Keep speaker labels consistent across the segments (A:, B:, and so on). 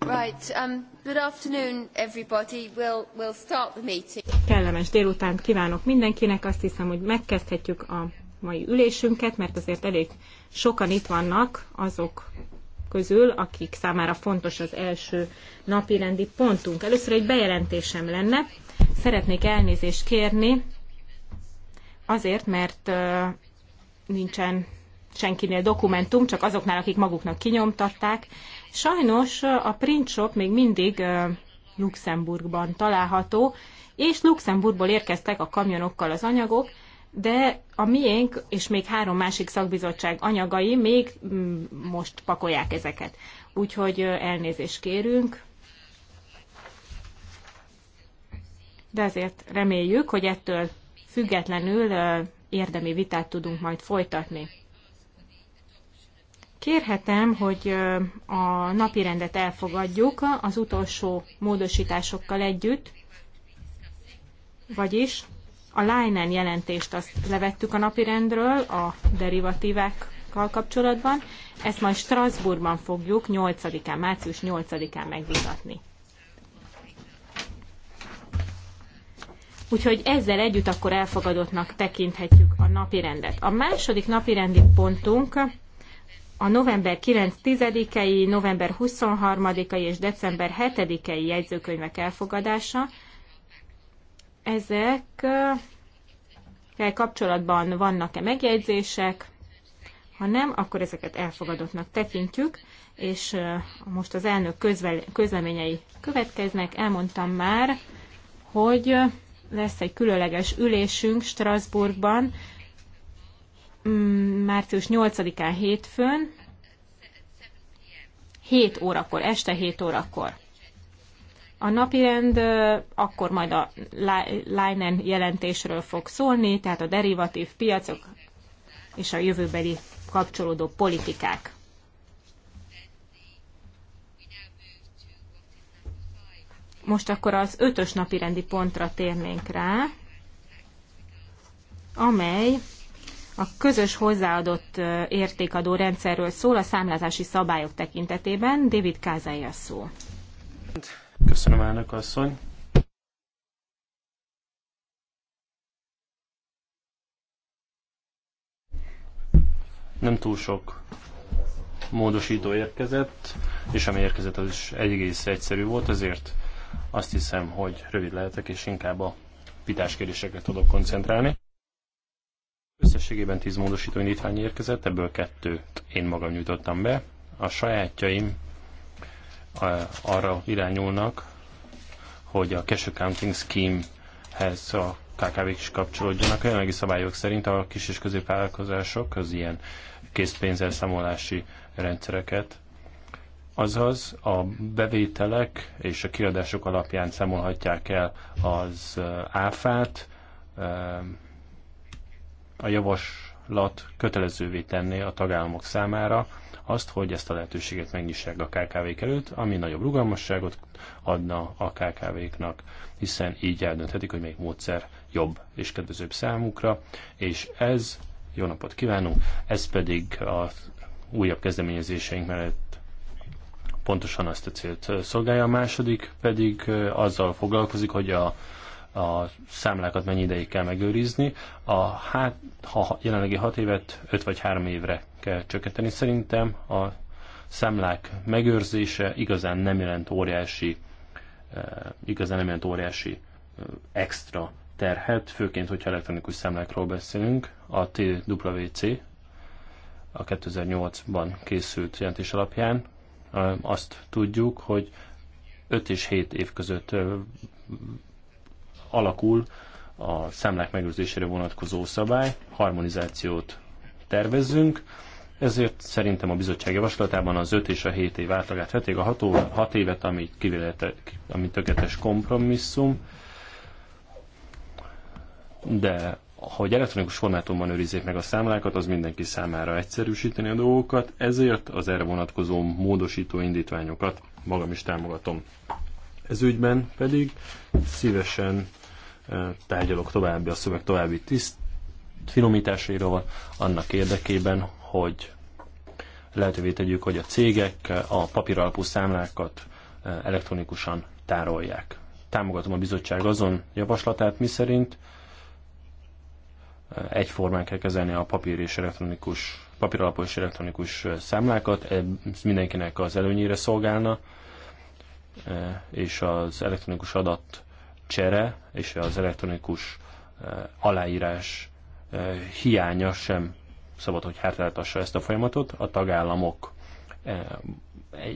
A: Right, um, good afternoon everybody. We'll, we'll start the meeting.
B: Kellemes délután kívánok mindenkinek. Azt hiszem, hogy megkezdhetjük a mai ülésünket, mert azért elég sokan itt vannak azok közül, akik számára fontos az első napi rendi pontunk. Először egy bejelentésem lenne. Szeretnék elnézést kérni azért, mert nincsen senkinél dokumentum, csak azoknál, akik maguknak kinyomtatták. Sajnos a print shop még mindig Luxemburgban található, és Luxemburgból érkeztek a kamionokkal az anyagok, de a miénk és még három másik szakbizottság anyagai még mm, most pakolják ezeket. Úgyhogy elnézést kérünk. De azért reméljük, hogy ettől függetlenül érdemi vitát tudunk majd folytatni. Kérhetem, hogy a napi rendet elfogadjuk az utolsó módosításokkal együtt, vagyis a Leinen jelentést azt levettük a napirendről a derivatívákkal kapcsolatban, ezt majd Strasbourgban fogjuk 8-án, március 8-án megvitatni. Úgyhogy ezzel együtt akkor elfogadottnak tekinthetjük a napirendet. A második napirendi pontunk a november 9 10 i november 23-ai és december 7 i jegyzőkönyvek elfogadása. Ezekkel kapcsolatban vannak-e megjegyzések? Ha nem, akkor ezeket elfogadottnak tekintjük, és most az elnök közvel, közleményei következnek. Elmondtam már, hogy lesz egy különleges ülésünk Strasbourgban, Mm, március 8-án hétfőn, 7 órakor, este 7 órakor. A napirend akkor majd a Leinen jelentésről fog szólni, tehát a derivatív piacok és a jövőbeli kapcsolódó politikák. Most akkor az ötös napi rendi pontra térnénk rá, amely a közös hozzáadott értékadó rendszerről szól a számlázási szabályok tekintetében. David Kázai a szó.
C: Köszönöm, elnök asszony. Nem túl sok módosító érkezett, és ami érkezett, az is egész egyszerű volt, ezért azt hiszem, hogy rövid lehetek, és inkább a vitás kérdésekre tudok koncentrálni. Összességében 10 módosító indítvány érkezett, ebből kettőt én magam nyújtottam be. A sajátjaim arra irányulnak, hogy a cash accounting schemehez a kkv is kapcsolódjanak. A jelenlegi szabályok szerint a kis és középvállalkozások az ilyen készpénzzel számolási rendszereket, azaz a bevételek és a kiadások alapján számolhatják el az áfát, a javaslat kötelezővé tenné a tagállamok számára azt, hogy ezt a lehetőséget megnyissák a KKV-k előtt, ami nagyobb rugalmasságot adna a KKV-knak, hiszen így eldönthetik, hogy melyik módszer jobb és kedvezőbb számukra, és ez, jó napot kívánunk, ez pedig a újabb kezdeményezéseink mellett pontosan azt a célt szolgálja. A második pedig azzal foglalkozik, hogy a a számlákat mennyi ideig kell megőrizni. A hát, ha jelenlegi 6 évet 5 vagy 3 évre kell csökkenteni, szerintem a számlák megőrzése igazán nem jelent óriási eh, igazán nem jelent óriási eh, extra terhet, főként, hogyha elektronikus számlákról beszélünk. A TWC a 2008-ban készült jelentés alapján eh, azt tudjuk, hogy 5 és 7 év között alakul a számlák megőrzésére vonatkozó szabály, harmonizációt tervezzünk, ezért szerintem a bizottság javaslatában az 5 és a 7 év átlagát vették, a 6, évet, ami, ami tökéletes kompromisszum, de hogy elektronikus formátumban őrizzék meg a számlákat, az mindenki számára egyszerűsíteni a dolgokat, ezért az erre vonatkozó módosító indítványokat magam is támogatom. Ez ügyben pedig szívesen eh, tárgyalok további a szöveg további tiszt finomításairól annak érdekében, hogy lehetővé tegyük, hogy a cégek a papíralapú számlákat eh, elektronikusan tárolják. Támogatom a bizottság azon javaslatát, miszerint eh, egyformán kell kezelni a papír és elektronikus papíralapú és elektronikus számlákat, ez mindenkinek az előnyére szolgálna, E, és az elektronikus adat csere és az elektronikus e, aláírás e, hiánya sem szabad, hogy hátráltassa ezt a folyamatot. A tagállamok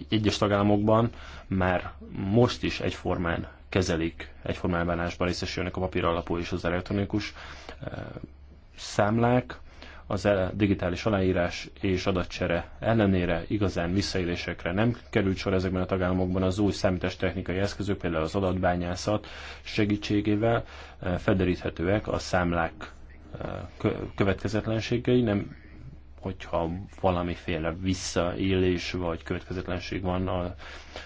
C: egyes tagállamokban már most is egyformán kezelik, egyformán bánásban részesülnek a papír alapú és az elektronikus számlák az e- digitális aláírás és adatcsere ellenére igazán visszaélésekre nem került sor ezekben a tagállamokban az új számítástechnikai eszközök, például az adatbányászat segítségével e, felderíthetőek a számlák e, következetlenségei, nem hogyha valamiféle visszaélés vagy következetlenség van, a,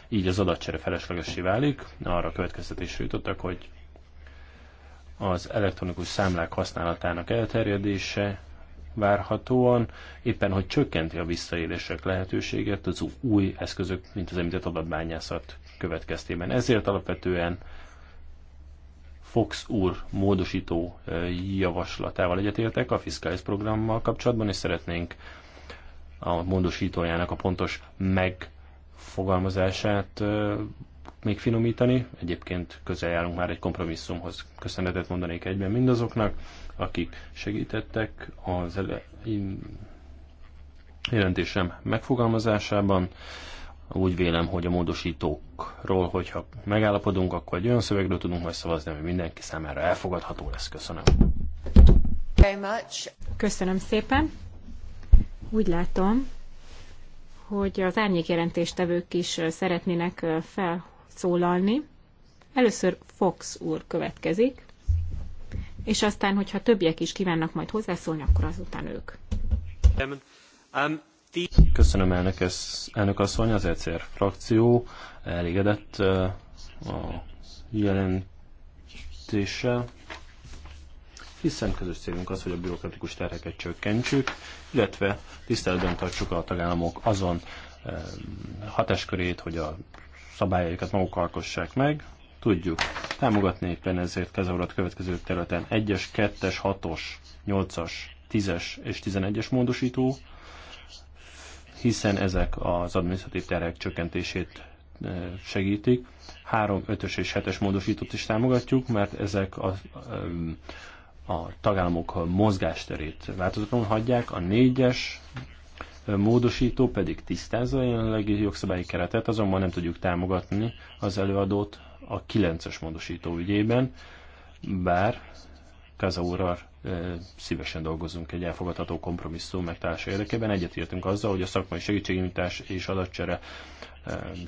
C: így az adatcsere feleslegesé válik. Arra következtetésre jutottak, hogy az elektronikus számlák használatának elterjedése várhatóan éppen, hogy csökkenti a visszaélések lehetőségét az új eszközök, mint az említett adatbányászat következtében. Ezért alapvetően Fox úr módosító javaslatával egyetértek a fiskális programmal kapcsolatban, és szeretnénk a módosítójának a pontos megfogalmazását még finomítani. Egyébként közel járunk már egy kompromisszumhoz. Köszönetet mondanék egyben mindazoknak, akik segítettek az ele... jelentésem megfogalmazásában. Úgy vélem, hogy a módosítókról, hogyha megállapodunk, akkor egy olyan szövegről tudunk majd szavazni, ami mindenki számára elfogadható lesz. Köszönöm.
B: Köszönöm szépen. Úgy látom, hogy az árnyékjelentéstevők is szeretnének felszólalni. Először Fox úr következik és aztán, hogyha többiek is kívánnak majd hozzászólni, akkor azután ők.
C: Um, Köszönöm elnök, ez, elnök asszony, az ECR frakció elégedett uh, a jelentéssel, hiszen közös célunk az, hogy a bürokratikus terheket csökkentsük, illetve tiszteletben tartsuk a tagállamok azon um, hatáskörét, hogy a szabályaikat maguk alkossák meg, tudjuk támogatni éppen ezért Kazaurat következő területen 1-es, 2-es, 6-os, 8-as, 10-es és 11-es módosító, hiszen ezek az adminisztratív terhek csökkentését e, segítik. 3, 5-ös és 7-es módosítót is támogatjuk, mert ezek a, e, a tagállamok mozgásterét változatlanul hagyják. A 4-es e, módosító pedig tisztázza a jelenlegi jogszabályi keretet, azonban nem tudjuk támogatni az előadót a 9-es módosító ügyében, bár Kazaurral szívesen dolgozunk egy elfogadható kompromisszum megtársa érdekében. Egyetértünk azzal, hogy a szakmai segítségnyújtás és adatcsere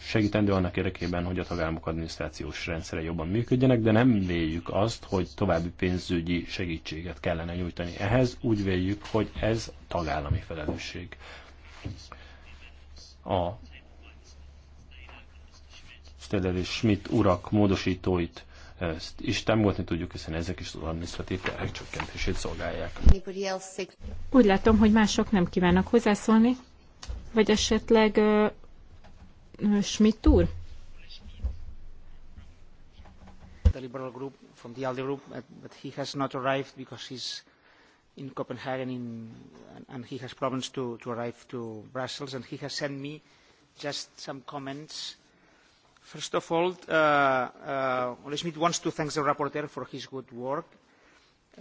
C: segítendő annak érdekében, hogy a tagállamok adminisztrációs rendszere jobban működjenek, de nem véljük azt, hogy további pénzügyi segítséget kellene nyújtani. Ehhez úgy véljük, hogy ez tagállami felelősség. A Stedel és Schmidt urak módosítóit ezt is támogatni tudjuk, hiszen ezek is az administratív terhek csökkentését szolgálják.
B: Úgy látom, hogy mások nem kívánnak hozzászólni, vagy esetleg uh, Schmidt úr?
D: The liberal group from the ALDE group, but he has not arrived because he's in Copenhagen in, and he has problems to, to arrive to Brussels and he has sent me just some comments uh, First of all, uh, uh, Schmidt wants to thank the rapporteur for his good work.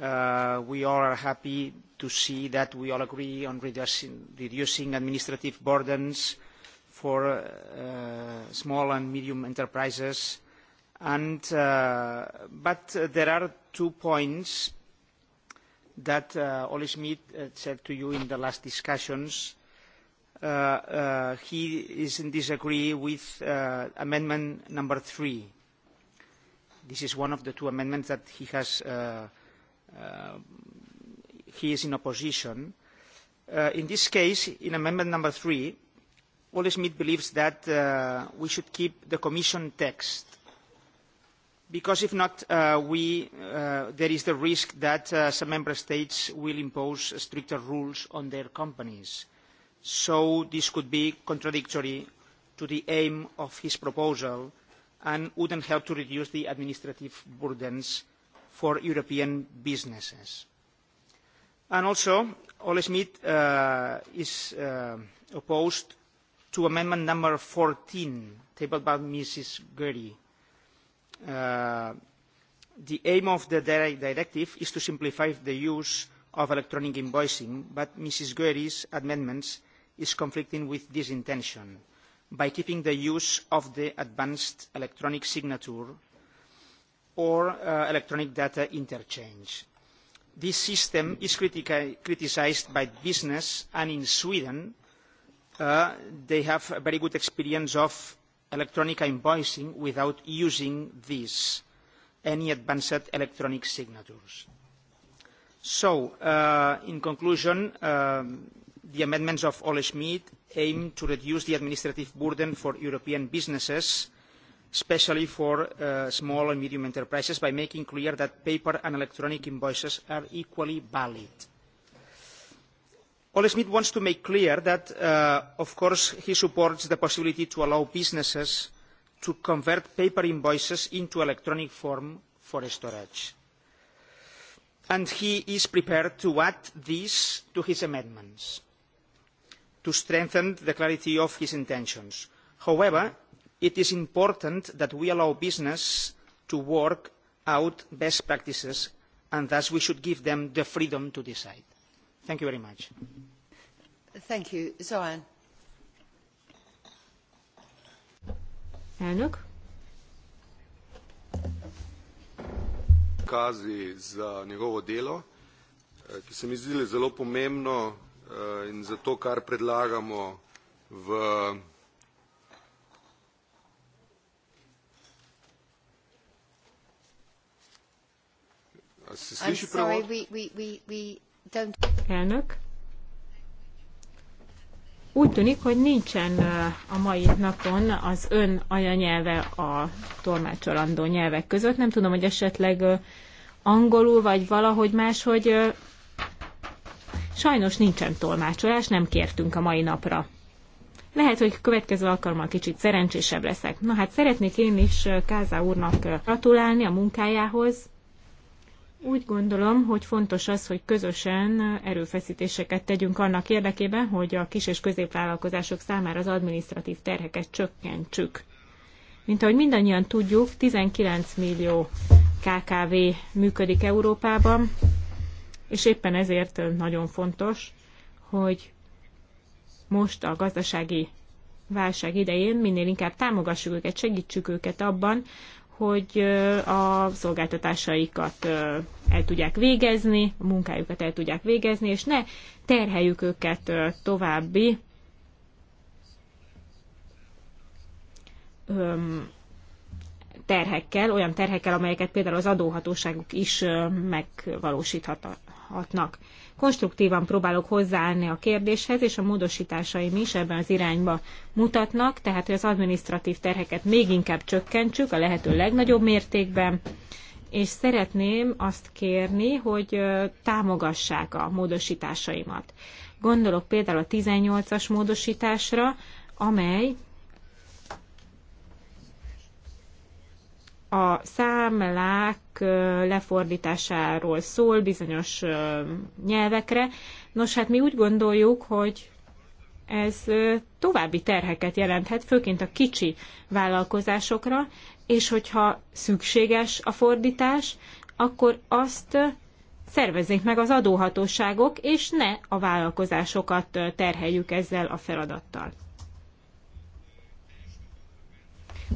D: Uh, we all are happy to see that we all agree on reducing, reducing administrative burdens for uh, small and medium enterprises. And, uh, but uh, there are two points that uh, Ole Schmidt uh, said to you in the last discussions Uh, uh, he is in disagree with uh, amendment number three. This is one of the two amendments that he has. Uh, uh, he is in opposition. Uh, in this case, in amendment number three, Ole Smith believes that uh, we should keep the Commission text because if not, uh, we, uh, there is the risk that uh, some member states will impose stricter rules on their companies. Uh, so this could be contradictory to the aim of his proposal and wouldn't help to reduce the administrative burdens for European businesses. And also, Ole Schmidt uh, is uh, opposed to amendment number 14, tabled by Mrs. Gurry. Uh, the aim of the directive is to simplify the use of electronic invoicing, but Mrs. Gurry's amendments is conflicting with this intention by keeping the use of the advanced electronic signature or uh, electronic data interchange. This system is criticised by business and in Sweden uh, they have a very good experience of electronic invoicing without using these, any advanced electronic signatures. So, uh, in conclusion, um, the amendments of Ole Schmidt aim to reduce the administrative burden for European businesses, especially for uh, small and medium enterprises, by making clear that paper and electronic invoices are equally valid. Ole Schmidt wants to make clear that, uh, of course, he supports the possibility to allow businesses to convert paper invoices into electronic form for storage. And he is prepared to add this to his amendments to strengthen the clarity of his intentions. however it is important that we allow business to work out best practices and thus we should give them the freedom to decide. thank you very much.
A: Thank you. Zoran. Elnök. Kazi za njegovo delo, ki se mi zdi zelo pomembno Eh, in za to, kar predlagamo v
B: Se sliši Elnök. Úgy tűnik, hogy nincsen eh, a mai napon az ön anyanyelve a tolmácsolandó nyelvek között. Nem tudom, hogy esetleg eh, angolul vagy valahogy máshogy Sajnos nincsen tolmácsolás, nem kértünk a mai napra. Lehet, hogy következő alkalommal kicsit szerencsésebb leszek. Na hát szeretnék én is Kázá úrnak gratulálni a munkájához. Úgy gondolom, hogy fontos az, hogy közösen erőfeszítéseket tegyünk annak érdekében, hogy a kis- és középvállalkozások számára az administratív terheket csökkentsük. Mint ahogy mindannyian tudjuk, 19 millió KKV működik Európában, és éppen ezért nagyon fontos, hogy most a gazdasági válság idején minél inkább támogassuk őket, segítsük őket abban, hogy a szolgáltatásaikat el tudják végezni, a munkájukat el tudják végezni, és ne terheljük őket további terhekkel, olyan terhekkel, amelyeket például az adóhatóságuk is megvalósíthat hatnak. Konstruktívan próbálok hozzáállni a kérdéshez, és a módosításaim is ebben az irányba mutatnak, tehát hogy az administratív terheket még inkább csökkentsük a lehető legnagyobb mértékben, és szeretném azt kérni, hogy támogassák a módosításaimat. Gondolok például a 18-as módosításra, amely a számlák lefordításáról szól bizonyos nyelvekre. Nos, hát mi úgy gondoljuk, hogy ez további terheket jelenthet, főként a kicsi vállalkozásokra, és hogyha szükséges a fordítás, akkor azt szervezzék meg az adóhatóságok, és ne a vállalkozásokat terheljük ezzel a feladattal.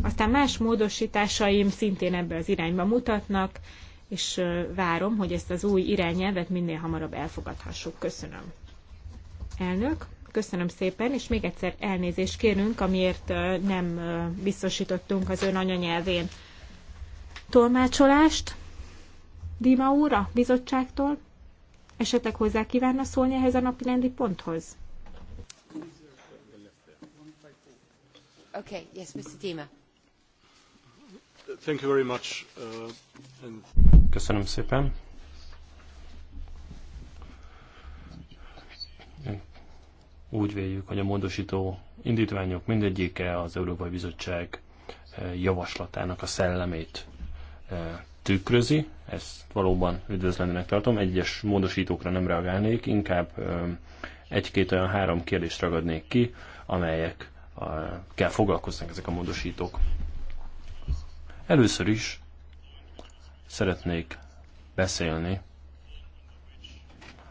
B: Aztán más módosításaim szintén ebbe az irányba mutatnak, és várom, hogy ezt az új irányelvet minél hamarabb elfogadhassuk. Köszönöm. Elnök, köszönöm szépen, és még egyszer elnézést kérünk, amiért nem biztosítottunk az ön anyanyelvén tolmácsolást. Dima úr a bizottságtól esetleg hozzá kívánna szólni ehhez a rendi ponthoz?
C: Okay, yes, Mr. Dima.
D: Thank you very much. Uh,
A: and...
C: Köszönöm szépen. Úgy véljük, hogy a módosító indítványok mindegyike az Európai Bizottság eh, javaslatának a szellemét eh, tükrözi, ezt valóban üdvözlendőnek tartom. Egyes módosítókra nem reagálnék, inkább eh, egy-két olyan három kérdést ragadnék ki, amelyek kell foglalkoznak ezek a módosítók. Először is szeretnék beszélni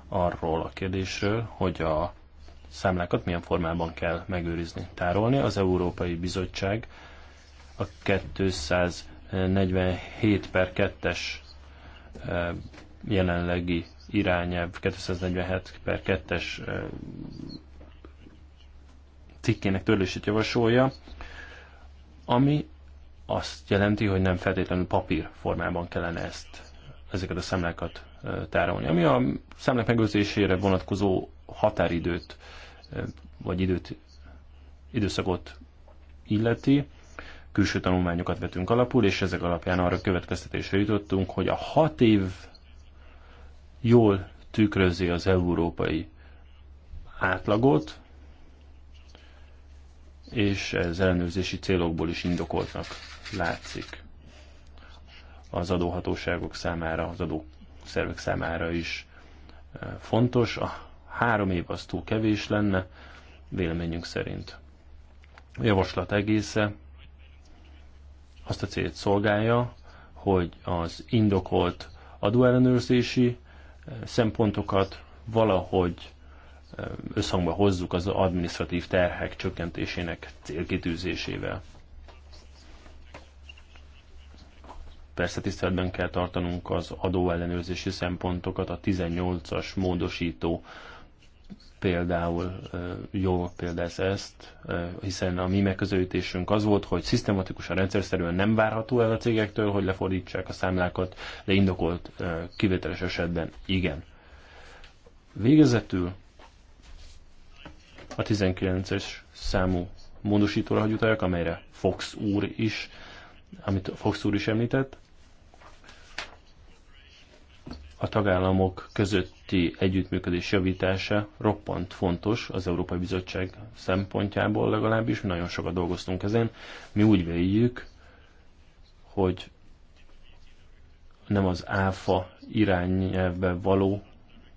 C: arról a kérdésről, hogy a számlákat milyen formában kell megőrizni, tárolni. Az Európai Bizottság a 247 per 2-es e, jelenlegi irányelv 247 per 2-es e, cikkének törlését javasolja, ami azt jelenti, hogy nem feltétlenül papír formában kellene ezt, ezeket a szemlákat tárolni. Ami a szemlek megőrzésére vonatkozó határidőt, vagy időt, időszakot illeti, külső tanulmányokat vetünk alapul, és ezek alapján arra következtetésre jutottunk, hogy a hat év jól tükrözi az európai átlagot, és ez ellenőrzési célokból is indokoltnak látszik az adóhatóságok számára, az adószervek számára is e, fontos. A három év az túl kevés lenne, véleményünk szerint. A javaslat egésze azt a célt szolgálja, hogy az indokolt adóellenőrzési e, szempontokat valahogy e, összhangba hozzuk az administratív terhek csökkentésének célkitűzésével. Persze tiszteletben kell tartanunk az adóellenőrzési szempontokat, a 18-as módosító például jó példa ez ezt, hiszen a mi megközelítésünk az volt, hogy szisztematikusan, rendszerszerűen nem várható el a cégektől, hogy lefordítsák a számlákat, de indokolt kivételes esetben igen. Végezetül a 19-es számú módosítóra, hogy amelyre Fox úr is, amit Fox úr is említett, a tagállamok közötti együttműködés javítása roppant fontos az Európai Bizottság szempontjából legalábbis. Mi nagyon sokat dolgoztunk ezen. Mi úgy véljük, hogy nem az ÁFA irányelvbe való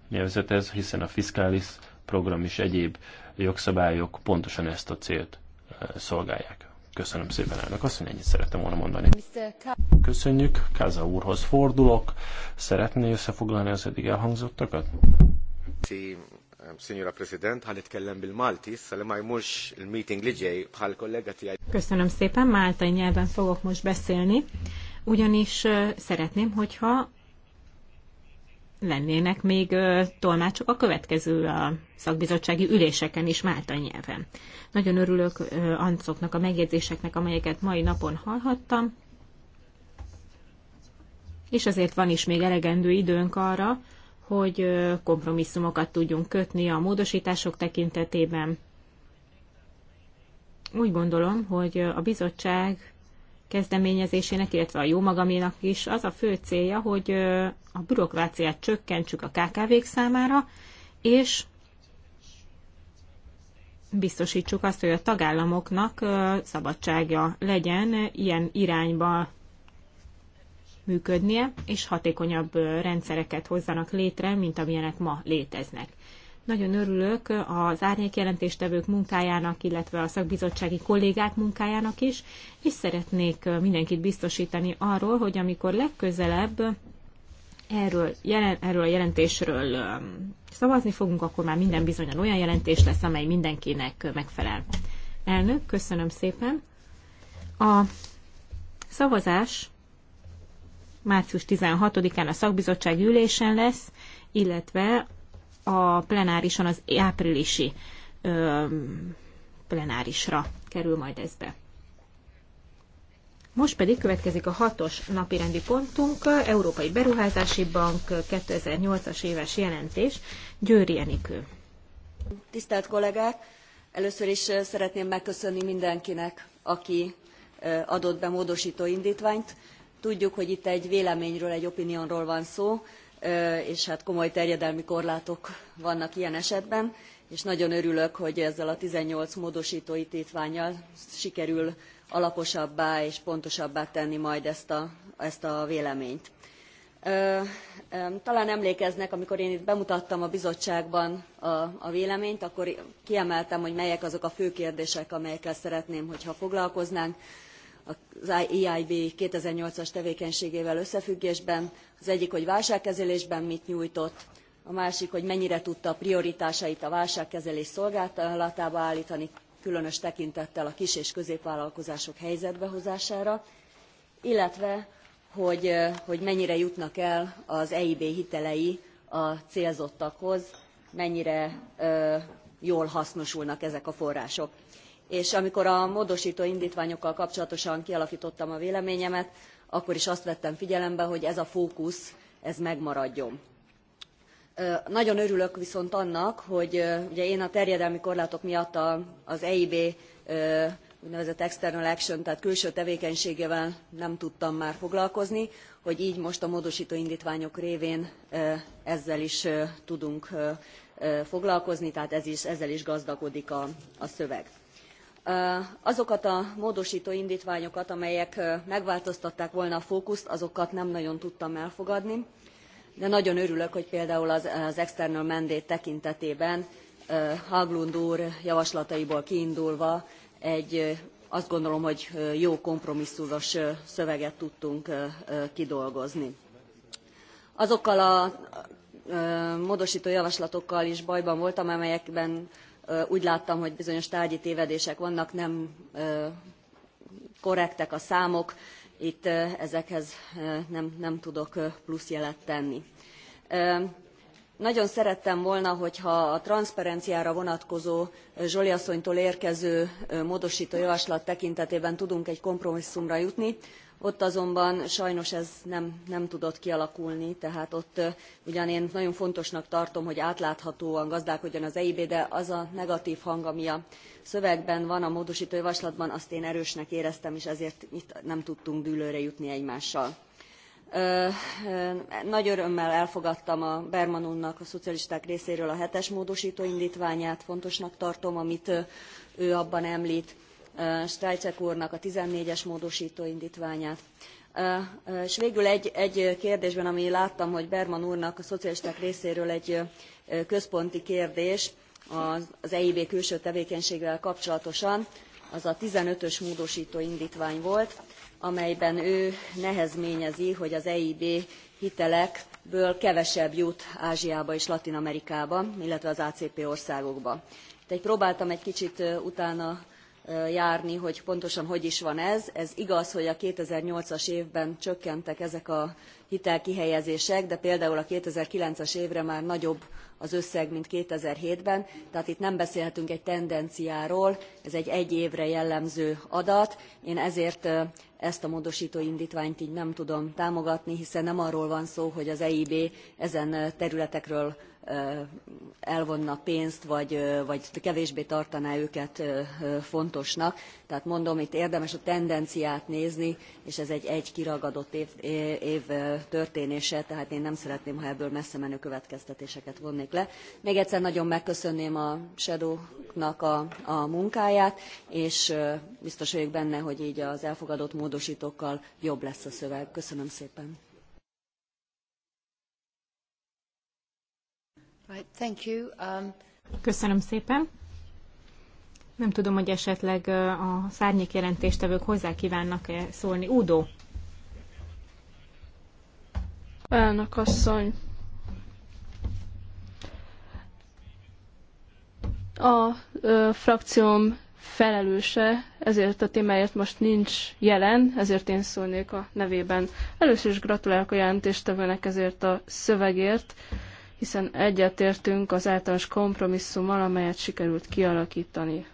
C: nyelvezet ez, hiszen a fiskális program és egyéb jogszabályok pontosan ezt a célt eh, szolgálják. Köszönöm szépen, elnök asszony, ennyit szerettem volna mondani. Köszönjük, Káza úrhoz fordulok. Szeretné összefoglalni az eddig elhangzottakat?
B: Köszönöm szépen, máltai nyelven fogok most beszélni, ugyanis szeretném, hogyha lennének még tolmácsok a következő a szakbizottsági üléseken is Málta nyelven. Nagyon örülök ancoknak a megjegyzéseknek, amelyeket mai napon hallhattam, és azért van is még elegendő időnk arra, hogy kompromisszumokat tudjunk kötni a módosítások tekintetében. Úgy gondolom, hogy a bizottság kezdeményezésének, illetve a jó magaménak is az a fő célja, hogy a bürokráciát csökkentsük a KKV-k számára, és biztosítsuk azt, hogy a tagállamoknak szabadsága legyen ilyen irányba működnie, és hatékonyabb rendszereket hozzanak létre, mint amilyenek ma léteznek. Nagyon örülök az árnyékjelentéstevők munkájának, illetve a szakbizottsági kollégák munkájának is, és szeretnék mindenkit biztosítani arról, hogy amikor legközelebb erről, jelen, erről a jelentésről um, szavazni fogunk, akkor már minden bizonyan olyan jelentés lesz, amely mindenkinek megfelel. Elnök, köszönöm szépen. A szavazás március 16-án a szakbizottság ülésen lesz, illetve a plenárison az áprilisi ö, plenárisra kerül majd ez be. Most pedig következik a hatos napirendi pontunk, Európai Beruházási Bank 2008-as éves jelentés, Győri Enikő.
A: Tisztelt kollégák! Először is szeretném megköszönni mindenkinek, aki adott be módosító indítványt. Tudjuk, hogy itt egy véleményről, egy opinionról van szó, és hát komoly terjedelmi korlátok vannak ilyen esetben és nagyon örülök hogy ezzel a eighteen módostó indtvánnyal sikerül alaposabbá és pontosabbá tenni majd ezt a, ezt a véleményt. talán emlékeznek amikor én itt bemutattam a bizottságban a, a véleményt akkor kiemeltem hogy melyek azok a fő kérdések amelyekkel szeretném hogyha foglalkoznánk az EIB 2008-as tevékenységével összefüggésben. Az egyik, hogy válságkezelésben mit nyújtott, a másik, hogy mennyire tudta a prioritásait a válságkezelés szolgálatába állítani, különös tekintettel a kis- és középvállalkozások helyzetbehozására, illetve hogy, hogy mennyire jutnak el az EIB hitelei a célzottakhoz, mennyire ö, jól hasznosulnak ezek a források és amikor a módostó indtványokkal kapcsolatosan kialaktottam a véleményemet akkor is azt vettem figyelembe hogy ez a fókusz ez megmaradjon. nagyon örülök viszont annak hogy ugye én a terjedelmi korlátok miatt az eib úgynevezett external action tehát külső tevékenységével nem tudtam már foglalkozni hogy gy most a módostó indtványok révén ezzel is tudunk foglalkozni tehát ezzel is gazdagodik a szöveg azokat a módostó indtványokat amelyek megváltoztatták volna a fókuszt azokat nem nagyon tudtam elfogadni de nagyon örülök hogy például az external mandate tekintetében haglund úr javaslataiból kiindulva egy azt gondolom hogy jó kompromisszumos szöveget tudtunk kidolgozni. azokkal a módostó javaslatokkal is bajban voltam amelyekben úgy láttam, hogy bizonyos tárgyi tévedések vannak, nem korrektek a számok, itt ezekhez nem, nem tudok plusz jelet tenni. Nagyon szerettem volna, hogyha a transzparenciára vonatkozó Zsoli asszonytól érkező módosító javaslat tekintetében tudunk egy kompromisszumra jutni ott azonban sajnos ez nem, tudott kialakulni tehát ott ugyan én nagyon fontosnak tartom hogy átláthatóan gazdálkodjon az eib de az a negatv hang ami a szövegben van a módostó javaslatban azt én erősnek éreztem és ezért itt nem tudtunk dűlőre jutni egymással. nagy örömmel elfogadtam a berman úrnak a szocialisták részéről a hetes módostó indtványát fontosnak tartom amit ő abban emlt Strejcek úrnak a 14-es módostó indítványát. És végül egy, kérdésben, ami láttam, hogy Berman úrnak a szocialisták részéről egy központi kérdés az, EIB külső tevékenységével kapcsolatosan, az a 15-ös módostó indítvány volt, amelyben ő nehezményezi, hogy az EIB hitelekből kevesebb jut Ázsiába és Latin Amerikába, illetve az akcs országokba. Itt próbáltam egy kicsit utána járni, hogy pontosan hogy is van ez. Ez igaz, hogy a 2008-as évben csökkentek ezek a hitelkihelyezések, de például a 2009 as évre már nagyobb az összeg, mint 2007-ben, tehát itt nem beszélhetünk egy tendenciáról, ez egy egy évre jellemző adat. Én ezért ezt a módostó indítványt így nem tudom támogatni, hiszen nem arról van szó, hogy az EIB ezen területekről elvonna pénzt, vagy, vagy kevésbé tartaná őket fontosnak. Tehát mondom, itt érdemes a tendenciát nézni, és ez egy egy kiragadott év, év történése, tehát én nem szeretném, ha ebből messze menő következtetéseket vonnék le. Még egyszer nagyon megköszönném a shadow a, a munkáját, és biztos vagyok benne, hogy így az elfogadott módosítókkal jobb lesz a szöveg. Köszönöm szépen! Um,
B: Köszönöm szépen. Nem tudom, hogy esetleg a szárnyék jelentéstevők hozzá kívánnak-e szólni. Udo.
E: Elnök asszony. A ö, frakcióm felelőse, ezért a témáért most nincs jelen, ezért én szólnék a nevében. Először is gratulálok a jelentéstevőnek ezért a szövegért. Ö, hiszen egyetértünk az általános kompromisszummal, amelyet sikerült kialakítani.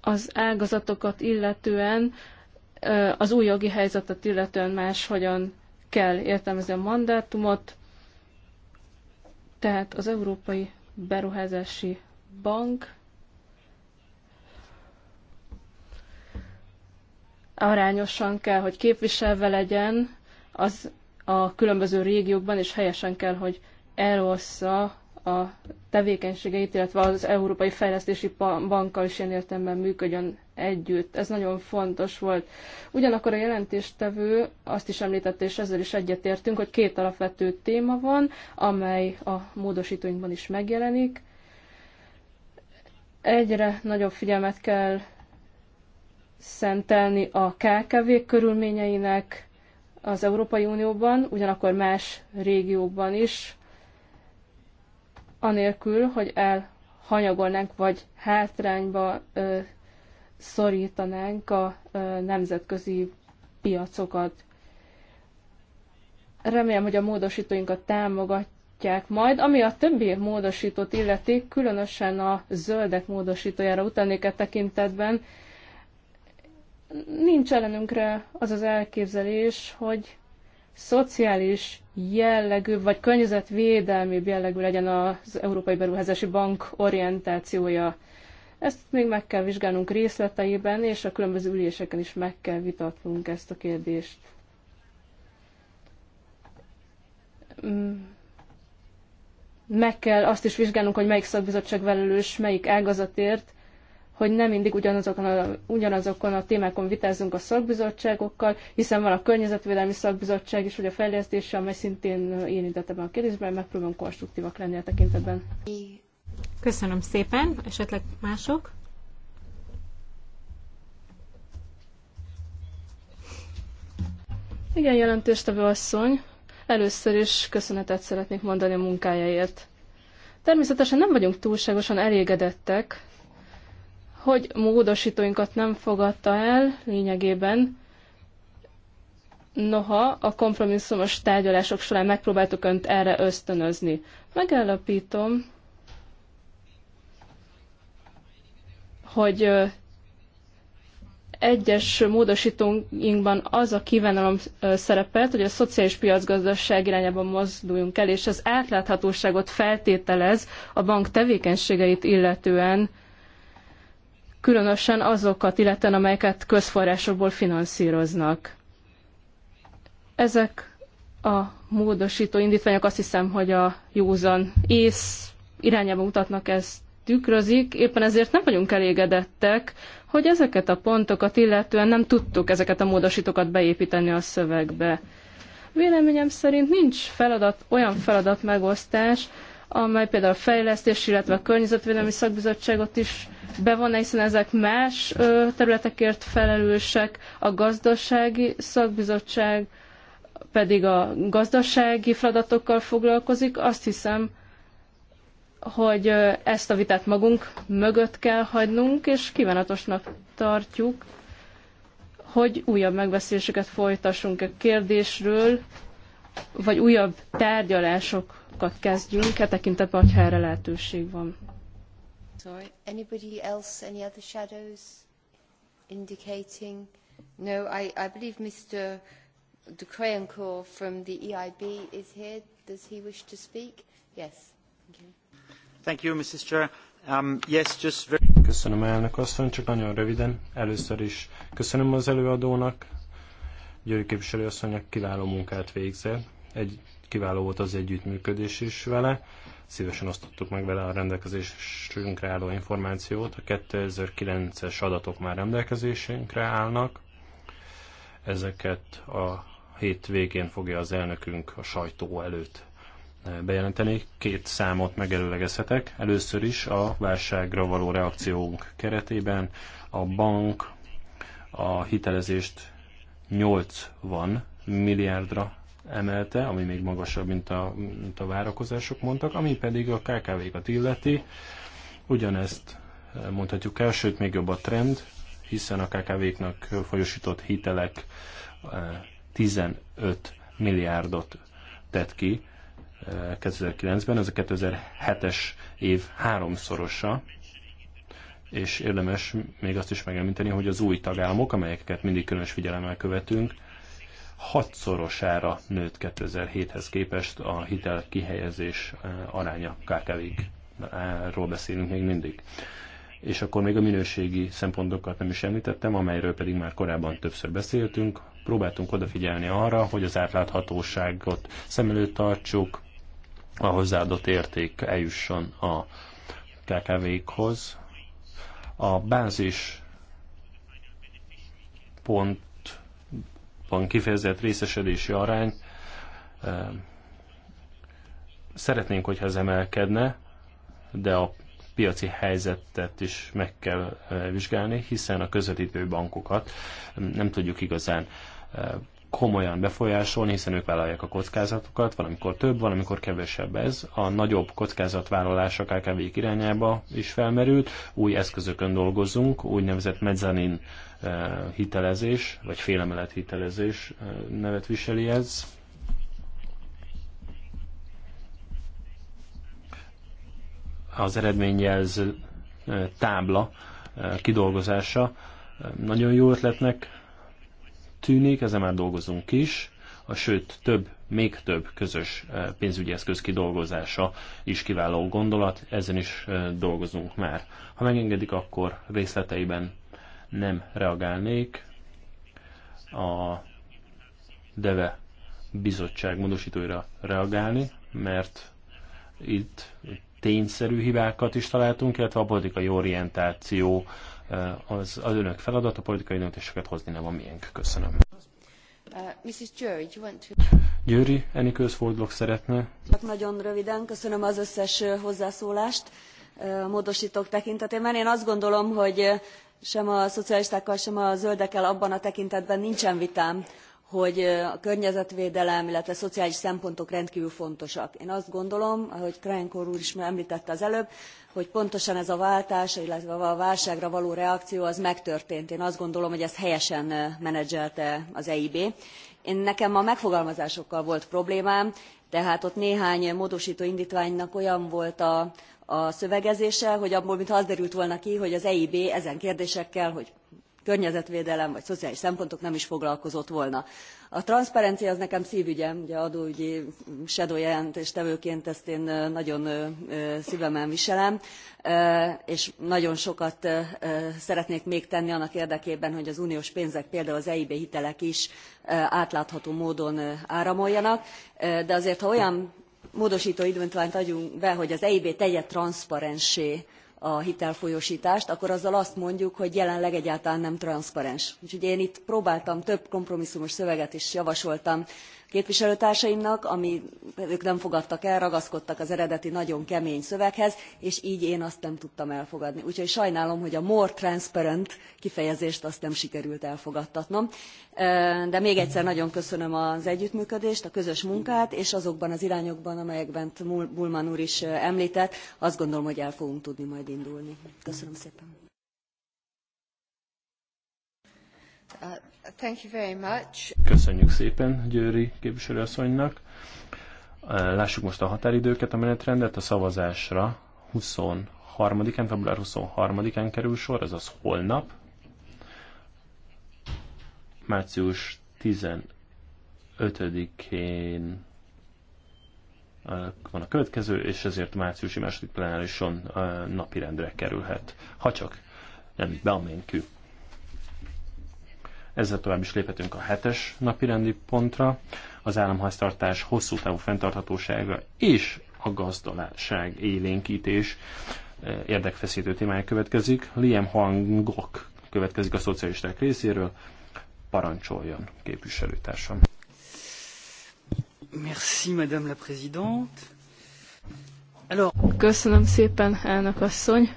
E: Az ágazatokat illetően, az új jogi helyzetet illetően máshogyan kell értelmezni a mandátumot, tehát az Európai Beruházási Bank arányosan kell, hogy képviselve legyen, az a különböző régiókban, és helyesen kell, hogy elossza a tevékenységeit, illetve az Európai Fejlesztési Bankkal is ilyen értelemben működjön együtt. Ez nagyon fontos volt. Ugyanakkor a jelentéstevő azt is említette, és ezzel is egyetértünk, hogy két alapvető téma van, amely a módosítóinkban is megjelenik. Egyre nagyobb figyelmet kell szentelni a KKV körülményeinek az Európai Unióban, ugyanakkor más régiókban is, anélkül, hogy elhanyagolnánk vagy hátrányba ö, szorítanánk a ö, nemzetközi piacokat. Remélem, hogy a módosítóinkat támogatják majd. Ami a többi módosítót illeti, különösen a zöldek módosítójára utalnék e tekintetben, nincs ellenünkre az az elképzelés, hogy szociális jellegű, vagy környezetvédelmi jellegű legyen az Európai Beruházási Bank orientációja. Ezt még meg kell vizsgálnunk részleteiben, és a különböző üléseken is meg kell vitatnunk ezt a kérdést. Mm. Meg kell azt is vizsgálnunk, hogy melyik szakbizottság felelős melyik ágazatért, hogy nem mindig ugyanazokon a, ugyanazokon a témákon vitázunk a szakbizottságokkal, hiszen van a környezetvédelmi szakbizottság is, vagy a fejlesztése, amely szintén érintett ebben a kérdésben, megpróbálunk konstruktívak lenni a tekintetben.
B: Köszönöm szépen, esetleg mások?
E: Igen, jelentéstevő asszony. Először is köszönetet szeretnék mondani a munkájáért. Természetesen nem vagyunk túlságosan elégedettek hogy módosítóinkat nem fogadta el lényegében. Noha a kompromisszumos tárgyalások során megpróbáltuk önt erre ösztönözni. Megállapítom, hogy egyes módosítóinkban az a kívánalom szerepelt, hogy a szociális piacgazdaság irányába mozduljunk el, és az átláthatóságot feltételez a bank tevékenységeit illetően, különösen azokat illetően, amelyeket közforrásokból finanszíroznak. Ezek a módosító indítványok azt hiszem, hogy a józan ész irányába mutatnak, ezt tükrözik, éppen ezért nem vagyunk elégedettek, hogy ezeket a pontokat illetően nem tudtuk ezeket a módosítókat beépíteni a szövegbe. Véleményem szerint nincs feladat, olyan feladat megosztás, amely például a fejlesztés, illetve a környezetvédelmi szakbizottságot is bevonna, hiszen ezek más területekért felelősek, a gazdasági szakbizottság pedig a gazdasági feladatokkal foglalkozik. Azt hiszem, hogy ezt a vitát magunk mögött kell hagynunk, és kívánatosnak tartjuk, hogy újabb megbeszéléseket folytassunk a e kérdésről, vagy újabb tárgyalások vitákat kezdjünk, e tekintetben, hogyha erre lehetőség van.
A: Sorry. Anybody else, any other shadows indicating? No, I, I believe Mr. De Krayencourt from the EIB is here. Does he wish to speak? Yes. Okay.
D: Thank you, Mrs. Chair.
C: Um, yes, just very... Köszönöm elnök asszony, csak nagyon röviden. Először is köszönöm az előadónak, Győri képviselő asszonynak kiváló munkát végzel. Egy kiváló volt az együttműködés is vele. Szívesen osztottuk meg vele a rendelkezésünkre álló információt. A 2009-es adatok már rendelkezésünkre állnak. Ezeket a hét végén fogja az elnökünk a sajtó előtt eh, bejelenteni. Két számot megelőlegezhetek. Először is a válságra való reakciónk keretében a bank a hitelezést 80 milliárdra emelte, ami még magasabb, mint a, mint a várakozások mondtak, ami pedig a KKV-kat illeti. Ugyanezt eh, mondhatjuk el, sőt még jobb a trend, hiszen a KKV-knak folyosított hitelek 15 eh, milliárdot tett ki 2009-ben, eh, ez a 2007-es év háromszorosa, és érdemes még azt is megemlíteni, hogy az új tagállamok, amelyeket mindig különös figyelemmel követünk, hatszorosára nőtt 2007-hez képest a hitel kihelyezés eh, aránya kkv ról beszélünk még mindig. És akkor még a minőségi szempontokat nem is említettem, amelyről pedig már korábban többször beszéltünk. Próbáltunk odafigyelni arra, hogy az átláthatóságot szem előtt tartsuk, a hozzáadott érték eljusson a KKV-khoz. A bázis pont ban kifejezett részesedési arány szeretnénk, hogyha ez emelkedne, de a piaci helyzetet is meg kell vizsgálni, hiszen a közvetítő bankokat nem tudjuk igazán komolyan befolyásolni, hiszen ők vállalják a kockázatokat, valamikor több, valamikor kevesebb ez. A nagyobb kockázatvállalás a kkv irányába is felmerült, új eszközökön dolgozunk, úgynevezett mezzanin hitelezés, vagy félemelet hitelezés nevet viseli ez. Az eredményjelző tábla kidolgozása nagyon jó ötletnek tűnik, ezzel már dolgozunk is, a sőt több, még több közös pénzügyi eszköz kidolgozása is kiváló gondolat, ezen is dolgozunk már. Ha megengedik, akkor részleteiben nem reagálnék. A DEVE bizottság módosítóira reagálni, mert itt tényszerű hibákat is találtunk, illetve a politikai orientáció eh, az, az önök feladat, a politikai döntéseket hozni nem a miénk. Köszönöm.
A: Uh, Mrs. Győri, you want to...
C: Győri, szeretne.
A: Csak nagyon röviden köszönöm az összes hozzászólást a módosítók tekintetében. Én azt gondolom, hogy sem a szocialistákkal sem a zöldekkel abban a tekintetben nincsen vitám hogy a környezetvédelem illetve a szociális szempontok rendkvül fontosak. én azt gondolom ahogy krahenkor úr is emltette az előbb hogy pontosan ez a váltás illetve a válságra való reakció az megtörtént. én azt gondolom hogy ezt helyesen menedzselte az eib. Én, nekem a megfogalmazásokkal volt problémám tehát ott néhány módostó indtványnak olyan volt a a szövegezése, hogy abból mintha az derült volna ki, hogy az EIB ezen kérdésekkel, hogy környezetvédelem vagy szociális szempontok nem is foglalkozott volna. A transzparencia az nekem szívügyem, ugye adóügyi shadow jelentéstevőként ezt én nagyon szívemen viselem, és nagyon sokat szeretnék még tenni annak érdekében, hogy az uniós pénzek, például az EIB hitelek is átlátható módon áramoljanak, de azért ha olyan módostó indtványt adjunk be hogy az eib tegye transzparenssé a hitelfolyóstást akkor azzal azt mondjuk hogy jelenleg egyáltalán nem transzparens. úgyhogy én itt próbáltam több kompromisszumos szöveget is javasoltam képviselőtársaimnak, ami ők nem fogadtak el, ragaszkodtak az eredeti nagyon kemény szöveghez, és így én azt nem tudtam elfogadni. Úgyhogy sajnálom, hogy a more transparent kifejezést azt nem sikerült elfogadtatnom. De még egyszer nagyon köszönöm az együttműködést, a közös munkát, és azokban az irányokban, amelyekben bullmann úr is említett, azt gondolom, hogy el fogunk tudni majd indulni. Köszönöm szépen. Uh,
C: Köszönjük szépen Győri képviselőasszonynak. Uh, lássuk most a határidőket, a menetrendet a szavazásra 23-án, február 23-án kerül sor, ez az holnap. Március 15-én uh, van a következő, és ezért márciusi második plenárison napirendre kerülhet. Ha csak nem beamenkül. Ezzel tovább is léphetünk a hetes napi rendi pontra, az államháztartás hosszú távú fenntarthatósága és a gazdaság élénkítés eh, érdekfeszítő témája következik. Liam Hangok következik a szocialisták részéről. Parancsoljon képviselőtársam.
D: Merci, Madame la Présidente. Alors...
E: Köszönöm szépen, elnök asszony.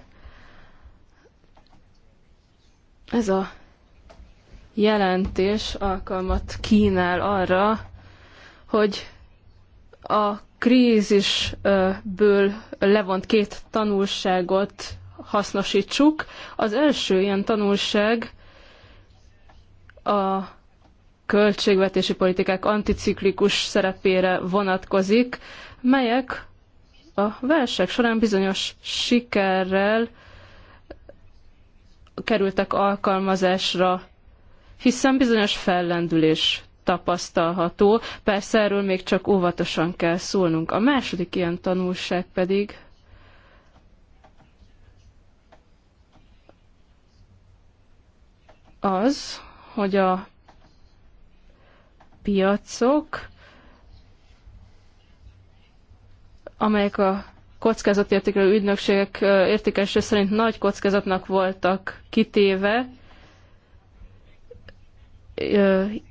E: Ez a jelentés alkalmat kínál arra, hogy a krízisből levont két tanulságot hasznosítsuk. Az első ilyen tanulság a költségvetési politikák anticiklikus szerepére vonatkozik, melyek a válság során bizonyos sikerrel kerültek alkalmazásra hiszen bizonyos fellendülés tapasztalható. Persze erről még csak óvatosan kell szólnunk. A második ilyen tanulság pedig az, hogy a piacok, amelyek a kockázatértékelő ügynökségek értékelése szerint nagy kockázatnak voltak kitéve,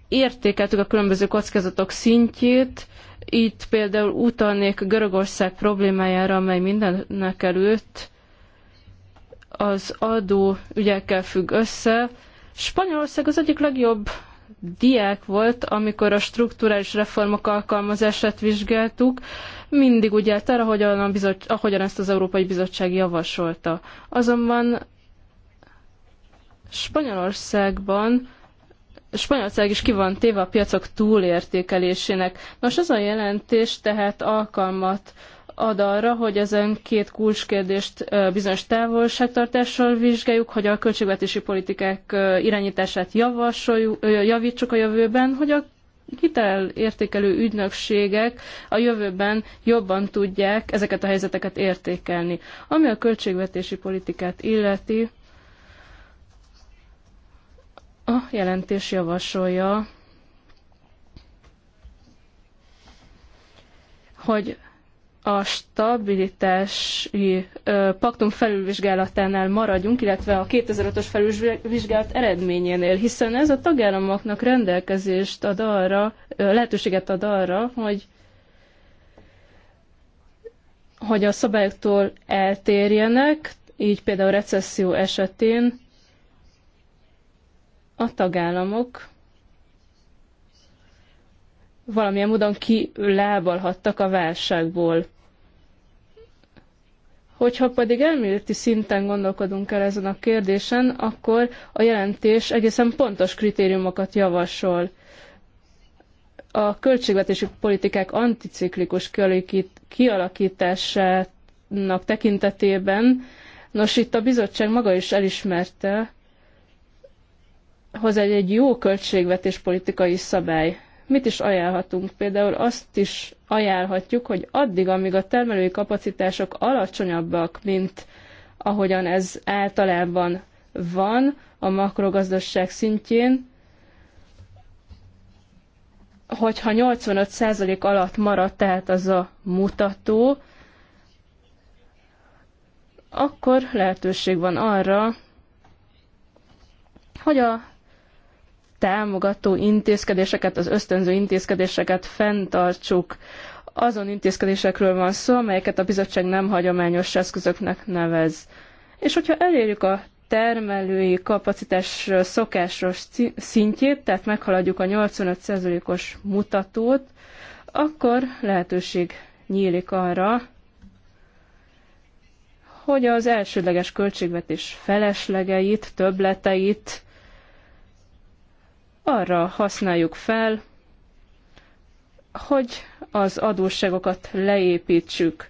E: értékeltük a különböző kockázatok szintjét, itt például utalnék Görögország problémájára, amely mindennek előtt az adó ügyekkel függ össze. Spanyolország az egyik legjobb diák volt, amikor a strukturális reformok alkalmazását vizsgáltuk, mindig úgy állt arra, ahogyan, a bizot, ahogyan ezt az Európai Bizottság javasolta. Azonban Spanyolországban Spanyolország is ki van téve a piacok túlértékelésének. Nos, ez a jelentés tehát alkalmat ad arra, hogy ezen két kulcskérdést bizonyos távolságtartással vizsgáljuk, hogy a költségvetési politikák irányítását javasoljuk, javítsuk a jövőben, hogy a hitelértékelő ügynökségek a jövőben jobban tudják ezeket a helyzeteket értékelni. Ami a költségvetési politikát illeti, a jelentés javasolja, hogy a stabilitási ö, paktum felülvizsgálatánál maradjunk, illetve a 2005-ös felülvizsgálat eredményénél, hiszen ez a tagállamoknak rendelkezést ad arra, ö, lehetőséget ad arra, hogy hogy a szabályoktól eltérjenek, így például recesszió esetén, a tagállamok valamilyen módon kilábalhattak a válságból. Hogyha pedig elméleti szinten gondolkodunk el ezen a kérdésen, akkor a jelentés egészen pontos kritériumokat javasol. A költségvetési politikák anticiklikus kialakításának tekintetében, nos itt a bizottság maga is elismerte, hoz egy jó költségvetéspolitikai szabály. Mit is ajánlhatunk? Például azt is ajánlhatjuk, hogy addig, amíg a termelői kapacitások alacsonyabbak, mint ahogyan ez általában van a makrogazdaság szintjén, hogyha 85% alatt marad, tehát az a mutató, akkor lehetőség van arra, hogy a támogató intézkedéseket, az ösztönző intézkedéseket fenntartsuk. Azon intézkedésekről van szó, amelyeket a bizottság nem hagyományos eszközöknek nevez. És hogyha elérjük a termelői kapacitás szokásos szintjét, tehát meghaladjuk a 85%-os mutatót, akkor lehetőség nyílik arra, hogy az elsődleges költségvetés feleslegeit, töbleteit, arra használjuk fel, hogy az adósságokat leépítsük.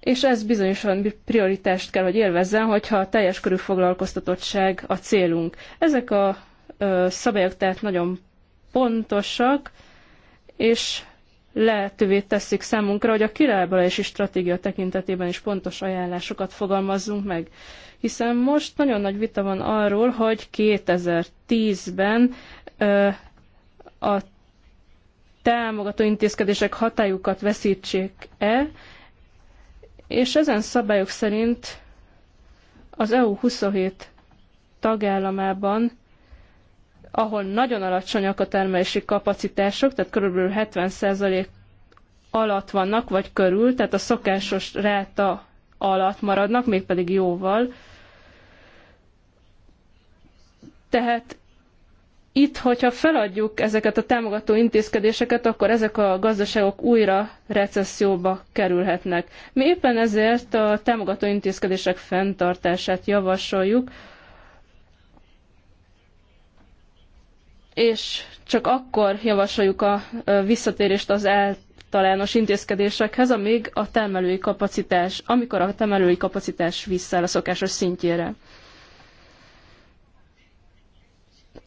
E: És ez bizonyosan prioritást kell, hogy élvezzen, hogyha a teljes körű foglalkoztatottság a célunk. Ezek a szabályok tehát nagyon pontosak, és lehetővé teszik számunkra, hogy a királybalási stratégia tekintetében is pontos ajánlásokat fogalmazzunk meg. Hiszen most nagyon nagy vita van arról, hogy 2010-ben a támogató intézkedések hatályukat veszítsék el, és ezen szabályok szerint az EU 27 tagállamában ahol nagyon alacsonyak a termelési kapacitások, tehát körülbelül 70% alatt vannak, vagy körül, tehát a szokásos ráta alatt maradnak, mégpedig jóval. Tehát itt, hogyha feladjuk ezeket a támogató intézkedéseket, akkor ezek a gazdaságok újra recesszióba kerülhetnek. Mi éppen ezért a támogató intézkedések fenntartását javasoljuk, és csak akkor javasoljuk a visszatérést az általános intézkedésekhez, amíg a termelői kapacitás, amikor a termelői kapacitás visszaáll a szokásos szintjére.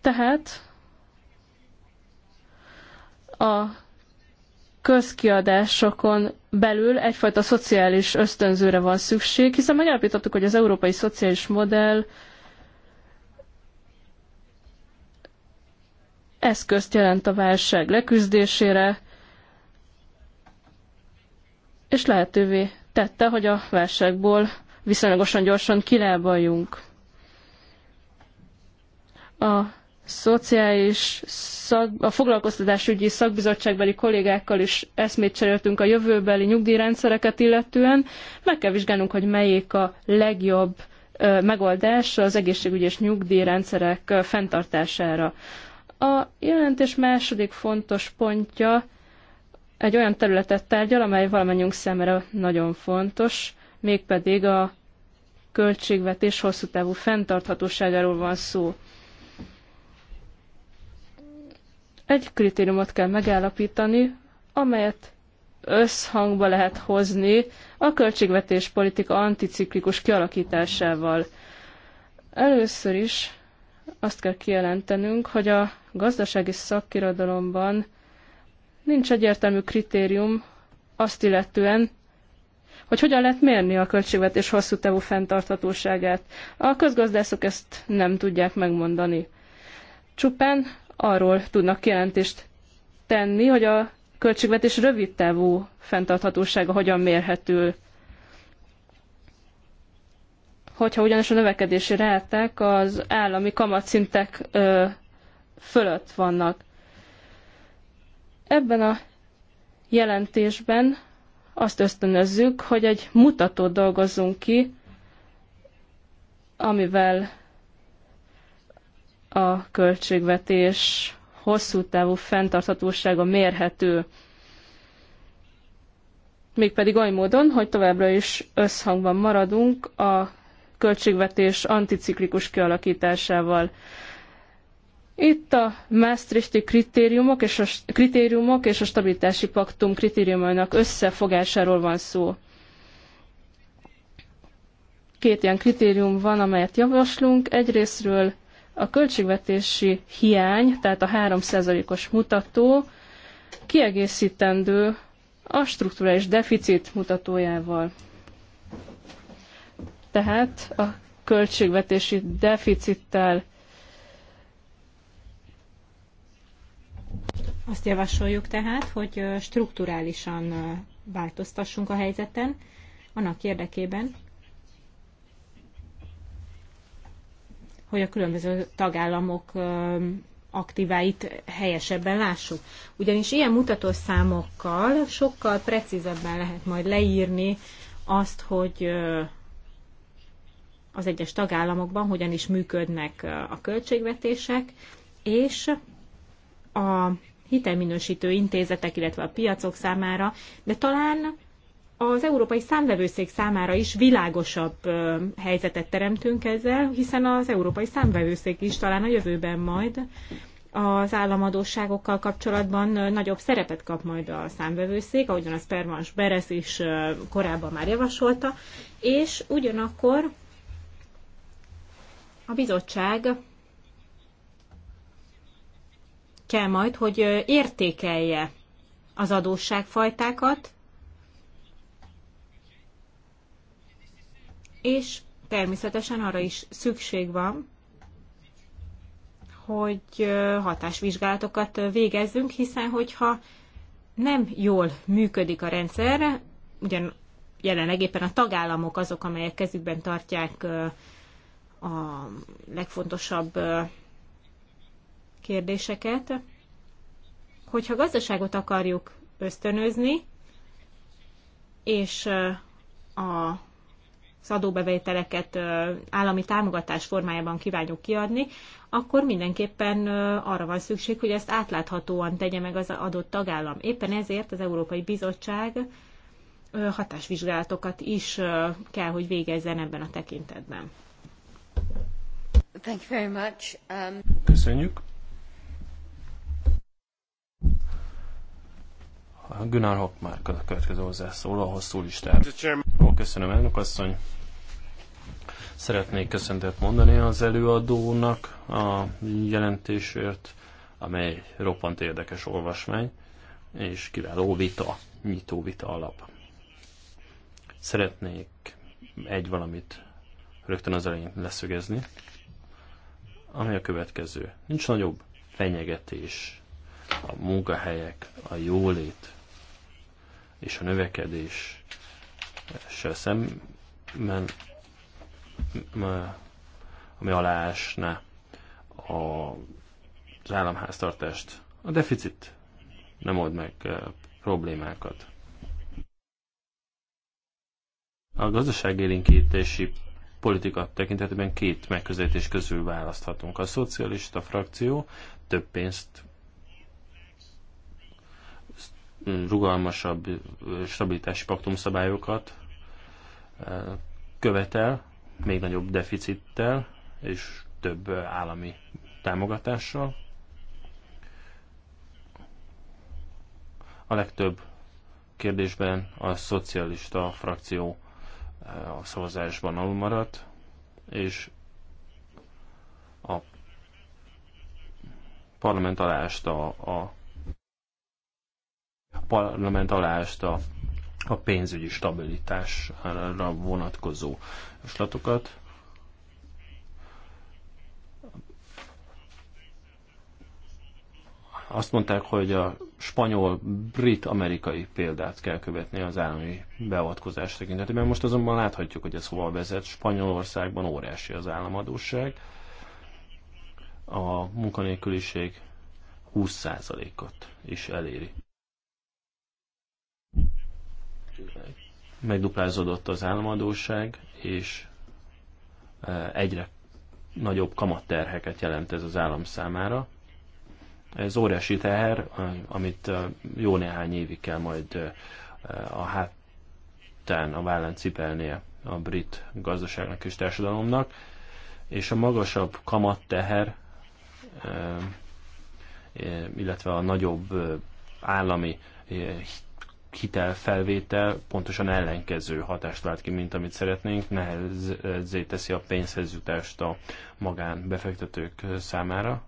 E: Tehát a közkiadásokon belül egyfajta szociális ösztönzőre van szükség, hiszen megállapítottuk, hogy az európai szociális modell eszközt jelent a válság leküzdésére, és lehetővé tette, hogy a válságból viszonylagosan gyorsan kilábaljunk. A szociális szak, a foglalkoztatásügyi szakbizottságbeli kollégákkal is eszmét cseréltünk a jövőbeli nyugdíjrendszereket illetően. Meg kell vizsgálnunk, hogy melyik a legjobb megoldás az egészségügyi és nyugdíjrendszerek fenntartására. A jelentés második fontos pontja egy olyan területet tárgyal, amely valamennyünk szemére nagyon fontos, mégpedig a költségvetés hosszú távú fenntarthatóságáról van szó. Egy kritériumot kell megállapítani, amelyet összhangba lehet hozni a költségvetés politika anticiklikus kialakításával. Először is azt kell kijelentenünk, hogy a gazdasági szakirodalomban nincs egyértelmű kritérium azt illetően, hogy hogyan lehet mérni a költségvetés hosszú távú fenntarthatóságát. A közgazdászok ezt nem tudják megmondani. Csupán arról tudnak jelentést tenni, hogy a költségvetés rövid távú fenntarthatósága hogyan mérhető. Hogyha ugyanis a növekedési ráták az állami kamatszintek fölött vannak. Ebben a jelentésben azt ösztönözzük, hogy egy mutatót dolgozzunk ki, amivel a költségvetés hosszú távú fenntarthatósága mérhető. Mégpedig oly módon, hogy továbbra is összhangban maradunk a költségvetés anticiklikus kialakításával. Itt a Maastrichti kritériumok és a, kritériumok és a stabilitási paktum kritériumainak összefogásáról van szó. Két ilyen kritérium van, amelyet javaslunk. Egyrésztről a költségvetési hiány, tehát a 3%-os mutató kiegészítendő a strukturális deficit mutatójával. Tehát a költségvetési deficittel Azt javasoljuk
B: tehát, hogy strukturálisan változtassunk a helyzeten, annak érdekében, hogy a különböző tagállamok aktíváit helyesebben lássuk. Ugyanis ilyen mutatószámokkal sokkal precízebben lehet majd leírni azt, hogy az egyes tagállamokban hogyan is működnek a költségvetések, és a hitelminősítő intézetek, illetve a piacok számára, de talán az Európai Számvevőszék számára is világosabb helyzetet teremtünk ezzel, hiszen az Európai Számvevőszék is talán a jövőben majd az államadóságokkal kapcsolatban nagyobb szerepet kap majd a számvevőszék, ahogyan az Spermans Beres is korábban már javasolta, és ugyanakkor a bizottság kell majd, hogy értékelje az adósságfajtákat, és természetesen arra is szükség van, hogy hatásvizsgálatokat végezzünk, hiszen hogyha nem jól működik a rendszer, ugyan jelenleg éppen a tagállamok azok, amelyek kezükben tartják a legfontosabb kérdéseket. Hogyha gazdaságot akarjuk ösztönözni, és a az adóbevételeket állami támogatás formájában kívánjuk kiadni, akkor mindenképpen arra van szükség, hogy ezt átláthatóan tegye meg az adott tagállam. Éppen ezért az Európai Bizottság hatásvizsgálatokat is kell, hogy végezzen ebben a tekintetben.
A: Thank you very
C: much. Um... Köszönjük. Gunnar Hockmark a következő hozzászól a hosszú listán. Ó, köszönöm, elnök asszony. Szeretnék köszöntet mondani az előadónak a jelentésért, amely roppant érdekes olvasmány, és kiváló vita, nyitó vita alap. Szeretnék egy valamit rögtön az elején leszögezni, ami a következő. Nincs nagyobb fenyegetés a munkahelyek, a jólét és a növekedés szemben, ami aláásná az államháztartást. A deficit nem old meg eh, problémákat. A gazdaságélénkítési politika tekintetében két megközelítés közül választhatunk. A szocialista frakció több pénzt rugalmasabb stabilitási paktum szabályokat követel, még nagyobb deficittel és több állami támogatással. A legtöbb kérdésben a szocialista frakció a szavazásban alul maradt, és a parlament alá a, a parlament a, a pénzügyi stabilitásra vonatkozó statokat. Azt mondták, hogy a spanyol, brit, amerikai példát kell követni az állami beavatkozás tekintetében. Most azonban láthatjuk, hogy ez hova vezet. Spanyolországban óriási az államadóság. A munkanélküliség 20%-ot is eléri. megduplázódott az államadóság, és e, egyre nagyobb kamatterheket jelent ez az állam számára. Ez óriási teher, amit e, jó néhány évig kell majd e, a hátán, a vállán cipelnie a brit gazdaságnak és társadalomnak, és a magasabb kamatteher, illetve a nagyobb állami hitelfelvétel pontosan ellenkező hatást vált ki, mint amit szeretnénk, nehezé teszi a pénzhez jutást a magánbefektetők számára.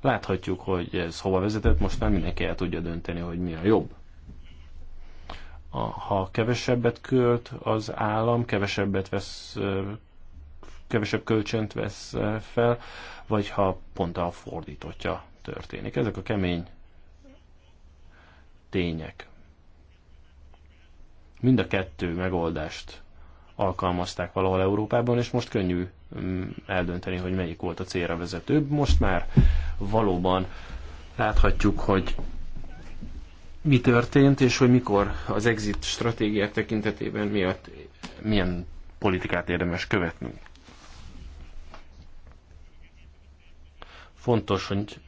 C: Láthatjuk, hogy ez hova vezetett, most már mindenki el tudja dönteni, hogy mi a jobb. A, ha kevesebbet költ az állam, kevesebbet vesz, kevesebb kölcsönt vesz fel, vagy ha pont a fordítotja történik. Ezek a kemény tények. Mind a kettő megoldást alkalmazták valahol Európában, és most könnyű mm, eldönteni, hogy melyik volt a célra vezetőbb. Most már valóban láthatjuk, hogy mi történt, és hogy mikor az exit stratégiák tekintetében miatt milyen politikát érdemes követni. Fontos, hogy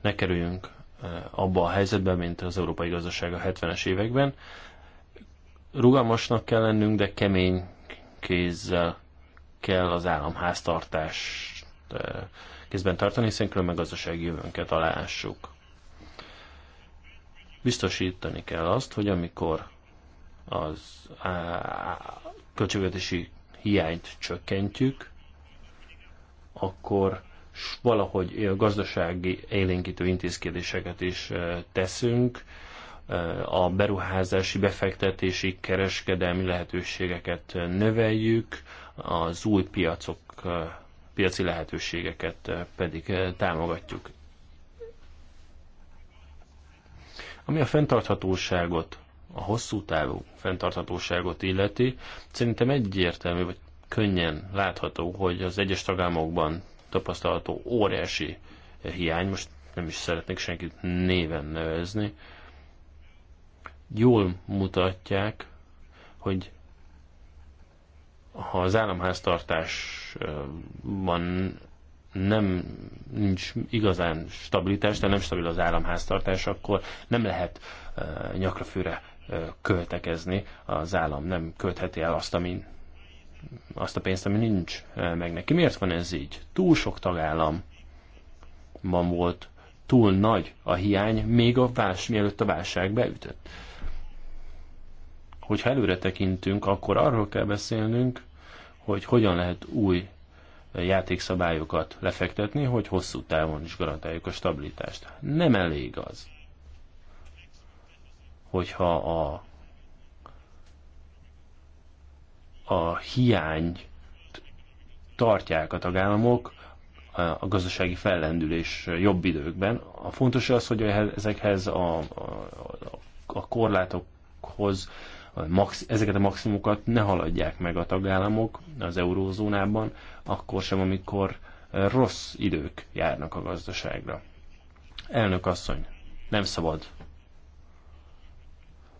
C: ne kerüljünk Eh, abba a helyzetben, mint az európai gazdaság a 70-es években. Rugalmasnak kell lennünk, de kemény kézzel kell az államháztartást eh, kézben tartani, hiszen különben gazdasági jövőnket alássuk. Biztosítani kell azt, hogy amikor az költségvetési hiányt csökkentjük, akkor valahogy gazdasági élénkítő intézkedéseket is teszünk, a beruházási, befektetési, kereskedelmi lehetőségeket növeljük, az új piacok, piaci lehetőségeket pedig támogatjuk. Ami a fenntarthatóságot, a hosszú távú fenntarthatóságot illeti, szerintem egyértelmű, vagy könnyen látható, hogy az egyes tagállamokban tapasztalható óriási hiány, most nem is szeretnék senkit néven nevezni, jól mutatják, hogy ha az államháztartásban nem nincs igazán stabilitás, de nem stabil az államháztartás, akkor nem lehet nyakra főre költekezni, az állam nem költheti el azt, ami azt a pénzt, ami nincs meg neki. Miért van ez így? Túl sok tagállamban volt túl nagy a hiány, még a vás, mielőtt a válság beütött. Hogyha előre tekintünk, akkor arról kell beszélnünk, hogy hogyan lehet új játékszabályokat lefektetni, hogy hosszú távon is garantáljuk a stabilitást. Nem elég az, hogyha a a hiány tartják a tagállamok a gazdasági fellendülés jobb időkben. A fontos az, hogy ezekhez a, a, a korlátokhoz a max, ezeket a maximumokat ne haladják meg a tagállamok az eurózónában, akkor sem, amikor rossz idők járnak a gazdaságra. Elnök asszony, nem szabad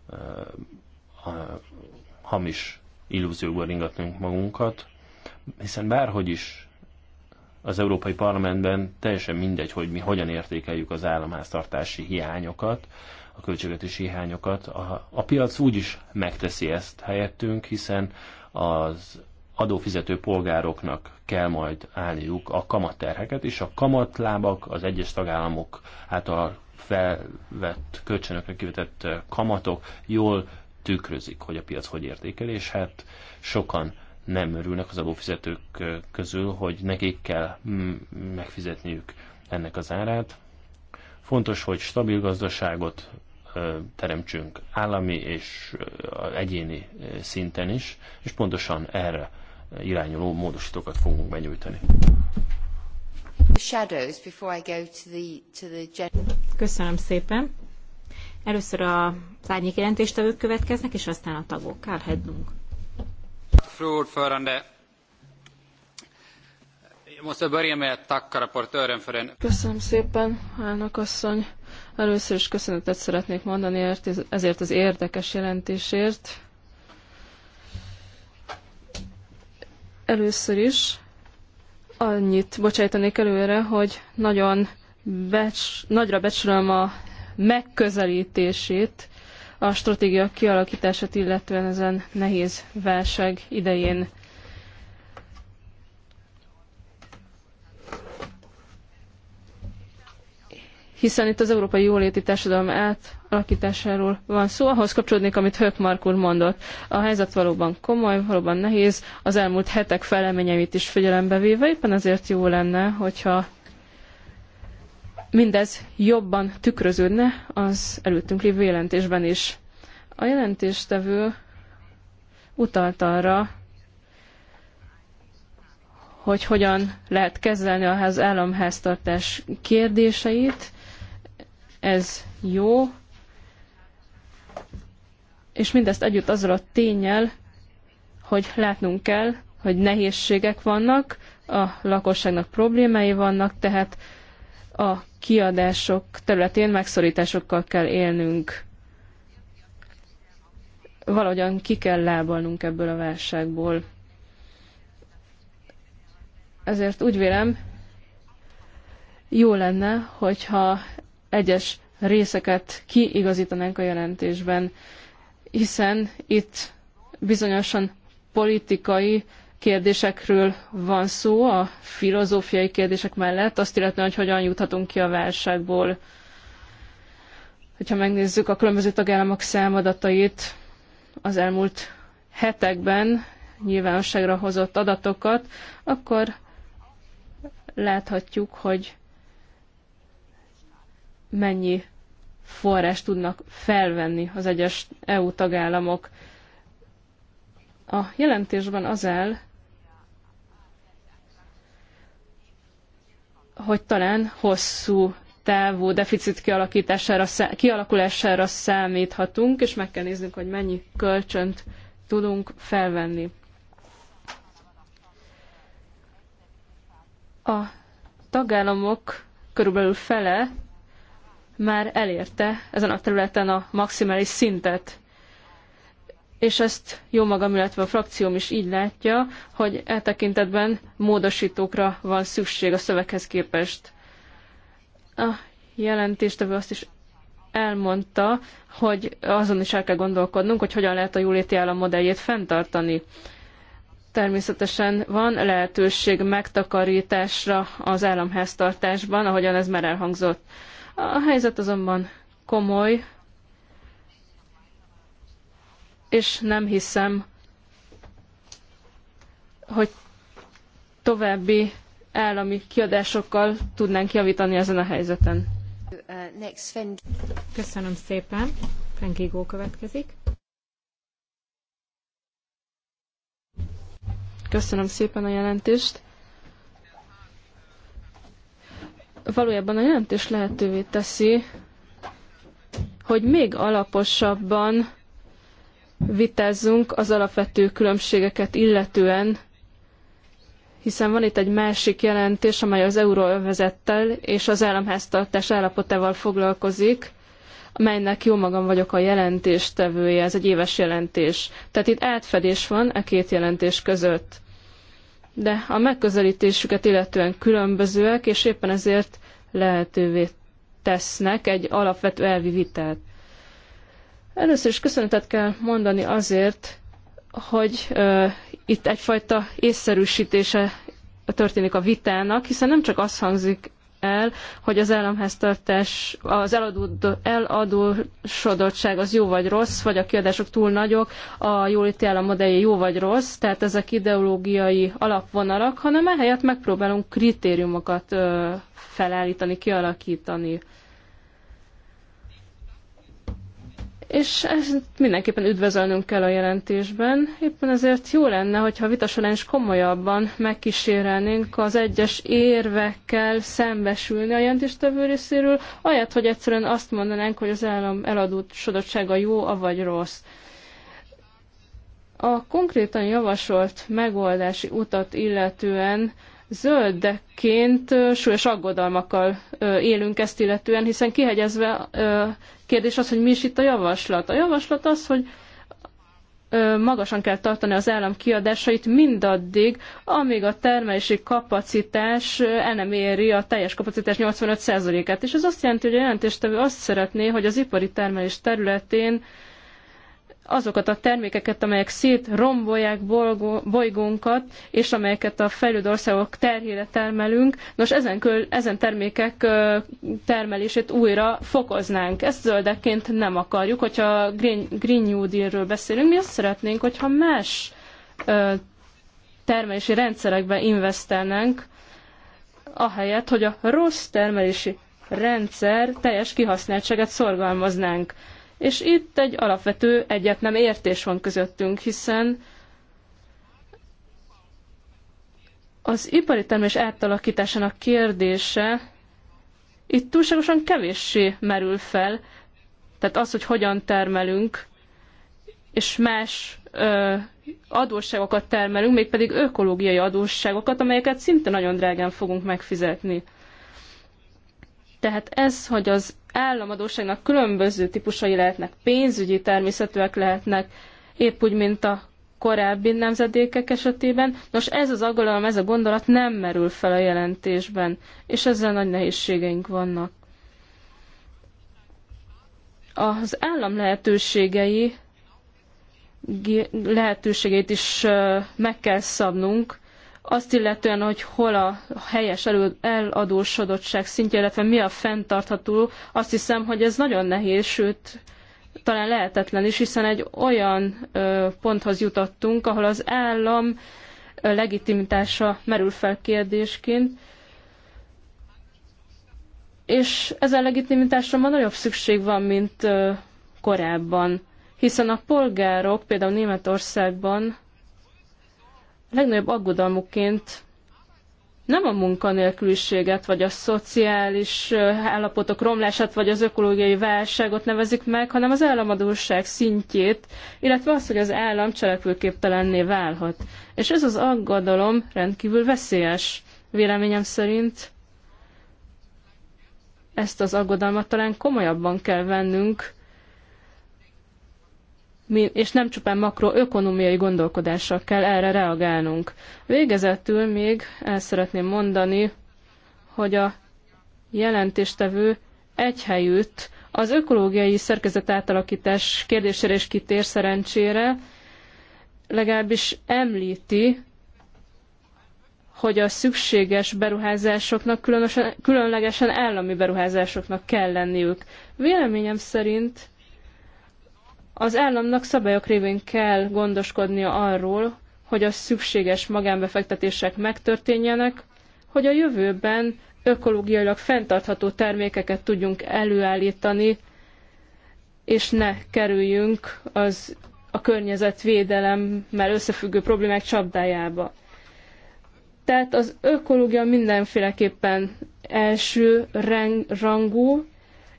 C: uh, uh, hamis illúziókban ringatnunk magunkat, hiszen bárhogy is az Európai Parlamentben teljesen mindegy, hogy mi hogyan értékeljük az államháztartási hiányokat, a költségvetési hiányokat. A, a piac is megteszi ezt helyettünk, hiszen az adófizető polgároknak kell majd állniuk a kamatterheket, és a kamatlábak az egyes tagállamok által felvett kölcsönökre kivetett kamatok jól tükrözik, hogy a piac hogy értékel, és hát sokan nem örülnek az adófizetők közül, hogy nekik kell mm, megfizetniük ennek az árát. Fontos, hogy stabil gazdaságot teremtsünk állami és egyéni szinten is, és pontosan erre irányuló módosítókat fogunk benyújtani.
B: Köszönöm szépen. Először a szárnyék jelentéstevők következnek, és aztán a tagok. Karl Hedlund.
C: Fru
E: Köszönöm szépen, elnök asszony. Először is köszönetet szeretnék mondani ezért az érdekes jelentésért. Először is annyit bocsájtanék előre, hogy nagyon becs, nagyra becsülöm a megközelítését a stratégia kialakítását illetően ezen nehéz válság idején. hiszen itt az európai jóléti társadalom átalakításáról van szó, ahhoz kapcsolódnék, amit Hökmark úr mondott. A helyzet valóban komoly, valóban nehéz, az elmúlt hetek feleményeit is figyelembe véve, éppen ezért jó lenne, hogyha mindez jobban tükröződne az előttünk lévő jelentésben is. A jelentéstevő utalt arra, hogy hogyan lehet kezelni az államháztartás kérdéseit. Ez jó. És mindezt együtt azzal a tényel, hogy látnunk kell, hogy nehézségek vannak, a lakosságnak problémái vannak, tehát a kiadások területén megszorításokkal kell élnünk. Valahogyan ki kell lábalnunk ebből a válságból. Ezért úgy vélem, jó lenne, hogyha egyes részeket kiigazítanánk a jelentésben, hiszen itt bizonyosan politikai kérdésekről van szó a filozófiai kérdések mellett, azt illetően, hogy hogyan juthatunk ki a válságból. Hogyha megnézzük a különböző tagállamok számadatait az elmúlt hetekben nyilvánosságra hozott adatokat, akkor láthatjuk, hogy mennyi forrást tudnak felvenni az egyes EU tagállamok. A jelentésben az áll, hogy talán hosszú távú deficit kialakítására, kialakulására számíthatunk, és meg kell néznünk, hogy mennyi kölcsönt tudunk felvenni. A tagállamok körülbelül fele már elérte ezen a területen a maximális szintet és ezt jó magam, illetve a frakcióm is így látja, hogy e tekintetben módosítókra van szükség a szöveghez képest. A jelentéstevő azt is elmondta, hogy azon is el kell gondolkodnunk, hogy hogyan lehet a jóléti állam modelljét fenntartani. Természetesen van lehetőség megtakarításra az államháztartásban, ahogyan ez már elhangzott. A helyzet azonban komoly, és nem hiszem, hogy további állami kiadásokkal tudnánk javítani ezen a helyzeten. Köszönöm
B: szépen. Fengigó következik.
E: Köszönöm szépen a jelentést. Valójában a jelentés lehetővé teszi, hogy még alaposabban vitázzunk az alapvető különbségeket illetően, hiszen van itt egy másik jelentés, amely az euróövezettel és az államháztartás állapotával foglalkozik, amelynek jó magam vagyok a jelentéstevője, ez egy éves jelentés. Tehát itt átfedés van e két jelentés között. De a megközelítésüket illetően különbözőek, és éppen ezért lehetővé tesznek egy alapvető elvi vitát. Először is köszönetet kell mondani azért, hogy uh, itt egyfajta észszerűsítése történik a vitának, hiszen nem csak az hangzik el, hogy az államháztartás, az eladód, eladósodottság az jó vagy rossz, vagy a kiadások túl nagyok, a jóléti állam modellje jó vagy rossz, tehát ezek ideológiai alapvonalak, hanem ehelyett megpróbálunk kritériumokat ö, felállítani, kialakítani. és ezt mindenképpen üdvözölnünk kell a jelentésben. Éppen ezért jó lenne, hogyha a vita során is komolyabban megkísérelnénk az egyes érvekkel szembesülni a jelentéstevő részéről, ahelyett, hogy egyszerűen azt mondanánk, hogy az állam eladósodottsága jó, avagy rossz. A konkrétan javasolt megoldási utat illetően zöldekként súlyos aggodalmakkal élünk ezt illetően, hiszen kihegyezve Kérdés az, hogy mi is itt a javaslat. A javaslat az, hogy magasan kell tartani az állam kiadásait mindaddig, amíg a termelési kapacitás el nem éri a teljes kapacitás 85%-át. És ez azt jelenti, hogy a jelentéstevő azt szeretné, hogy az ipari termelés területén azokat a termékeket, amelyek szétrombolják bolygónkat, és amelyeket a fejlődő országok terhére termelünk. Nos, ezen, köl, ezen termékek termelését újra fokoznánk. Ezt zöldekként nem akarjuk. Hogyha Green, Green New Deal-ről beszélünk, mi azt szeretnénk, hogyha más termelési rendszerekbe investálnánk, ahelyett, hogy a rossz termelési rendszer teljes kihasználtságát szorgalmaznánk. És itt egy alapvető egyet nem értés van közöttünk, hiszen az ipari termés átalakításának kérdése itt túlságosan kevéssé merül fel, tehát az, hogy hogyan termelünk, és más ö, adósságokat termelünk, mégpedig ökológiai adósságokat, amelyeket szinte nagyon drágán fogunk megfizetni. Tehát ez, hogy az államadóságnak különböző típusai lehetnek, pénzügyi természetűek lehetnek, épp úgy, mint a korábbi nemzedékek esetében. Nos, ez az aggodalom, ez a gondolat nem merül fel a jelentésben, és ezzel nagy nehézségeink vannak. Az állam lehetőségei lehetőségeit is meg kell szabnunk, azt illetően, hogy hol a helyes eladósodottság szintje, illetve mi a fenntartható, azt hiszem, hogy ez nagyon nehéz, sőt, talán lehetetlen is, hiszen egy olyan ponthoz jutottunk, ahol az állam legitimitása merül fel kérdésként, és ezen legitimitásra ma nagyobb szükség van, mint korábban, hiszen a polgárok például Németországban legnagyobb aggodalmukként nem a munkanélküliséget, vagy a szociális állapotok romlását, vagy az ökológiai válságot nevezik meg, hanem az államadóság szintjét, illetve az, hogy az állam cselekvőképtelenné válhat. És ez az aggodalom rendkívül veszélyes. Véleményem szerint ezt az aggodalmat talán komolyabban kell vennünk, és nem csupán makroökonomiai gondolkodással kell erre reagálnunk. Végezetül még el szeretném mondani, hogy a jelentéstevő egyhelyütt az ökológiai szerkezet átalakítás kérdésére is kitér szerencsére, legalábbis említi, hogy a szükséges beruházásoknak, különlegesen állami beruházásoknak kell lenniük. Véleményem szerint az államnak szabályok révén kell gondoskodnia arról, hogy a szükséges magánbefektetések megtörténjenek, hogy a jövőben ökológiailag fenntartható termékeket tudjunk előállítani, és ne kerüljünk az a környezetvédelemmel összefüggő problémák csapdájába. Tehát az ökológia mindenféleképpen első rangú,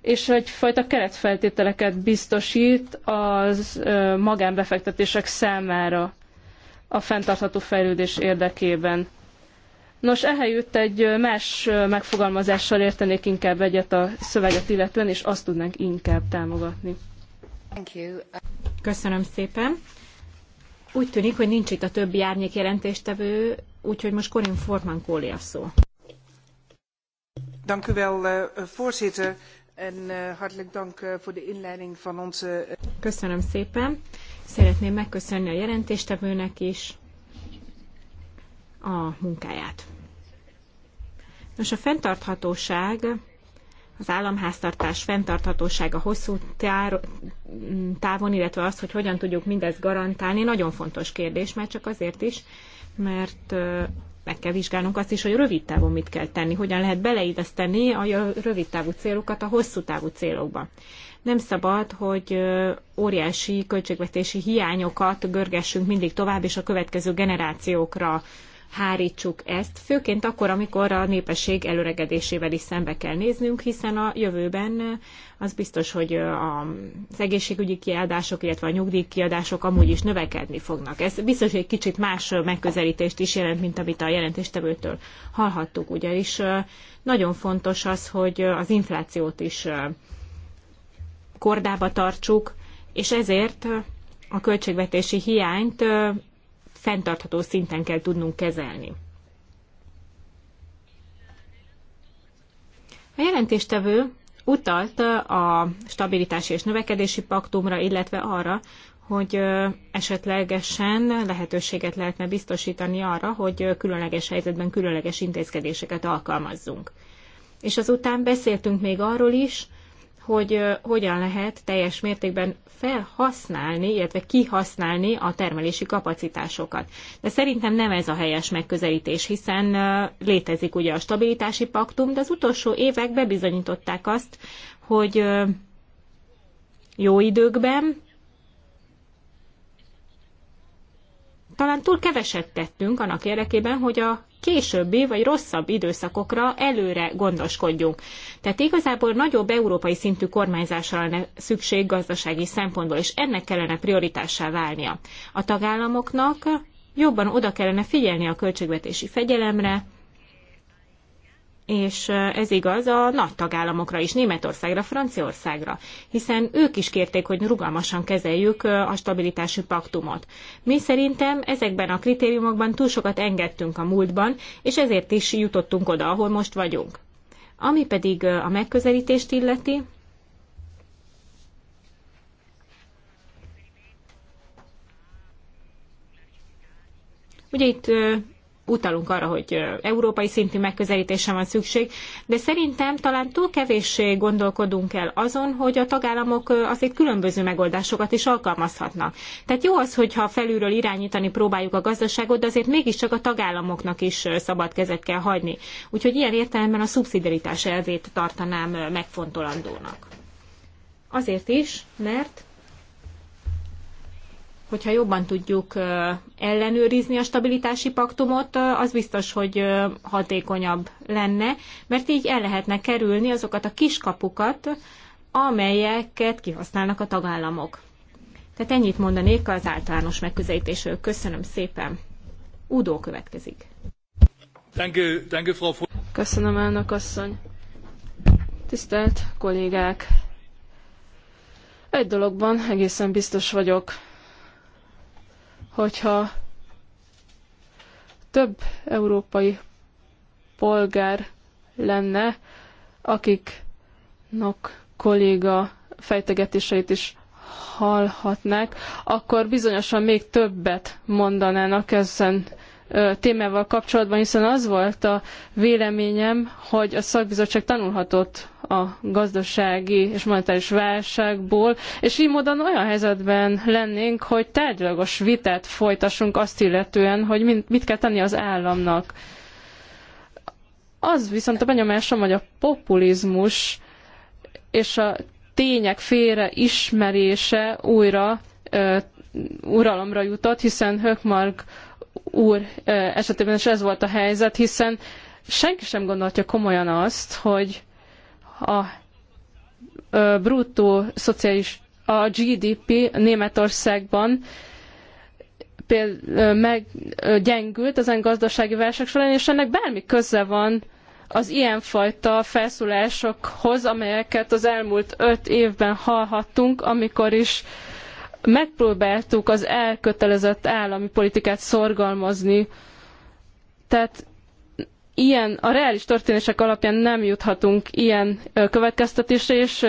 E: és egyfajta keretfeltételeket biztosít az magánbefektetések számára a fenntartható fejlődés érdekében. Nos, ehelyütt egy más megfogalmazással értenék inkább egyet a szöveget illetően, és azt tudnánk inkább támogatni. Köszönöm szépen. Úgy tűnik, hogy nincs
B: itt a többi árnyék jelentéstevő, úgyhogy most Corin Forman Kóli a szó. Dank
D: u wel, eh, voorzitter.
B: Eh, eh, eh, Köszönöm szépen. Szeretném megköszönni a jelentéstevőnek is a munkáját. Nos, a fenntarthatóság, az államháztartás fenntarthatósága hosszú mm, távon, illetve az, hogy hogyan tudjuk mindezt garantálni, nagyon fontos kérdés, már csak azért is, mert meg kell vizsgálnunk azt is, hogy rövid távon mit kell tenni, hogyan lehet beleilleszteni a rövid távú célokat a hosszú távú célokba. Nem szabad, hogy óriási költségvetési hiányokat görgessünk mindig tovább, és a következő generációkra hárítsuk ezt, főként akkor, amikor a népesség előregedésével is szembe kell néznünk, hiszen a jövőben eh, az biztos, hogy eh, az egészségügyi kiadások, illetve a nyugdíjkiadások amúgy is növekedni fognak. Ez biztos, hogy egy kicsit más megközelítést is jelent, mint amit a jelentéstevőtől hallhattuk, ugyanis eh, nagyon fontos az, hogy az inflációt is kordába tartsuk, és ezért a költségvetési hiányt fenntartható szinten kell tudnunk kezelni. A jelentéstevő utalt a stabilitási és növekedési paktumra, illetve arra, hogy esetlegesen lehetőséget lehetne biztosítani arra, hogy különleges helyzetben különleges intézkedéseket alkalmazzunk. És azután beszéltünk még arról is, hogy hogyan lehet teljes mértékben felhasználni, illetve kihasználni a termelési kapacitásokat. De szerintem nem ez a helyes megközelítés, hiszen létezik ugye a stabilitási paktum, de az utolsó évek bebizonyították azt, hogy jó időkben talán túl keveset tettünk annak érdekében, hogy a későbbi vagy rosszabb időszakokra előre gondoskodjunk. Tehát igazából nagyobb európai szintű kormányzásra lenne szükség gazdasági szempontból, és ennek kellene prioritássá válnia. A tagállamoknak jobban oda kellene figyelni a költségvetési fegyelemre, és ez igaz a nagy tagállamokra is, Németországra, Franciaországra, hiszen ők is kérték, hogy rugalmasan kezeljük a stabilitási paktumot. Mi szerintem ezekben a kritériumokban túl sokat engedtünk a múltban, és ezért is jutottunk oda, ahol most vagyunk. Ami pedig a megközelítést illeti, ugye itt utalunk arra, hogy európai szintű megközelítésre van szükség, de szerintem talán túl kevéssé gondolkodunk el azon, hogy a tagállamok azért különböző megoldásokat is alkalmazhatnak. Tehát jó az, hogyha felülről irányítani próbáljuk a gazdaságot, de azért mégiscsak a tagállamoknak is szabad kezet kell hagyni. Úgyhogy ilyen értelemben a szubszidiaritás elvét tartanám megfontolandónak. Azért is, mert hogyha jobban tudjuk ellenőrizni a stabilitási paktumot, az biztos, hogy hatékonyabb lenne, mert így el lehetne kerülni azokat a kiskapukat, amelyeket kihasználnak a tagállamok. Tehát ennyit mondanék az általános megközelítésről. Köszönöm
E: szépen. Udó következik. Köszönöm, elnök asszony. Tisztelt kollégák! Egy dologban egészen biztos vagyok hogyha több európai polgár lenne, akiknak kolléga fejtegetéseit is hallhatnák, akkor bizonyosan még többet mondanának ezen témával kapcsolatban, hiszen az volt a véleményem, hogy a szakbizottság tanulhatott a gazdasági és monetáris válságból, és így módon olyan helyzetben lennénk, hogy tárgyalagos vitát folytassunk azt illetően, hogy mit kell tenni az államnak. Az viszont a benyomásom, hogy a populizmus és a tények félre ismerése újra ö, uralomra jutott, hiszen Hökmark úr ö, esetében is ez volt a helyzet, hiszen senki sem gondolta komolyan azt, hogy a bruttó szociális, a GDP Németországban péld, meggyengült ezen gazdasági válság során, és ennek bármi köze van az ilyenfajta felszólásokhoz, amelyeket az elmúlt öt évben hallhattunk, amikor is megpróbáltuk az elkötelezett állami politikát szorgalmazni. Tehát ilyen, a reális történések alapján nem juthatunk ilyen következtetésre, és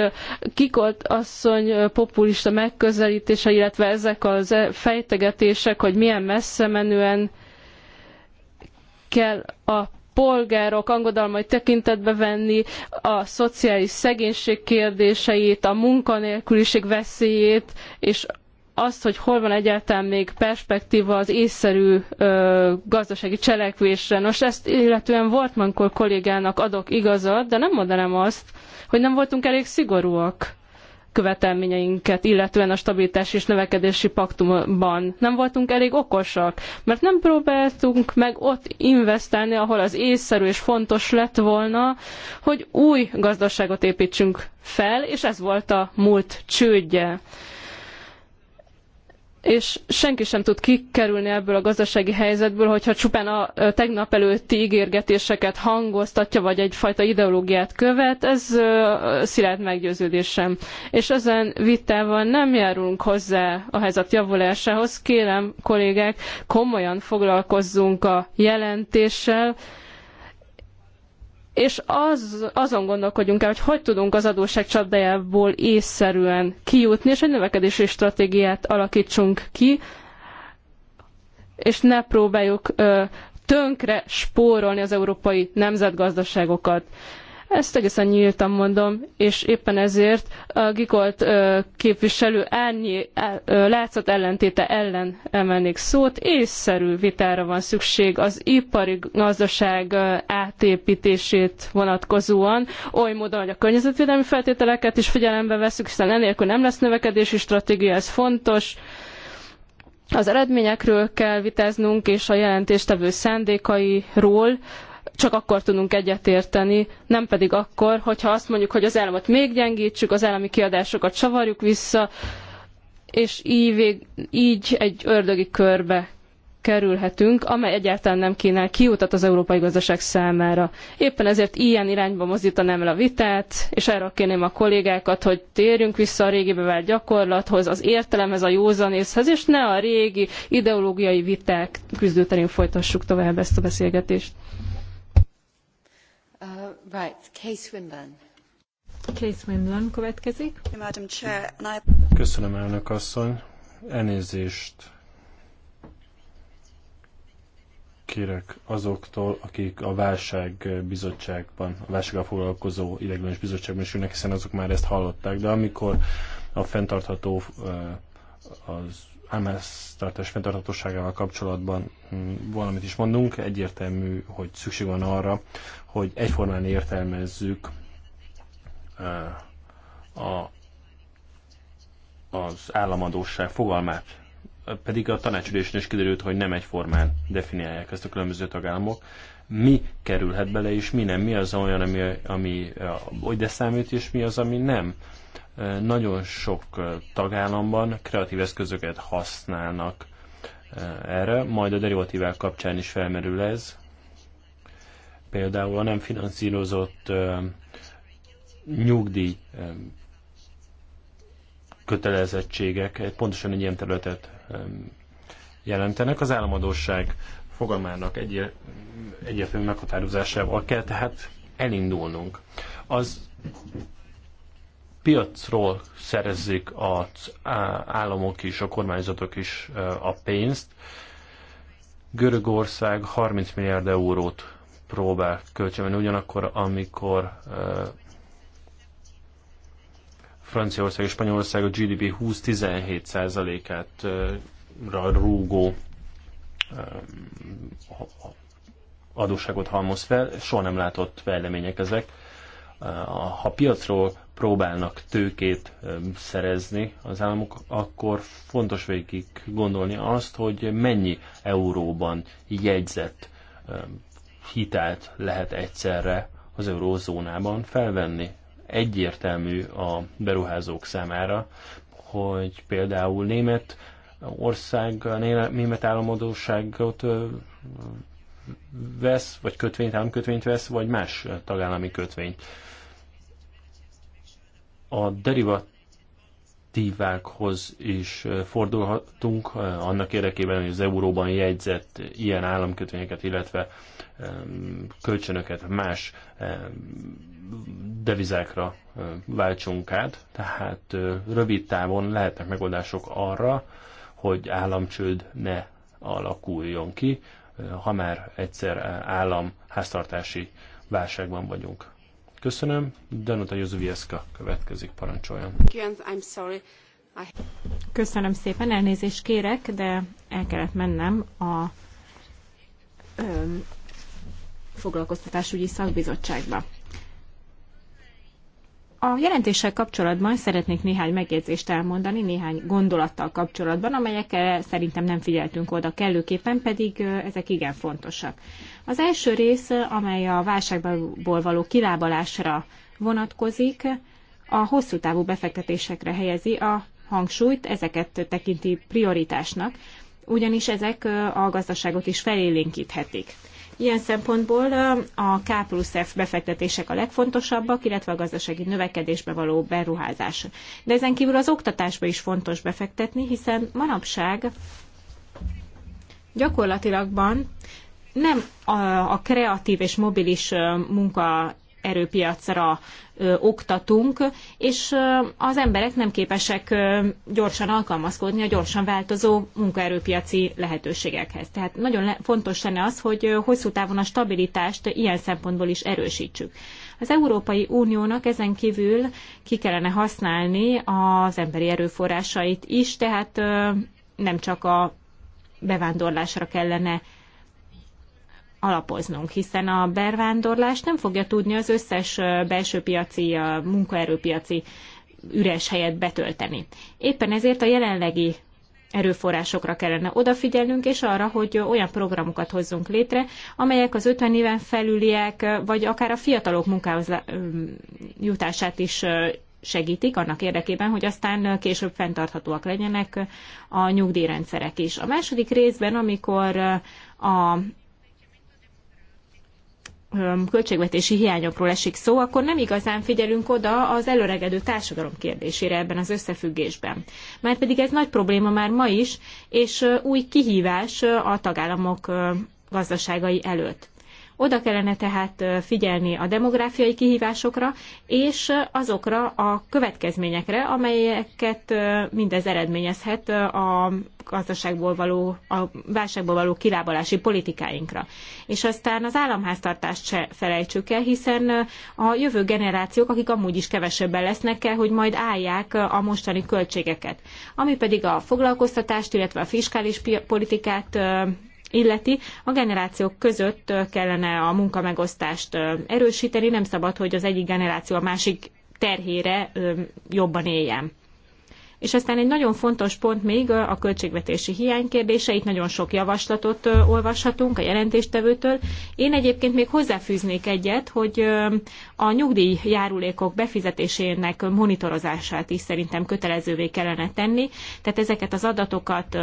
E: Kikolt asszony populista megközelítése, illetve ezek a e, fejtegetések, hogy milyen messze menően kell a polgárok angodalmait tekintetbe venni, a szociális szegénység kérdéseit, a munkanélküliség veszélyét, és azt, hogy hol van egyáltalán még perspektíva az észszerű ö, gazdasági cselekvésre. Nos, ezt illetően Wortmankor kollégának adok igazat, de nem mondanám azt, hogy nem voltunk elég szigorúak követelményeinket, illetően a stabilitás és növekedési paktumban. Nem voltunk elég okosak, mert nem próbáltunk meg ott investálni, ahol az észszerű és fontos lett volna, hogy új gazdaságot építsünk fel, és ez volt a múlt csődje és senki sem tud kikerülni ebből a gazdasági helyzetből, hogyha csupán a tegnap előtti ígérgetéseket hangoztatja, vagy egyfajta ideológiát követ, ez szilárd meggyőződésem. És ezen vitával nem járulunk hozzá a helyzet javulásához. Kérem, kollégák, komolyan foglalkozzunk a jelentéssel, és az, azon gondolkodjunk el, hogy hogy tudunk az adósság csapdájából észszerűen kijutni, és egy növekedési stratégiát alakítsunk ki, és ne próbáljuk ö, tönkre spórolni az európai nemzetgazdaságokat. Ezt egészen nyíltan mondom, és éppen ezért a Gikolt képviselő árnyi e, látszat ellentéte ellen emelnék szót. Észszerű vitára van szükség az ipari gazdaság átépítését vonatkozóan, oly módon, hogy a környezetvédelmi feltételeket is figyelembe veszük, hiszen enélkül nem lesz növekedési stratégia, ez fontos. Az eredményekről kell vitáznunk, és a jelentéstevő szándékairól, csak akkor tudunk egyetérteni, nem pedig akkor, hogyha azt mondjuk, hogy az államot még gyengítsük, az állami kiadásokat savarjuk vissza, és így, így egy ördögi körbe kerülhetünk, amely egyáltalán nem kínál kiutat az európai gazdaság számára. Éppen ezért ilyen irányba mozdítanám el a vitát, és erről kérném a kollégákat, hogy térjünk vissza a régi bevált gyakorlathoz, az értelemhez, a józanészhez, és ne a régi ideológiai viták küzdőterén folytassuk tovább ezt a beszélgetést.
B: Right, Kay Swinburne. Kay Swinburne következik. Madam Chair,
C: Köszönöm, elnök asszony. Elnézést kérek azoktól, akik a válságbizottságban, a válsággal foglalkozó ideiglenes bizottságban is ülnek, hiszen azok már ezt hallották, de amikor a fenntartható eh, az tartás fenntarthatóságával kapcsolatban hm, valamit is mondunk, egyértelmű, hogy szükség van arra, hogy egyformán értelmezzük eh, a, az államadóság fogalmát. Pedig a tanácsülésen is kiderült, hogy nem egyformán definiálják ezt a különböző tagállamok. Mi kerülhet bele, és mi nem? Mi az olyan, ami, ami hogy eh, de számít, és mi az, ami nem? Eh, nagyon sok tagállamban kreatív eszközöket használnak erre, majd a derivatívák kapcsán is felmerül ez, például a nem finanszírozott nyugdíj kötelezettségek pontosan egy ilyen területet jelentenek. Az államadóság fogalmának egy, egyértelmű meghatározásával kell tehát elindulnunk. Az piacról szerezzük az államok is, a kormányzatok is a pénzt. Görögország 30 milliárd eurót próbál kölcsönvenni. Ugyanakkor, amikor Franciaország és Spanyolország a GDP 20-17%-át rúgó adósságot halmoz fel, soha nem látott fejlemények ezek. Ha piacról próbálnak tőkét szerezni az államok, akkor fontos végig gondolni azt, hogy mennyi euróban jegyzett hitelt lehet egyszerre az eurózónában felvenni. Egyértelmű a beruházók számára, hogy például német ország, német államadóságot vesz, vagy kötvényt, államkötvényt vesz, vagy más tagállami kötvényt. A derivat alternatívákhoz is fordulhatunk, annak érdekében, hogy az euróban jegyzett ilyen államkötvényeket, illetve kölcsönöket más devizákra váltsunk át. Tehát rövid távon lehetnek megoldások arra, hogy államcsőd ne alakuljon ki, ha már egyszer állam háztartási válságban vagyunk. Köszönöm. Danuta Józsuvieszka következik, parancsoljon.
B: Köszönöm szépen, elnézést kérek, de el kellett mennem a öm, foglalkoztatásügyi szakbizottságba. A jelentéssel kapcsolatban szeretnék néhány megjegyzést elmondani, néhány gondolattal kapcsolatban, amelyekre szerintem nem figyeltünk oda kellőképpen, pedig ezek igen fontosak. Az első rész, amely a válságból való kilábalásra vonatkozik, a hosszú távú befektetésekre helyezi a hangsúlyt, ezeket tekinti prioritásnak, ugyanis ezek a gazdaságot is felélénkíthetik. Ilyen szempontból a K plusz F befektetések a legfontosabbak, illetve a gazdasági növekedésbe való beruházás. De ezen kívül az oktatásba is fontos befektetni, hiszen manapság gyakorlatilagban nem a, a kreatív és mobilis munka erőpiacra ö, oktatunk, és ö, az emberek nem képesek ö, gyorsan alkalmazkodni a gyorsan változó munkaerőpiaci lehetőségekhez. Tehát nagyon le- fontos lenne az, hogy ö, hosszú távon a stabilitást ilyen szempontból is erősítsük. Az Európai Uniónak ezen kívül ki kellene használni az emberi erőforrásait is, tehát ö, nem csak a bevándorlásra kellene alapoznunk, hiszen a bervándorlás nem fogja tudni az összes belső piaci, a munkaerőpiaci üres helyet betölteni. Éppen ezért a jelenlegi erőforrásokra kellene odafigyelnünk, és arra, hogy olyan programokat hozzunk létre, amelyek az 50 éven felüliek, vagy akár a fiatalok munkához jutását is segítik annak érdekében, hogy aztán később fenntarthatóak legyenek a nyugdíjrendszerek is. A második részben, amikor a költségvetési hiányokról esik szó, akkor nem igazán figyelünk oda az előregedő társadalom kérdésére ebben az összefüggésben. Márpedig ez nagy probléma már ma is, és új kihívás a tagállamok gazdaságai előtt. Oda kellene tehát figyelni a demográfiai kihívásokra, és azokra a következményekre, amelyeket mindez eredményezhet a gazdaságból való, a válságból való kilábalási politikáinkra. És aztán az államháztartást se felejtsük el, hiszen a jövő generációk, akik amúgy is kevesebben lesznek kell, hogy majd állják a mostani költségeket. Ami pedig a foglalkoztatást, illetve a fiskális politikát illeti, a generációk között kellene a munkamegosztást erősíteni, nem szabad, hogy az egyik generáció a másik terhére jobban éljen. És aztán egy nagyon fontos pont még a költségvetési hiány kérdése. Itt nagyon sok javaslatot olvashatunk a jelentéstevőtől. Én egyébként még hozzáfűznék egyet, hogy a nyugdíjjárulékok befizetésének monitorozását is szerintem kötelezővé kellene tenni. Tehát ezeket az adatokat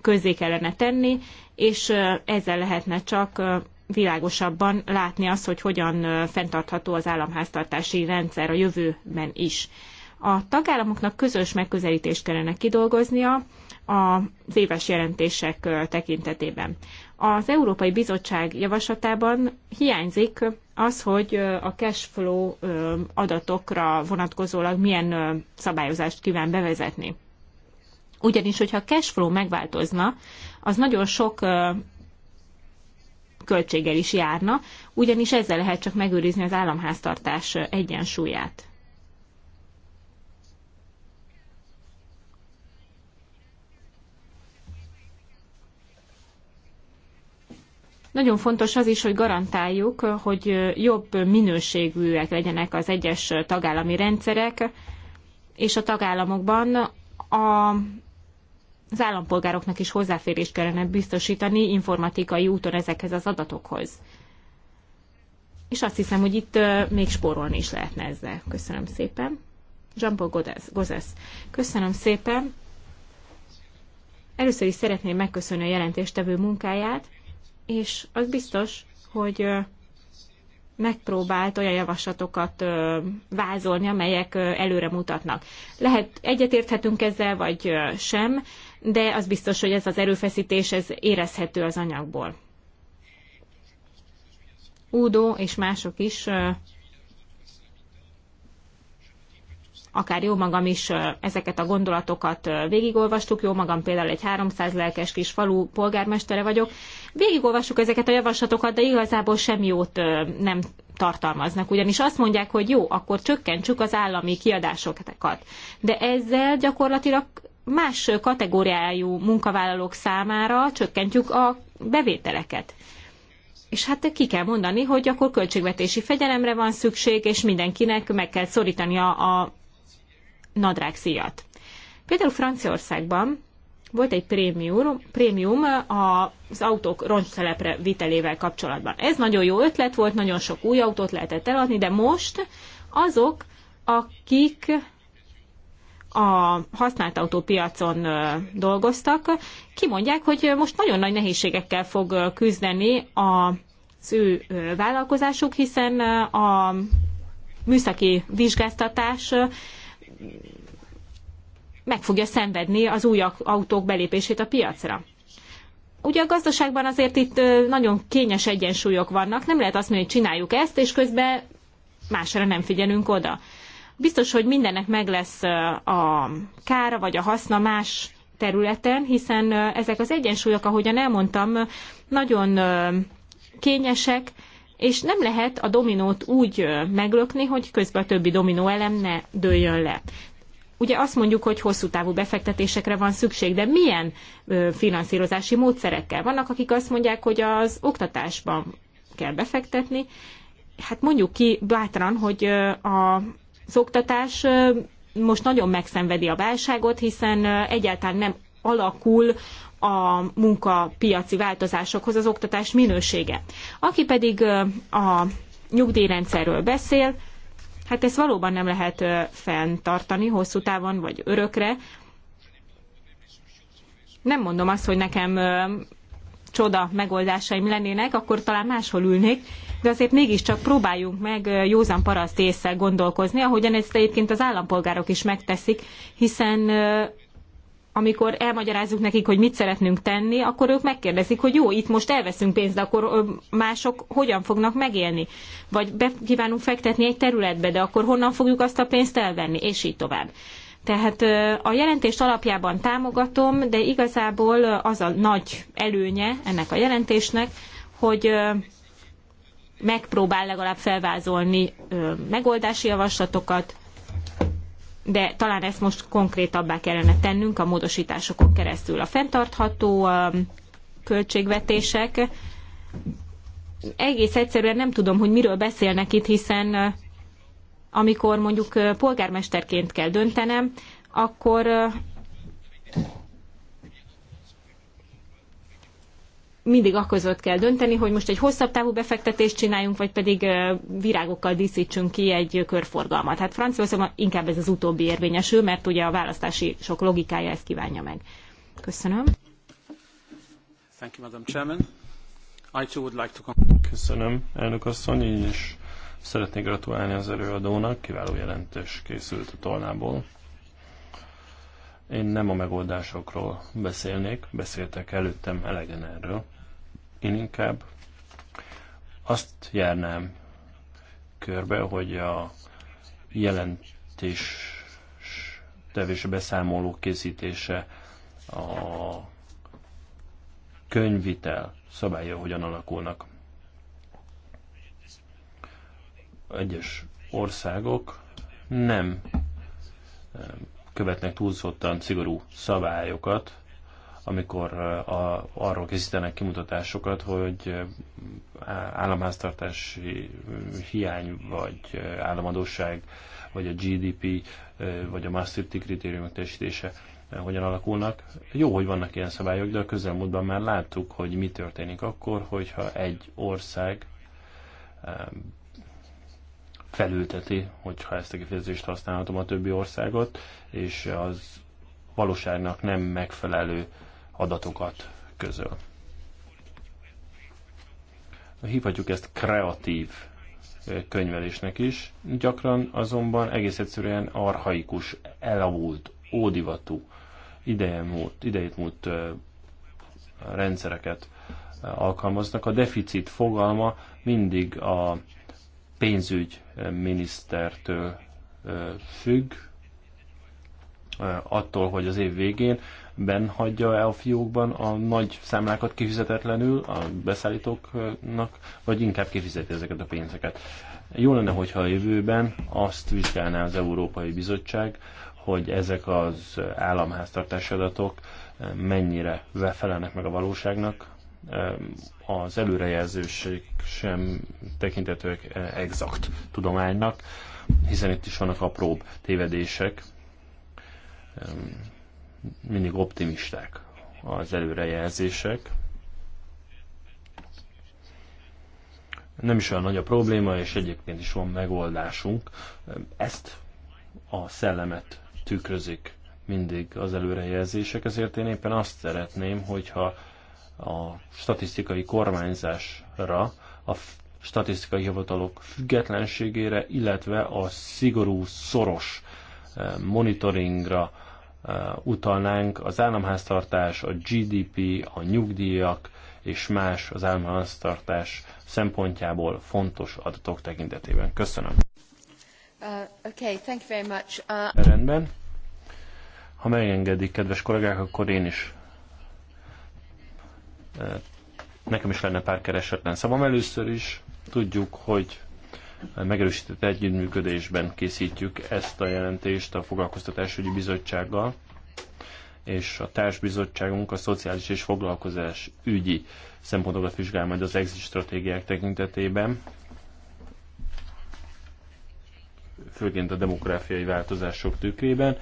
B: közzé kellene tenni, és ezzel lehetne csak világosabban látni azt, hogy hogyan fenntartható az államháztartási rendszer a jövőben is. A tagállamoknak közös megközelítést kellene kidolgoznia az éves jelentések tekintetében. Az Európai Bizottság javaslatában hiányzik az, hogy a cash flow adatokra vonatkozólag milyen szabályozást kíván bevezetni. Ugyanis, hogyha a cash flow megváltozna, az nagyon sok költséggel is járna, ugyanis ezzel lehet csak megőrizni az államháztartás egyensúlyát. Nagyon fontos az is, hogy garantáljuk, hogy jobb minőségűek legyenek az egyes tagállami rendszerek, és a tagállamokban a az állampolgároknak is hozzáférést kellene biztosítani informatikai úton ezekhez az adatokhoz. És azt hiszem, hogy itt még spórolni is lehetne ezzel. Köszönöm szépen. Jean-Paul Gozesz. Köszönöm szépen. Először is szeretném megköszönni a jelentéstevő munkáját, és az biztos, hogy megpróbált olyan javaslatokat vázolni, amelyek előre mutatnak. Lehet egyetérthetünk ezzel, vagy sem, de az biztos, hogy ez az erőfeszítés ez érezhető az anyagból. Údó és mások is, akár jó magam is ezeket a gondolatokat végigolvastuk, jó magam például egy 300 lelkes kis falu polgármestere vagyok, végigolvastuk ezeket a javaslatokat, de igazából semmi jót nem tartalmaznak, ugyanis azt mondják, hogy jó, akkor csökkentsük az állami kiadásokat, de ezzel gyakorlatilag más kategóriájú munkavállalók számára csökkentjük a bevételeket. És hát ki kell mondani, hogy akkor költségvetési fegyelemre van szükség, és mindenkinek meg kell szorítania a nadrág szíjat. Például Franciaországban volt egy prémium, prémium az autók roncstelepre vitelével kapcsolatban. Ez nagyon jó ötlet volt, nagyon sok új autót lehetett eladni, de most azok, akik a használt autópiacon dolgoztak, kimondják, hogy most nagyon nagy nehézségekkel fog küzdeni az ő vállalkozásuk, hiszen a műszaki vizsgáztatás meg fogja szenvedni az új autók belépését a piacra. Ugye a gazdaságban azért itt nagyon kényes egyensúlyok vannak, nem lehet azt mondani, hogy csináljuk ezt, és közben másra nem figyelünk oda. Biztos, hogy mindennek meg lesz a kára vagy a haszna más területen, hiszen ezek az egyensúlyok, ahogyan elmondtam, nagyon kényesek, és nem lehet a dominót úgy meglökni, hogy közben a többi dominó elem ne dőljön le. Ugye azt mondjuk, hogy hosszú távú befektetésekre van szükség, de milyen finanszírozási módszerekkel? Vannak, akik azt mondják, hogy az oktatásban kell befektetni. Hát mondjuk ki bátran, hogy a az oktatás most nagyon megszenvedi a válságot, hiszen egyáltalán nem alakul a munkapiaci változásokhoz az oktatás minősége. Aki pedig a nyugdíjrendszerről beszél, hát ezt valóban nem lehet fenntartani hosszú távon vagy örökre. Nem mondom azt, hogy nekem csoda megoldásaim lennének, akkor talán máshol ülnék, de azért mégiscsak próbáljunk meg józan paraszt észre gondolkozni, ahogyan ezt egyébként az állampolgárok is megteszik, hiszen amikor elmagyarázzuk nekik, hogy mit szeretnünk tenni, akkor ők megkérdezik, hogy jó, itt most elveszünk pénzt, de akkor mások hogyan fognak megélni? Vagy be kívánunk fektetni egy területbe, de akkor honnan fogjuk azt a pénzt elvenni? És így tovább. Tehát a jelentést alapjában támogatom, de igazából az a nagy előnye ennek a jelentésnek, hogy megpróbál legalább felvázolni megoldási javaslatokat, de talán ezt most konkrétabbá kellene tennünk a módosításokon keresztül. A fenntartható költségvetések egész egyszerűen nem tudom, hogy miről beszélnek itt, hiszen amikor mondjuk polgármesterként kell döntenem, akkor mindig között kell dönteni, hogy most egy hosszabb távú befektetést csináljunk, vagy pedig virágokkal díszítsünk ki egy körforgalmat. Hát Franciaországban inkább ez az utóbbi érvényesül, mert ugye a választási sok logikája ezt kívánja meg. Köszönöm.
C: Thank you, Madam Chairman. I too would like to... Köszönöm, elnök asszony, én is Szeretnék gratulálni az előadónak, kiváló jelentős készült a tolnából. Én nem a megoldásokról beszélnék, beszéltek előttem elegen erről. Én inkább azt járnám körbe, hogy a jelentés tevés beszámoló készítése a könyvitel szabálya hogyan alakulnak. egyes országok nem eh, követnek túlzottan szigorú szabályokat, amikor eh, a, arról készítenek kimutatásokat, hogy eh, államháztartási hiány, vagy államadóság, vagy a GDP, vagy a Maastrichti kritériumok teljesítése hogyan alakulnak. Jó, hogy vannak ilyen szabályok, de a közelmúltban már láttuk, hogy mi történik akkor, hogyha egy ország felülteti, hogyha ezt a kifejezést használhatom a többi országot, és az valóságnak nem megfelelő adatokat közöl. Hívhatjuk ezt kreatív könyvelésnek is, gyakran azonban egész egyszerűen arhaikus, elavult, ódivatú, idejét múlt rendszereket alkalmaznak. A deficit fogalma mindig a pénzügyminisztertől függ, attól, hogy az év végén ben hagyja el a fiókban a nagy számlákat kifizetetlenül a beszállítóknak, vagy inkább kifizeti ezeket a pénzeket. Jó lenne, hogyha a jövőben azt vizsgálná az Európai Bizottság, hogy ezek az államháztartási adatok mennyire felelnek meg a valóságnak, az előrejelzőség sem tekinthetőek exakt tudománynak, hiszen itt is vannak apróbb tévedések. Mindig optimisták az előrejelzések. Nem is olyan nagy a probléma, és egyébként is van megoldásunk. Ezt a szellemet tükrözik mindig az előrejelzések, ezért én éppen azt szeretném, hogyha a statisztikai kormányzásra, a statisztikai hivatalok függetlenségére, illetve a szigorú, szoros eh, monitoringra eh, utalnánk az államháztartás, a GDP, a nyugdíjak és más az államháztartás szempontjából fontos adatok tekintetében. Köszönöm.
A: Uh, okay, thank you very much. Uh...
C: Rendben. Ha megengedik, kedves kollégák, akkor én is Nekem is lenne pár keresetlen szavam. Először is tudjuk, hogy megerősített együttműködésben készítjük ezt a jelentést a Foglalkoztatásügyi Bizottsággal, és a társbizottságunk a szociális és foglalkozás ügyi szempontokat vizsgál majd az exit stratégiák tekintetében, főként a demográfiai változások tükrében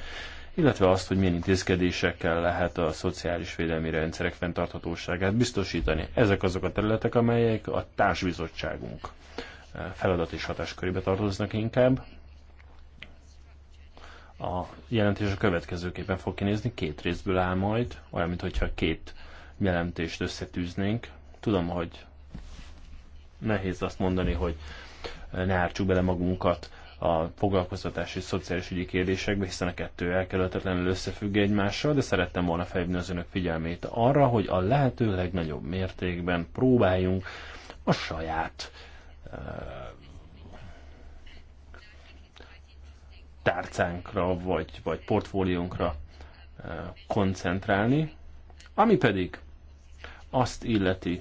C: illetve azt, hogy milyen intézkedésekkel lehet a szociális védelmi rendszerek fenntarthatóságát biztosítani. Ezek azok a területek, amelyek a társbizottságunk eh, feladat és hatáskörébe tartoznak inkább. A jelentés a következőképpen fog kinézni, két részből áll majd, olyan, mintha két jelentést összetűznénk. Tudom, hogy nehéz azt mondani, hogy ne ártsuk bele magunkat a foglalkoztatási és szociális ügyi kérdésekbe, hiszen a kettő elkerülhetetlenül összefügg egymással, de szerettem volna felhívni az önök figyelmét arra, hogy a lehető legnagyobb mértékben próbáljunk a saját eh, tárcánkra vagy, vagy portfóliónkra eh, koncentrálni, ami pedig azt illeti,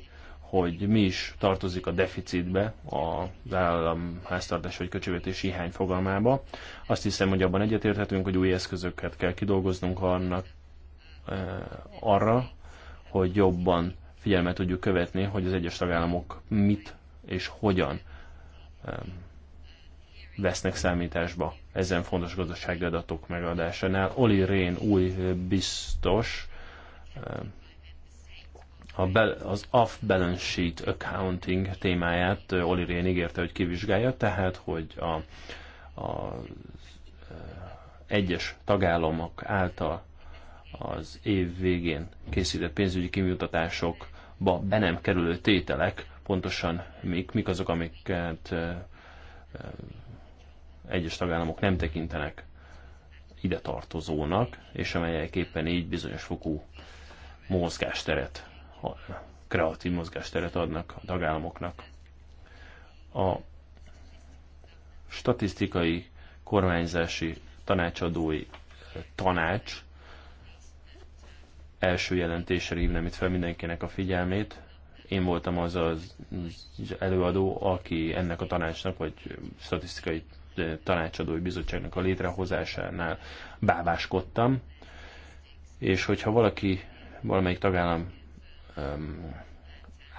C: hogy mi is tartozik a deficitbe, az állam háztartás vagy köcsövetés hiány fogalmába. Azt hiszem, hogy abban egyetérthetünk, hogy új eszközöket kell kidolgoznunk annak, e, arra, hogy jobban figyelmet tudjuk követni, hogy az egyes tagállamok mit és hogyan e, vesznek számításba ezen fontos gazdasági adatok megadásánál. Oli Rén új biztos eh, a be, az off balance sheet accounting témáját Oli Rén ígérte, hogy kivizsgálja, tehát hogy a, a egyes tagállamok által az év végén készített pénzügyi kimutatásokba be nem kerülő tételek pontosan mik, mik azok, amiket egyes tagállamok nem tekintenek ide tartozónak, és amelyek éppen így bizonyos fokú mozgásteret kreatív mozgásteret adnak a tagállamoknak. A statisztikai kormányzási tanácsadói eh, tanács első jelentésre hívnám itt fel mindenkinek a figyelmét. Én voltam az az előadó, aki ennek a tanácsnak, vagy statisztikai eh, tanácsadói bizottságnak a létrehozásánál báváskodtam. És hogyha valaki, valamelyik tagállam Um,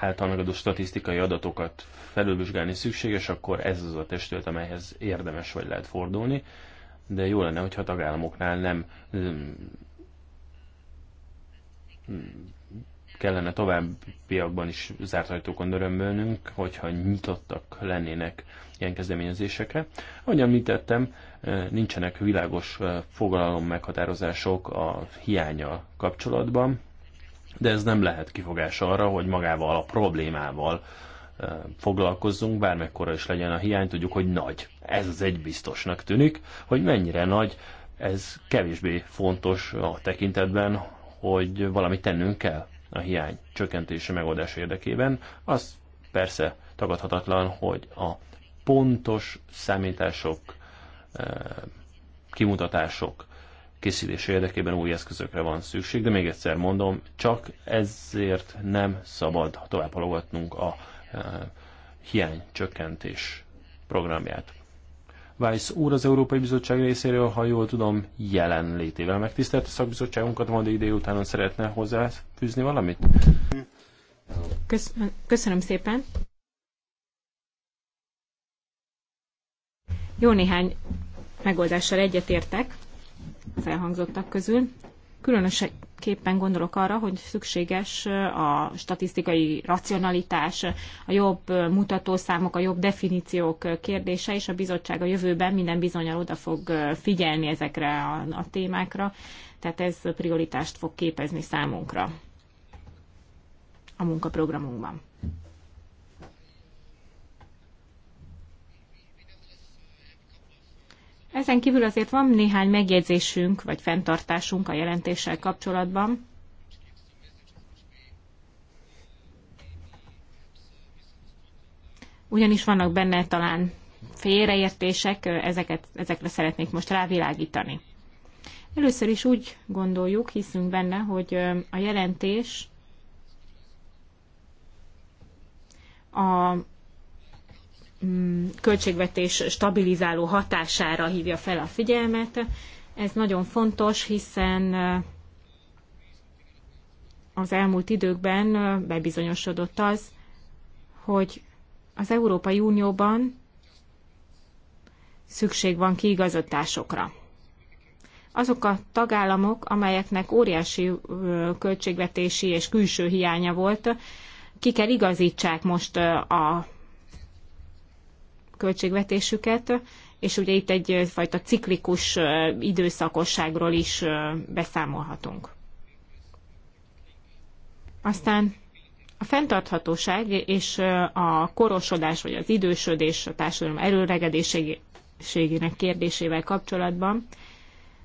C: által megadó statisztikai adatokat felülvizsgálni szükséges, akkor ez az a testület, amelyhez érdemes vagy lehet fordulni, de jó lenne, hogyha a tagállamoknál nem um, kellene továbbiakban is zárt ajtókon örömbölnünk, hogyha nyitottak lennének ilyen kezdeményezésekre. Ahogy említettem, uh, nincsenek világos uh, fogalom meghatározások a hiánya kapcsolatban, de ez nem lehet kifogás arra, hogy magával a problémával foglalkozzunk, bármekkora is legyen a hiány, tudjuk, hogy nagy. Ez az egy biztosnak tűnik, hogy mennyire nagy, ez kevésbé fontos a tekintetben, hogy valamit tennünk kell a hiány csökkentése megoldás érdekében. Az persze tagadhatatlan, hogy a pontos számítások, kimutatások készítése érdekében új eszközökre van szükség, de még egyszer mondom, csak ezért nem szabad tovább halogatnunk a e, hiány csökkentés programját. Weiss úr az Európai Bizottság részéről, ha jól tudom, jelenlétével megtisztelt a szakbizottságunkat, majd idő után szeretne hozzáfűzni valamit?
B: Köszönöm, köszönöm szépen! Jó néhány megoldással egyetértek az elhangzottak közül. Különösképpen gondolok arra, hogy szükséges a statisztikai racionalitás, a jobb mutatószámok, a jobb definíciók kérdése, és a bizottság a jövőben minden bizonyal oda fog figyelni ezekre a, a témákra, tehát ez prioritást fog képezni számunkra a munkaprogramunkban. Ezen kívül azért van néhány megjegyzésünk, vagy fenntartásunk a jelentéssel kapcsolatban. Ugyanis vannak benne talán félreértések, ezeket, ezekre szeretnék most rávilágítani. Először is úgy gondoljuk, hiszünk benne, hogy a jelentés a Mm, költségvetés stabilizáló hatására hívja fel a figyelmet. Ez nagyon fontos, hiszen eh, az elmúlt időkben eh, bebizonyosodott az, hogy az Európai Unióban szükség van kiigazításokra. Azok a tagállamok, amelyeknek óriási eh, költségvetési és külső hiánya volt, ki kell igazítsák most a költségvetésüket, és ugye itt egyfajta ciklikus időszakosságról is beszámolhatunk. Aztán a fenntarthatóság és a korosodás vagy az idősödés a társadalom erőregedésének kérdésével kapcsolatban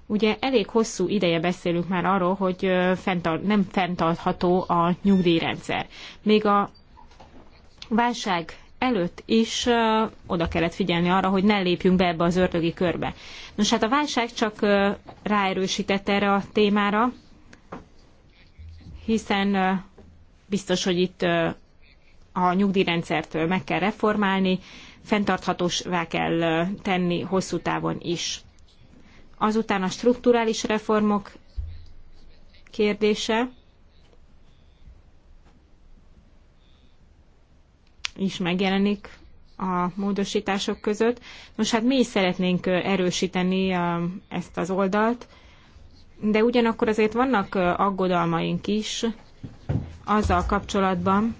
B: ugye elég hosszú ideje beszélünk már arról, hogy fenntart, nem fenntartható a nyugdíjrendszer. Még a válság előtt is oda kellett figyelni arra, hogy ne lépjünk be ebbe az ördögi körbe. Nos, hát a válság csak ráerősített erre a témára, hiszen biztos, hogy itt a nyugdíjrendszert meg kell reformálni, fenntarthatósvá kell tenni hosszú távon is. Azután a strukturális reformok kérdése. is megjelenik a módosítások között. Nos, hát mi is szeretnénk erősíteni ezt az oldalt, de ugyanakkor azért vannak aggodalmaink is azzal kapcsolatban,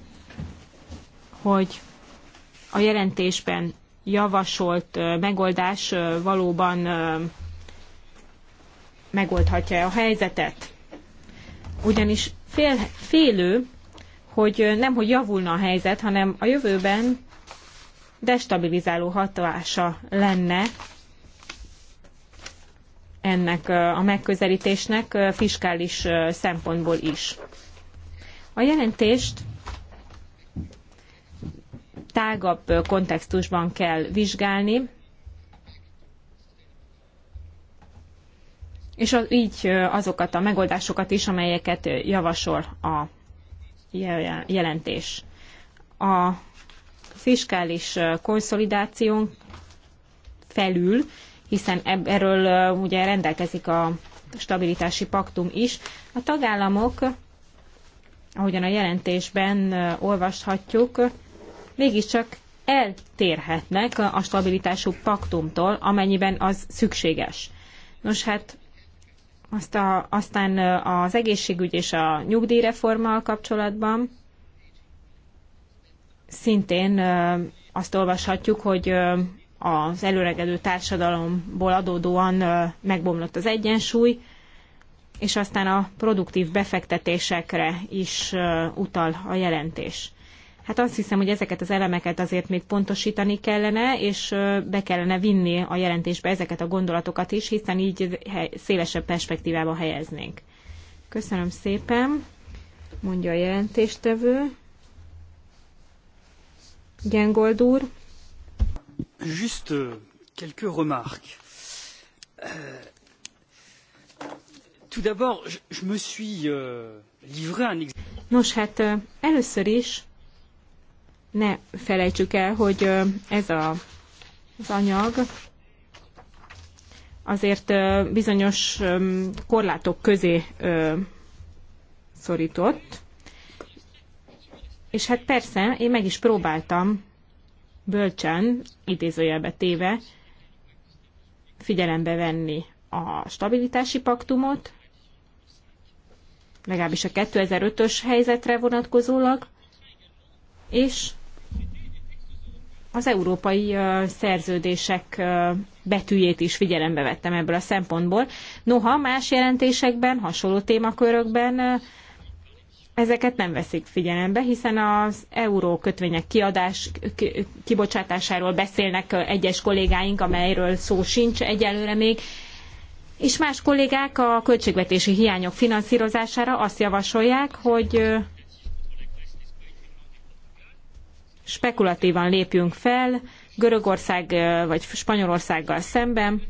B: hogy a jelentésben javasolt megoldás valóban megoldhatja a helyzetet. Ugyanis fél, félő hogy nem, hogy javulna a helyzet, hanem a jövőben destabilizáló hatása lenne ennek a megközelítésnek fiskális szempontból is. A jelentést tágabb kontextusban kell vizsgálni, és így azokat a megoldásokat is, amelyeket javasol a jelentés. A fiskális konszolidáción felül, hiszen erről ugye rendelkezik a stabilitási paktum is, a tagállamok, ahogyan a jelentésben olvashatjuk, mégiscsak eltérhetnek a stabilitású paktumtól, amennyiben az szükséges. Nos hát azt a, aztán az egészségügy és a nyugdíjreformmal kapcsolatban szintén azt olvashatjuk, hogy az előregedő társadalomból adódóan megbomlott az egyensúly, és aztán a produktív befektetésekre is utal a jelentés. Hát azt hiszem, hogy ezeket az elemeket azért még pontosítani kellene, és be kellene vinni a jelentésbe ezeket a gondolatokat is, hiszen így szélesebb perspektívába helyeznénk. Köszönöm szépen, mondja a jelentéstevő. Gengold úr.
D: Just quelques remarques. Euh, tout d'abord, je me suis euh, livré un
B: Nos, hát először is ne felejtsük el, hogy ez a, az anyag azért bizonyos korlátok közé szorított. És hát persze, én meg is próbáltam bölcsen, idézőjelbe téve, figyelembe venni a stabilitási paktumot, legalábbis a 2005-ös helyzetre vonatkozólag, és az európai szerződések betűjét is figyelembe vettem ebből a szempontból. Noha más jelentésekben, hasonló témakörökben ezeket nem veszik figyelembe, hiszen az euró kötvények kiadás, kibocsátásáról beszélnek egyes kollégáink, amelyről szó sincs egyelőre még, és más kollégák a költségvetési hiányok finanszírozására azt javasolják, hogy spekulatívan lépjünk fel Görögország vagy Spanyolországgal szemben.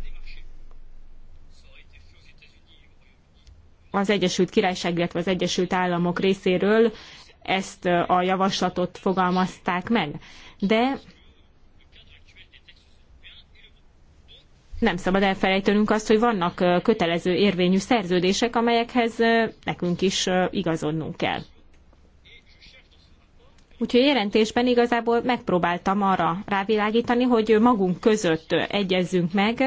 B: Az Egyesült Királyság, illetve az Egyesült Államok részéről ezt a javaslatot fogalmazták meg. De nem szabad elfelejtenünk azt, hogy vannak kötelező érvényű szerződések, amelyekhez nekünk is igazodnunk kell. Úgyhogy a jelentésben igazából megpróbáltam arra rávilágítani, hogy magunk között egyezzünk meg,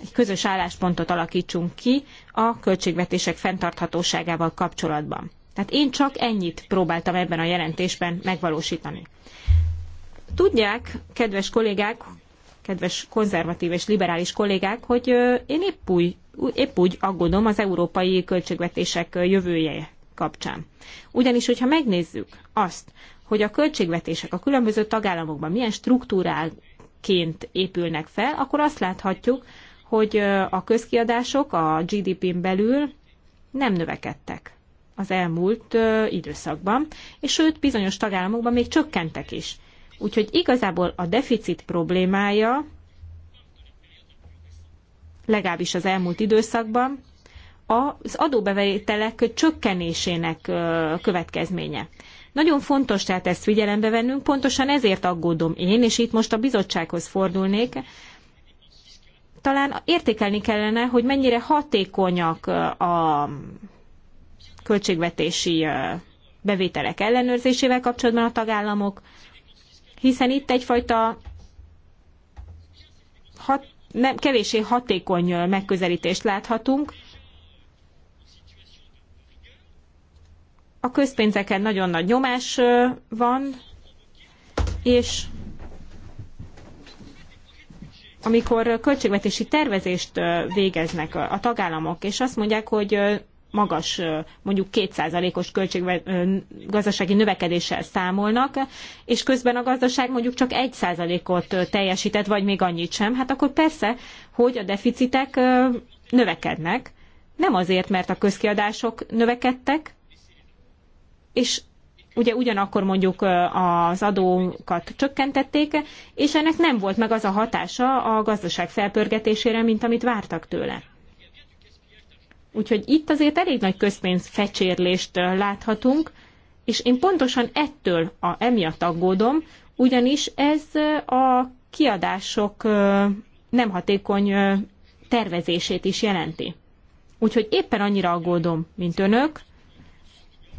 B: egy közös álláspontot alakítsunk ki a költségvetések fenntarthatóságával kapcsolatban. Tehát én csak ennyit próbáltam ebben a jelentésben megvalósítani. Tudják, kedves kollégák, kedves konzervatív és liberális kollégák, hogy én épp úgy, épp úgy aggódom az európai költségvetések jövője kapcsán. Ugyanis, hogyha megnézzük azt, hogy a költségvetések a különböző tagállamokban milyen struktúráként épülnek fel, akkor azt láthatjuk, hogy a közkiadások a GDP-n belül nem növekedtek az elmúlt időszakban, és sőt, bizonyos tagállamokban még csökkentek is. Úgyhogy igazából a deficit problémája legalábbis az elmúlt időszakban az adóbevételek csökkenésének következménye. Nagyon fontos tehát ezt figyelembe vennünk, pontosan ezért aggódom én, és itt most a bizottsághoz fordulnék. Talán értékelni kellene, hogy mennyire hatékonyak a költségvetési bevételek ellenőrzésével kapcsolatban a tagállamok, hiszen itt egyfajta hat, nem, kevésé hatékony megközelítést láthatunk, a közpénzeken nagyon nagy nyomás van, és amikor költségvetési tervezést végeznek a tagállamok, és azt mondják, hogy magas, mondjuk 2%-os gazdasági növekedéssel számolnak, és közben a gazdaság mondjuk csak 1%-ot teljesített, vagy még annyit sem, hát akkor persze, hogy a deficitek növekednek. Nem azért, mert a közkiadások növekedtek, és ugye ugyanakkor mondjuk az adókat csökkentették, és ennek nem volt meg az a hatása a gazdaság felpörgetésére, mint amit vártak tőle. Úgyhogy itt azért elég nagy közpénz fecsérlést láthatunk, és én pontosan ettől a, emiatt aggódom, ugyanis ez a kiadások nem hatékony tervezését is jelenti. Úgyhogy éppen annyira aggódom, mint önök,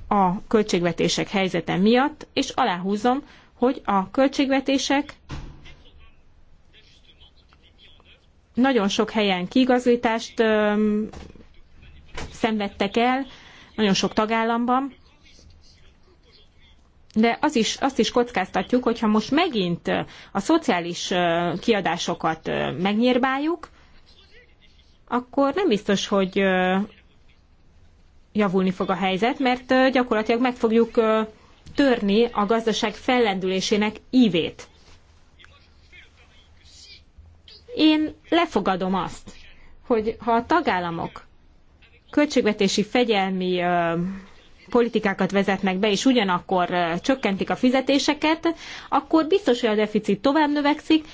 B: a költségvetések helyzete miatt, és aláhúzom, hogy a költségvetések nagyon sok helyen kiigazítást öm, szenvedtek el, nagyon sok tagállamban, de az is, azt is kockáztatjuk, hogyha most megint a szociális kiadásokat megnyírbáljuk, akkor nem biztos, hogy javulni fog a helyzet, mert gyakorlatilag meg fogjuk törni a gazdaság fellendülésének ívét. Én lefogadom azt, hogy ha a tagállamok költségvetési fegyelmi politikákat vezetnek be, és ugyanakkor csökkentik a fizetéseket, akkor biztos, hogy a deficit tovább növekszik,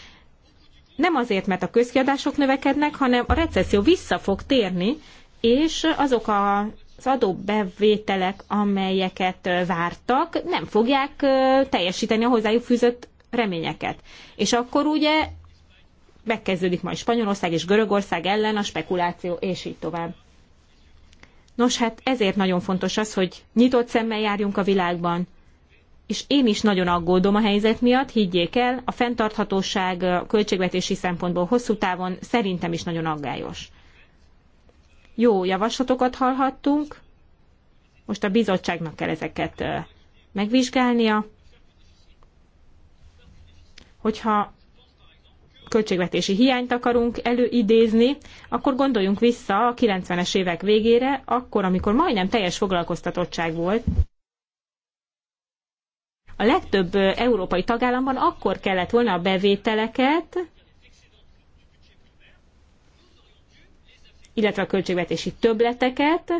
B: nem azért, mert a közkiadások növekednek, hanem a recesszió vissza fog térni, és azok a az adóbevételek, amelyeket vártak, nem fogják teljesíteni a hozzájuk fűzött reményeket. És akkor ugye megkezdődik majd Spanyolország és Görögország ellen a spekuláció, és így tovább. Nos, hát ezért nagyon fontos az, hogy nyitott szemmel járjunk a világban, és én is nagyon aggódom a helyzet miatt, higgyék el, a fenntarthatóság költségvetési szempontból hosszú távon szerintem is nagyon aggályos. Jó javaslatokat hallhattunk, most a bizottságnak kell ezeket megvizsgálnia. Hogyha költségvetési hiányt akarunk előidézni, akkor gondoljunk vissza a 90-es évek végére, akkor, amikor majdnem teljes foglalkoztatottság volt. A legtöbb európai tagállamban akkor kellett volna a bevételeket illetve a költségvetési töbleteket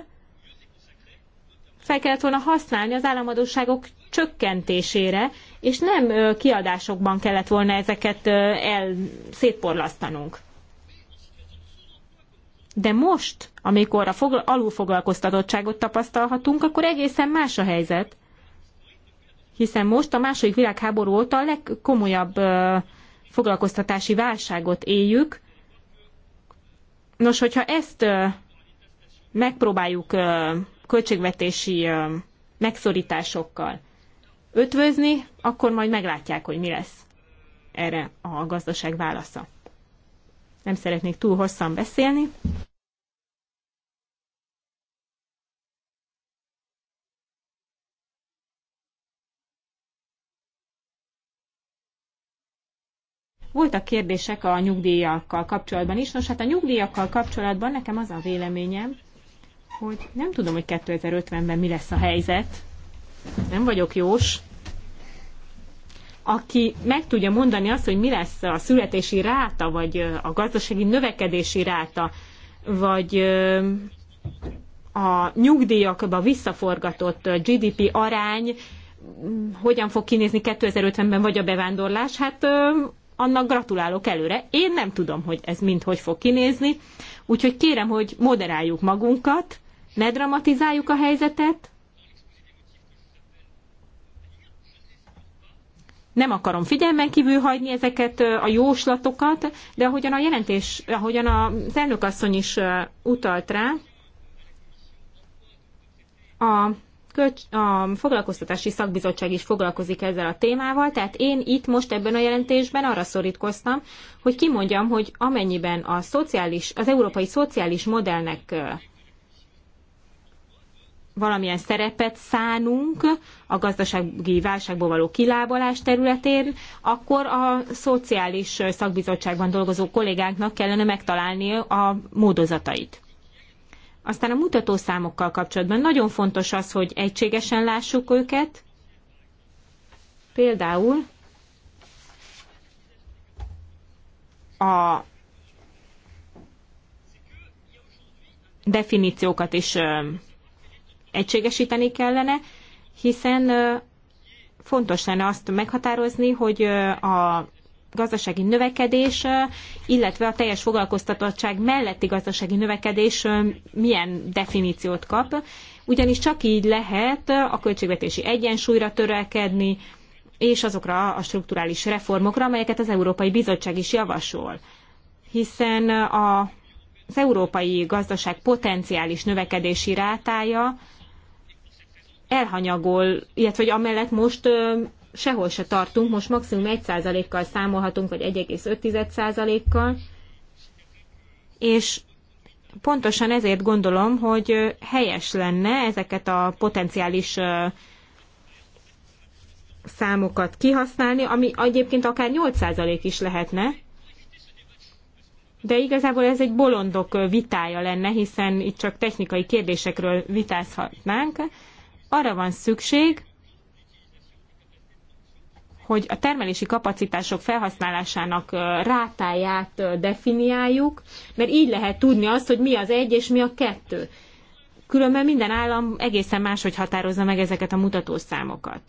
B: fel kellett volna használni az államadóságok csökkentésére, és nem kiadásokban kellett volna ezeket el szétporlasztanunk. De most, amikor a fogla- alulfoglalkoztatottságot tapasztalhatunk, akkor egészen más a helyzet. Hiszen most a második világháború óta a legkomolyabb foglalkoztatási válságot éljük, Nos, hogyha ezt megpróbáljuk költségvetési megszorításokkal ötvözni, akkor majd meglátják, hogy mi lesz erre a gazdaság válasza. Nem szeretnék túl hosszan beszélni. Voltak kérdések a nyugdíjakkal kapcsolatban is. Nos, hát a nyugdíjakkal kapcsolatban nekem az a véleményem, hogy nem tudom, hogy 2050-ben mi lesz a helyzet. Nem vagyok jós. Aki meg tudja mondani azt, hogy mi lesz a születési ráta, vagy a gazdasági növekedési ráta, vagy a nyugdíjakba visszaforgatott GDP arány, hogyan fog kinézni 2050-ben, vagy a bevándorlás, hát annak gratulálok előre. Én nem tudom, hogy ez mind hogy fog kinézni, úgyhogy kérem, hogy moderáljuk magunkat, ne dramatizáljuk a helyzetet. Nem akarom figyelmen kívül hagyni ezeket a jóslatokat, de ahogyan a jelentés, ahogyan a elnökasszony is utalt rá, a a foglalkoztatási szakbizottság is foglalkozik ezzel a témával, tehát én itt most ebben a jelentésben arra szorítkoztam, hogy kimondjam, hogy amennyiben a szociális, az európai szociális modellnek valamilyen szerepet szánunk a gazdasági válságból való kilábalás területén, akkor a szociális szakbizottságban dolgozó kollégáknak kellene megtalálni a módozatait. Aztán a mutatószámokkal kapcsolatban nagyon fontos az, hogy egységesen lássuk őket. Például a definíciókat is egységesíteni kellene, hiszen fontos lenne azt meghatározni, hogy a gazdasági növekedés, illetve a teljes foglalkoztatottság melletti gazdasági növekedés milyen definíciót kap, ugyanis csak így lehet a költségvetési egyensúlyra törekedni, és azokra a strukturális reformokra, amelyeket az Európai Bizottság is javasol. Hiszen a, az európai gazdaság potenciális növekedési rátája elhanyagol, illetve hogy amellett most sehol se tartunk, most maximum 1%-kal számolhatunk, vagy 1,5%-kal, és pontosan ezért gondolom, hogy helyes lenne ezeket a potenciális számokat kihasználni, ami egyébként akár 8% is lehetne, de igazából ez egy bolondok vitája lenne, hiszen itt csak technikai kérdésekről vitázhatnánk. Arra van szükség, hogy a termelési kapacitások felhasználásának rátáját definiáljuk, mert így lehet tudni azt, hogy mi az egy és mi a kettő. Különben minden állam egészen máshogy határozza meg ezeket a mutatószámokat.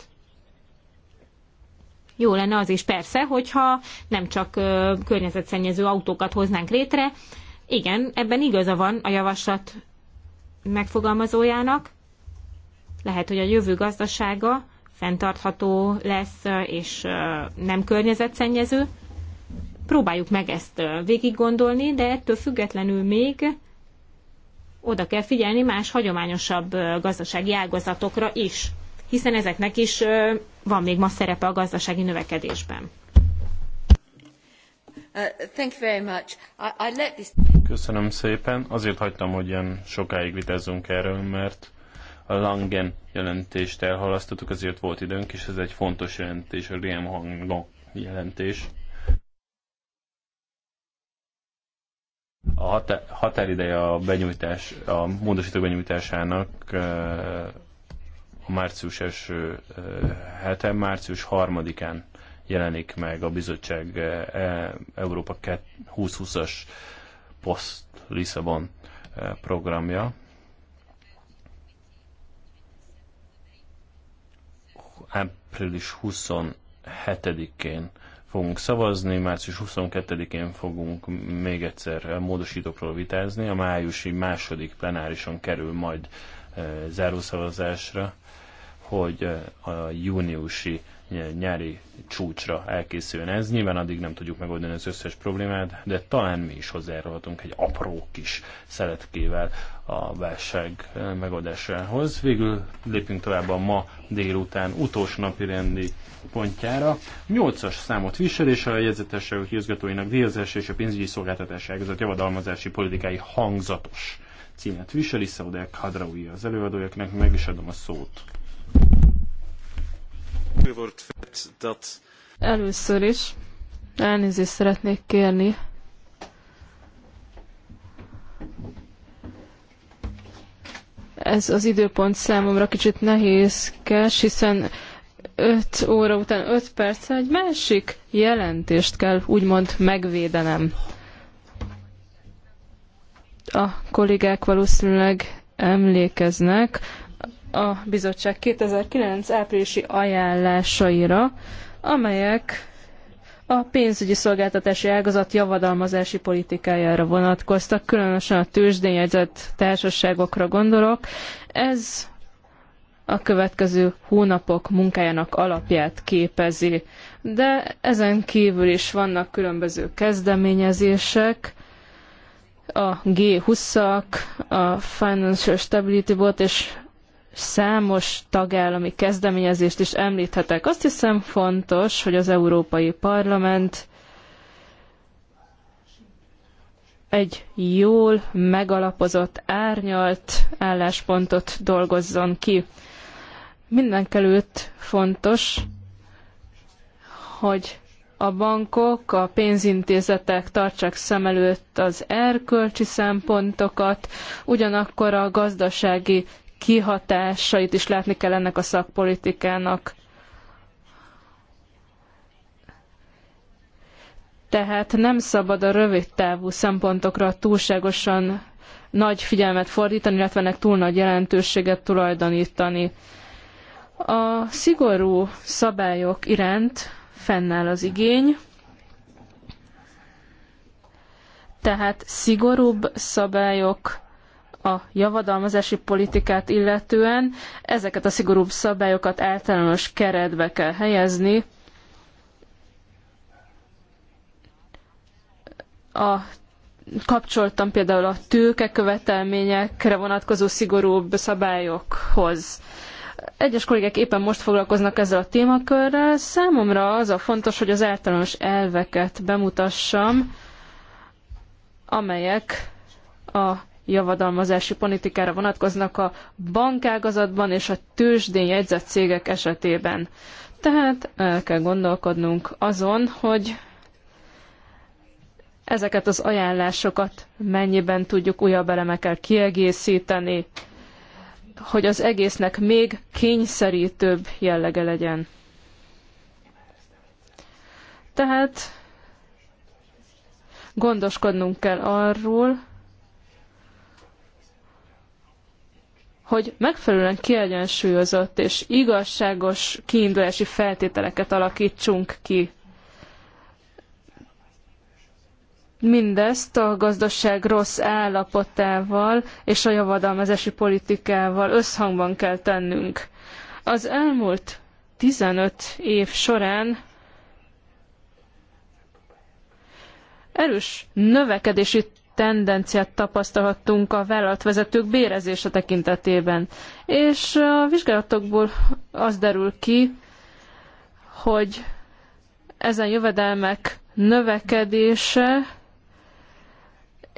B: Jó lenne az is persze, hogyha nem csak környezetszennyező autókat hoznánk létre. Igen, ebben igaza van a javaslat megfogalmazójának. Lehet, hogy a jövő gazdasága fenntartható lesz, és nem környezetszennyező. Próbáljuk meg ezt végig gondolni, de ettől függetlenül még oda kell figyelni más hagyományosabb gazdasági ágazatokra is, hiszen ezeknek is van még ma szerepe a gazdasági növekedésben.
A: Uh,
C: Köszönöm szépen. Azért hagytam, hogy ilyen sokáig vitezzünk erről, mert a Langen jelentést elhalasztottuk, azért volt időnk, és ez egy fontos jelentés, a Liam Hangon jelentés. A határideje a benyújtás, a módosító benyújtásának a március első hete, március harmadikán jelenik meg a bizottság e, Európa 2020-as Post Lisszabon programja. április 27-én fogunk szavazni, március 22-én fogunk még egyszer módosítókról vitázni, a májusi második plenárison kerül majd eh, zárószavazásra hogy a júniusi nyári csúcsra elkészüljön ez. Nyilván addig nem tudjuk megoldani az összes problémát, de talán mi is hozzájárulhatunk egy apró kis szeletkével a válság megoldásához. Végül lépünk tovább a ma délután utolsó napi rendi pontjára. Nyolcas számot viselése a jegyzetesek igazgatóinak díjazása és a pénzügyi szolgáltatás ágazat javadalmazási politikái hangzatos címet viseli, Szaudel Kadraui az előadójaknak, meg is adom a szót.
E: Először is elnézést szeretnék kérni. Ez az időpont számomra kicsit nehézkes, hiszen 5 óra után 5 perccel egy másik jelentést kell úgymond megvédenem. A kollégák valószínűleg emlékeznek, a bizottság 2009 áprilisi ajánlásaira, amelyek a pénzügyi szolgáltatási ágazat javadalmazási politikájára vonatkoztak, különösen a tőzsdén jegyzett társaságokra gondolok. Ez a következő hónapok munkájának alapját képezi. De ezen kívül is vannak különböző kezdeményezések, a G20-ak, a Financial Stability Board és számos tagállami kezdeményezést is említhetek. Azt hiszem fontos, hogy az Európai Parlament egy jól megalapozott, árnyalt álláspontot dolgozzon ki. Mindenkelőtt fontos, hogy a bankok, a pénzintézetek tartsák szem előtt az erkölcsi szempontokat, ugyanakkor a gazdasági kihatásait is látni kell ennek a szakpolitikának. Tehát nem szabad a rövid távú szempontokra túlságosan nagy figyelmet fordítani, illetve ennek túl nagy jelentőséget tulajdonítani. A szigorú szabályok iránt fennáll az igény, tehát szigorúbb szabályok a javadalmazási politikát illetően ezeket a szigorúbb szabályokat általános keretbe kell helyezni. A kapcsoltam például a követelményekre vonatkozó szigorúbb szabályokhoz egyes kollégek éppen most foglalkoznak ezzel a témakörrel. Számomra az a fontos, hogy az általános elveket bemutassam, amelyek a javadalmazási politikára vonatkoznak a bankágazatban és a tőzsdén jegyzett cégek esetében. Tehát el kell gondolkodnunk azon, hogy ezeket az ajánlásokat mennyiben tudjuk újabb elemekkel kiegészíteni, hogy az egésznek még kényszerítőbb jellege legyen. Tehát gondoskodnunk kell arról, hogy megfelelően kiegyensúlyozott és igazságos kiindulási feltételeket alakítsunk ki. Mindezt a gazdaság rossz állapotával és a javadalmazási politikával összhangban kell tennünk. Az elmúlt 15 év során erős növekedési tendenciát tapasztalhattunk a vállalatvezetők bérezése tekintetében. És a vizsgálatokból az derül ki, hogy ezen jövedelmek növekedése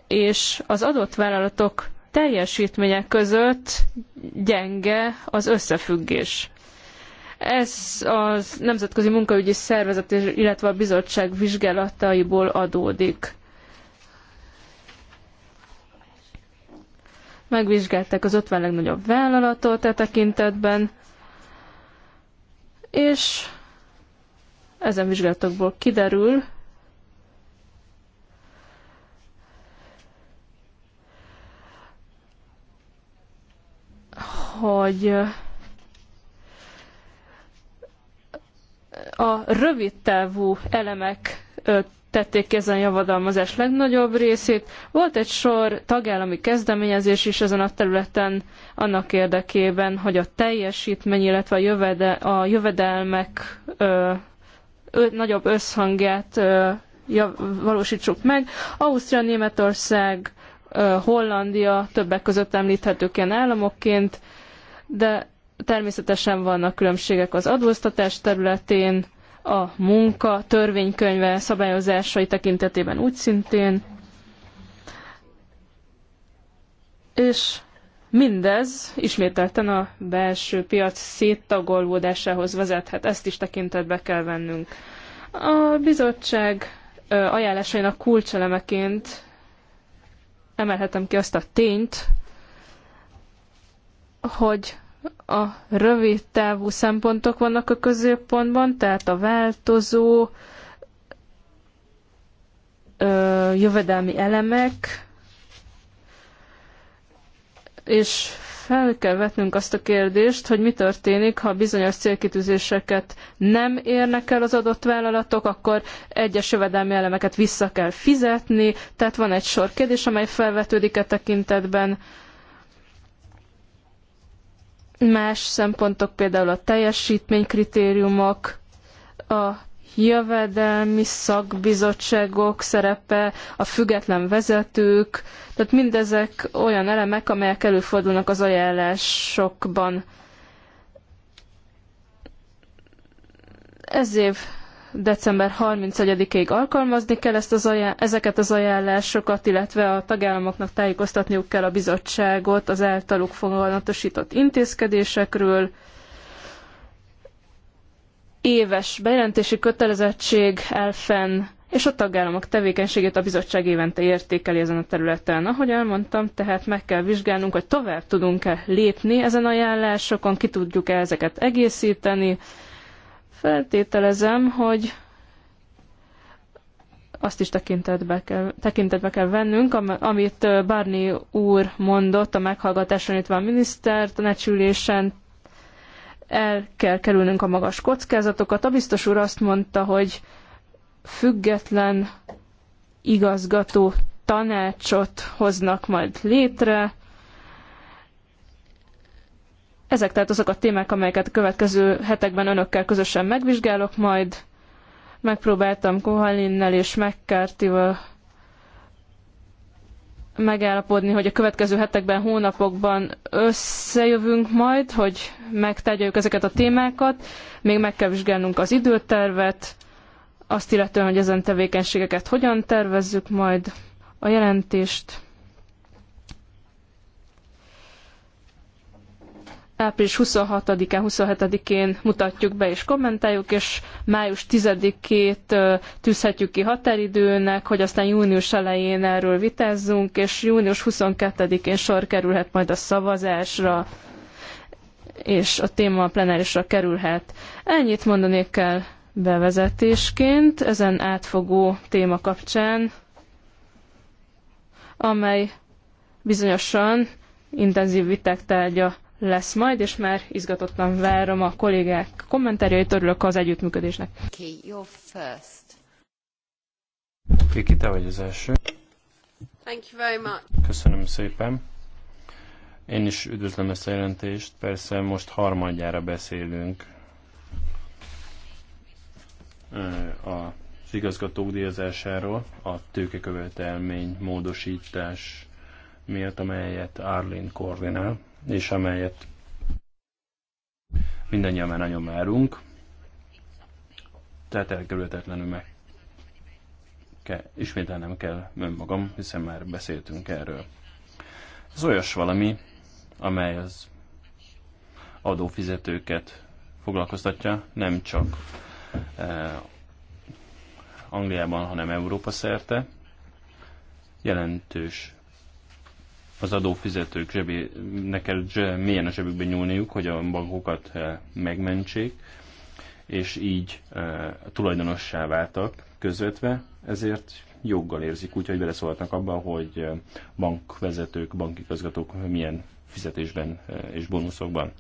E: és az adott vállalatok teljesítménye között gyenge az összefüggés. Ez a Nemzetközi Munkaügyi Szervezet, illetve a bizottság vizsgálataiból adódik. megvizsgálták az 50 legnagyobb vállalatot e tekintetben, és ezen vizsgálatokból kiderül, hogy a távú elemek tették ki ezen javadalmazás legnagyobb részét. Volt egy sor tagállami kezdeményezés is ezen a területen annak érdekében, hogy a teljesítmény, illetve a, jövede, a jövedelmek ö, ö, nagyobb összhangját ö, jav, valósítsuk meg. Ausztria, Németország, ö, Hollandia többek között említhetők ilyen államokként, de természetesen vannak különbségek az adóztatás területén, a munka törvénykönyve szabályozásai tekintetében úgy szintén. És mindez ismételten a belső piac széttagolódásához vezethet, ezt is tekintetbe kell vennünk. A bizottság ajánlásainak kulcselemeként emelhetem ki azt a tényt, hogy a rövid távú szempontok vannak a középpontban, tehát a változó ö, jövedelmi elemek, és fel kell vetnünk azt a kérdést, hogy mi történik, ha bizonyos célkitűzéseket nem érnek el az adott vállalatok, akkor egyes jövedelmi elemeket vissza kell fizetni, tehát van egy sor kérdés, amely felvetődik e tekintetben. Ö, Más szempontok például a teljesítménykritériumok, a jövedelmi szakbizottságok szerepe, a független vezetők, tehát mindezek olyan elemek, amelyek előfordulnak az ajánlásokban. Ez év december 31-ig alkalmazni kell ezt az ajánl- ezeket az ajánlásokat, illetve a tagállamoknak tájékoztatniuk kell a bizottságot az általuk fogalmatosított intézkedésekről, éves bejelentési kötelezettség elfen, és a tagállamok tevékenységét a bizottság évente értékeli ezen a területen. Ahogy elmondtam, tehát meg kell vizsgálnunk, hogy tovább tudunk-e lépni ezen ajánlásokon, ki tudjuk-e ezeket egészíteni, Feltételezem, hogy azt is tekintetbe kell, tekintetbe kell vennünk, amit Barney úr mondott a meghallgatáson, itt van miniszter tanácsülésen, el kell kerülnünk a magas kockázatokat. A biztos úr azt mondta, hogy független igazgató tanácsot hoznak majd létre, ezek tehát azok a témák, amelyeket a következő hetekben önökkel közösen megvizsgálok majd. Megpróbáltam Kohalinnel és mccarthy megállapodni, hogy a következő hetekben, hónapokban összejövünk majd, hogy megtárgyaljuk ezeket a témákat. Még meg kell vizsgálnunk az időtervet, azt illetően, hogy ezen tevékenységeket hogyan tervezzük majd a jelentést április 26-án, 27-én mutatjuk be és kommentáljuk, és május 10-ét tűzhetjük ki határidőnek, hogy aztán június elején erről vitázzunk, és június 22-én sor kerülhet majd a szavazásra, és a téma a plenárisra kerülhet. Ennyit mondanék el bevezetésként ezen átfogó téma kapcsán, amely bizonyosan intenzív viták tárgya lesz majd, és már izgatottan várom a kollégák kommentárjait, örülök az együttműködésnek.
A: Okay, you're first.
C: Kiki, te vagy az első.
A: Thank you very much.
C: Köszönöm szépen. Én is üdvözlöm ezt a jelentést, persze most harmadjára beszélünk a igazgatók díjazásáról, a tőkekövetelmény módosítás miatt, amelyet Arlin koordinál és amelyet mindannyian már nagyon várunk, tehát elkerülhetetlenül meg kell, ismételnem kell önmagam, hiszen már beszéltünk erről. Ez olyas valami, amely az adófizetőket foglalkoztatja, nem csak eh, Angliában, hanem Európa szerte. Jelentős az adófizetők zsebének kell milyen a zsebükbe nyúlniuk, hogy a bankokat eh, megmentsék, és így eh, tulajdonossá váltak közvetve, ezért joggal érzik úgy, hogy beleszólhatnak abban, hogy eh, bankvezetők, bankigazgatók milyen fizetésben és bónuszokban,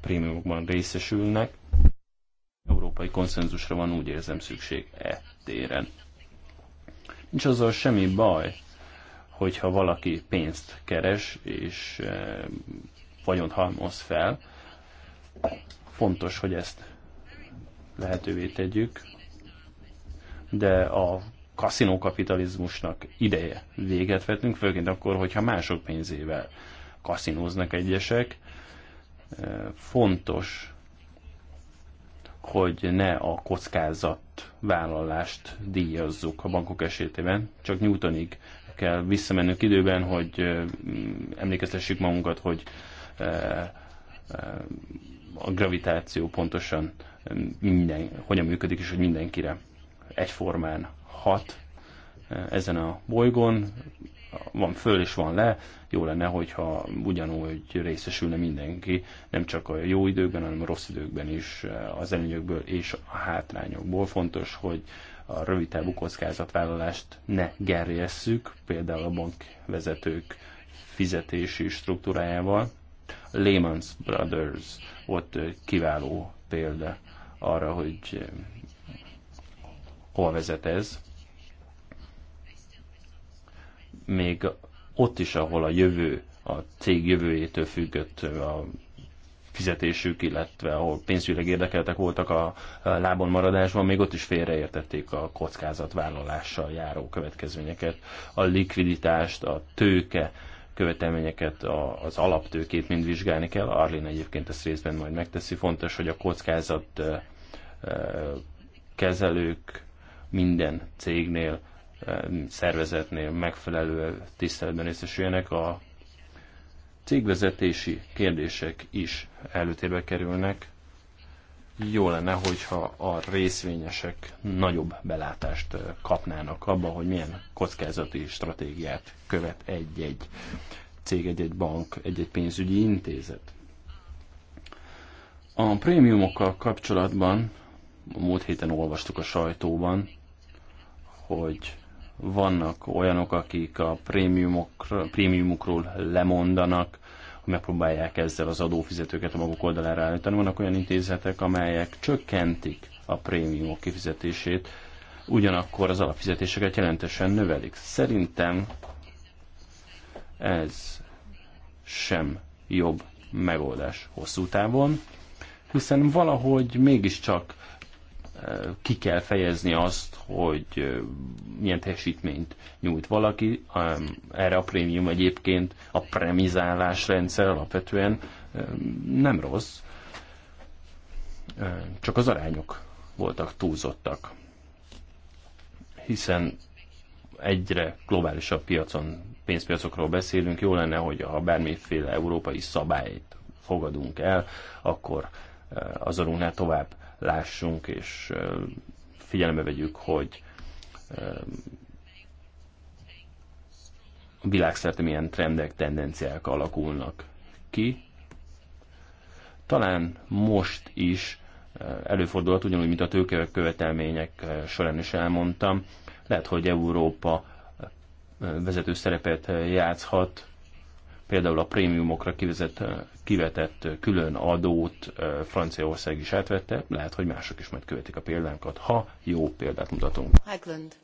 C: prémiumokban részesülnek. Európai konszenzusra van úgy érzem szükség e téren. Nincs azzal semmi baj, hogyha valaki pénzt keres és eh, vagyont halmoz fel, fontos, hogy ezt lehetővé tegyük, de a kaszinókapitalizmusnak ideje véget vetünk, főként akkor, hogyha mások pénzével kaszinóznak egyesek. Eh, fontos, hogy ne a kockázat vállalást díjazzuk a bankok esetében, csak Newtonig kell visszamennünk időben, hogy mm, emlékeztessük magunkat, hogy a gravitáció pontosan minden, hogyan működik, és hogy mindenkire egyformán hat ezen a bolygón, van föl és van le, jó lenne, hogyha ugyanúgy részesülne mindenki, nem csak a jó időkben, hanem a rossz időkben is az előnyökből és a hátrányokból. Fontos, hogy a rövid távú kockázatvállalást ne gerjesszük, például a bankvezetők fizetési struktúrájával. Lehman Brothers volt kiváló példa arra, hogy hol vezet ez. Még ott is, ahol a jövő, a cég jövőjétől függött a fizetésük, illetve ahol pénzügyileg érdekeltek voltak a lábon maradásban, még ott is félreértették a kockázatvállalással járó következményeket, a likviditást, a tőke követelményeket, az alaptőkét mind vizsgálni kell. Arlin egyébként ezt részben majd megteszi. Fontos, hogy a kockázat kezelők minden cégnél, szervezetnél megfelelő tiszteletben részesüljenek. A cégvezetési kérdések is előtérbe kerülnek. Jó lenne, hogyha a részvényesek nagyobb belátást kapnának abba, hogy milyen kockázati stratégiát követ egy-egy cég, egy-egy bank, egy-egy pénzügyi intézet. A prémiumokkal kapcsolatban a múlt héten olvastuk a sajtóban, hogy vannak olyanok, akik a prémiumokról lemondanak, megpróbálják ezzel az adófizetőket a maguk oldalára állítani. Vannak olyan intézetek, amelyek csökkentik a prémiumok kifizetését, ugyanakkor az alapfizetéseket jelentesen növelik. Szerintem ez sem jobb megoldás hosszú távon, hiszen valahogy mégiscsak ki kell fejezni azt, hogy milyen teljesítményt nyújt valaki. Erre a prémium egyébként a premizálás rendszer alapvetően nem rossz, csak az arányok voltak túlzottak, hiszen egyre globálisabb piacon, pénzpiacokról beszélünk, jó lenne, hogy ha bármiféle európai szabályt fogadunk el, akkor az arunknál tovább lássunk, és figyelembe vegyük, hogy világszerte milyen trendek, tendenciák alakulnak ki. Talán most is előfordulhat, ugyanúgy, mint a követelmények során is elmondtam, lehet, hogy Európa vezető szerepet játszhat például a prémiumokra kivezett, kivetett külön adót Franciaország is átvette, lehet, hogy mások is majd követik a példánkat, ha jó példát mutatunk. Haglund.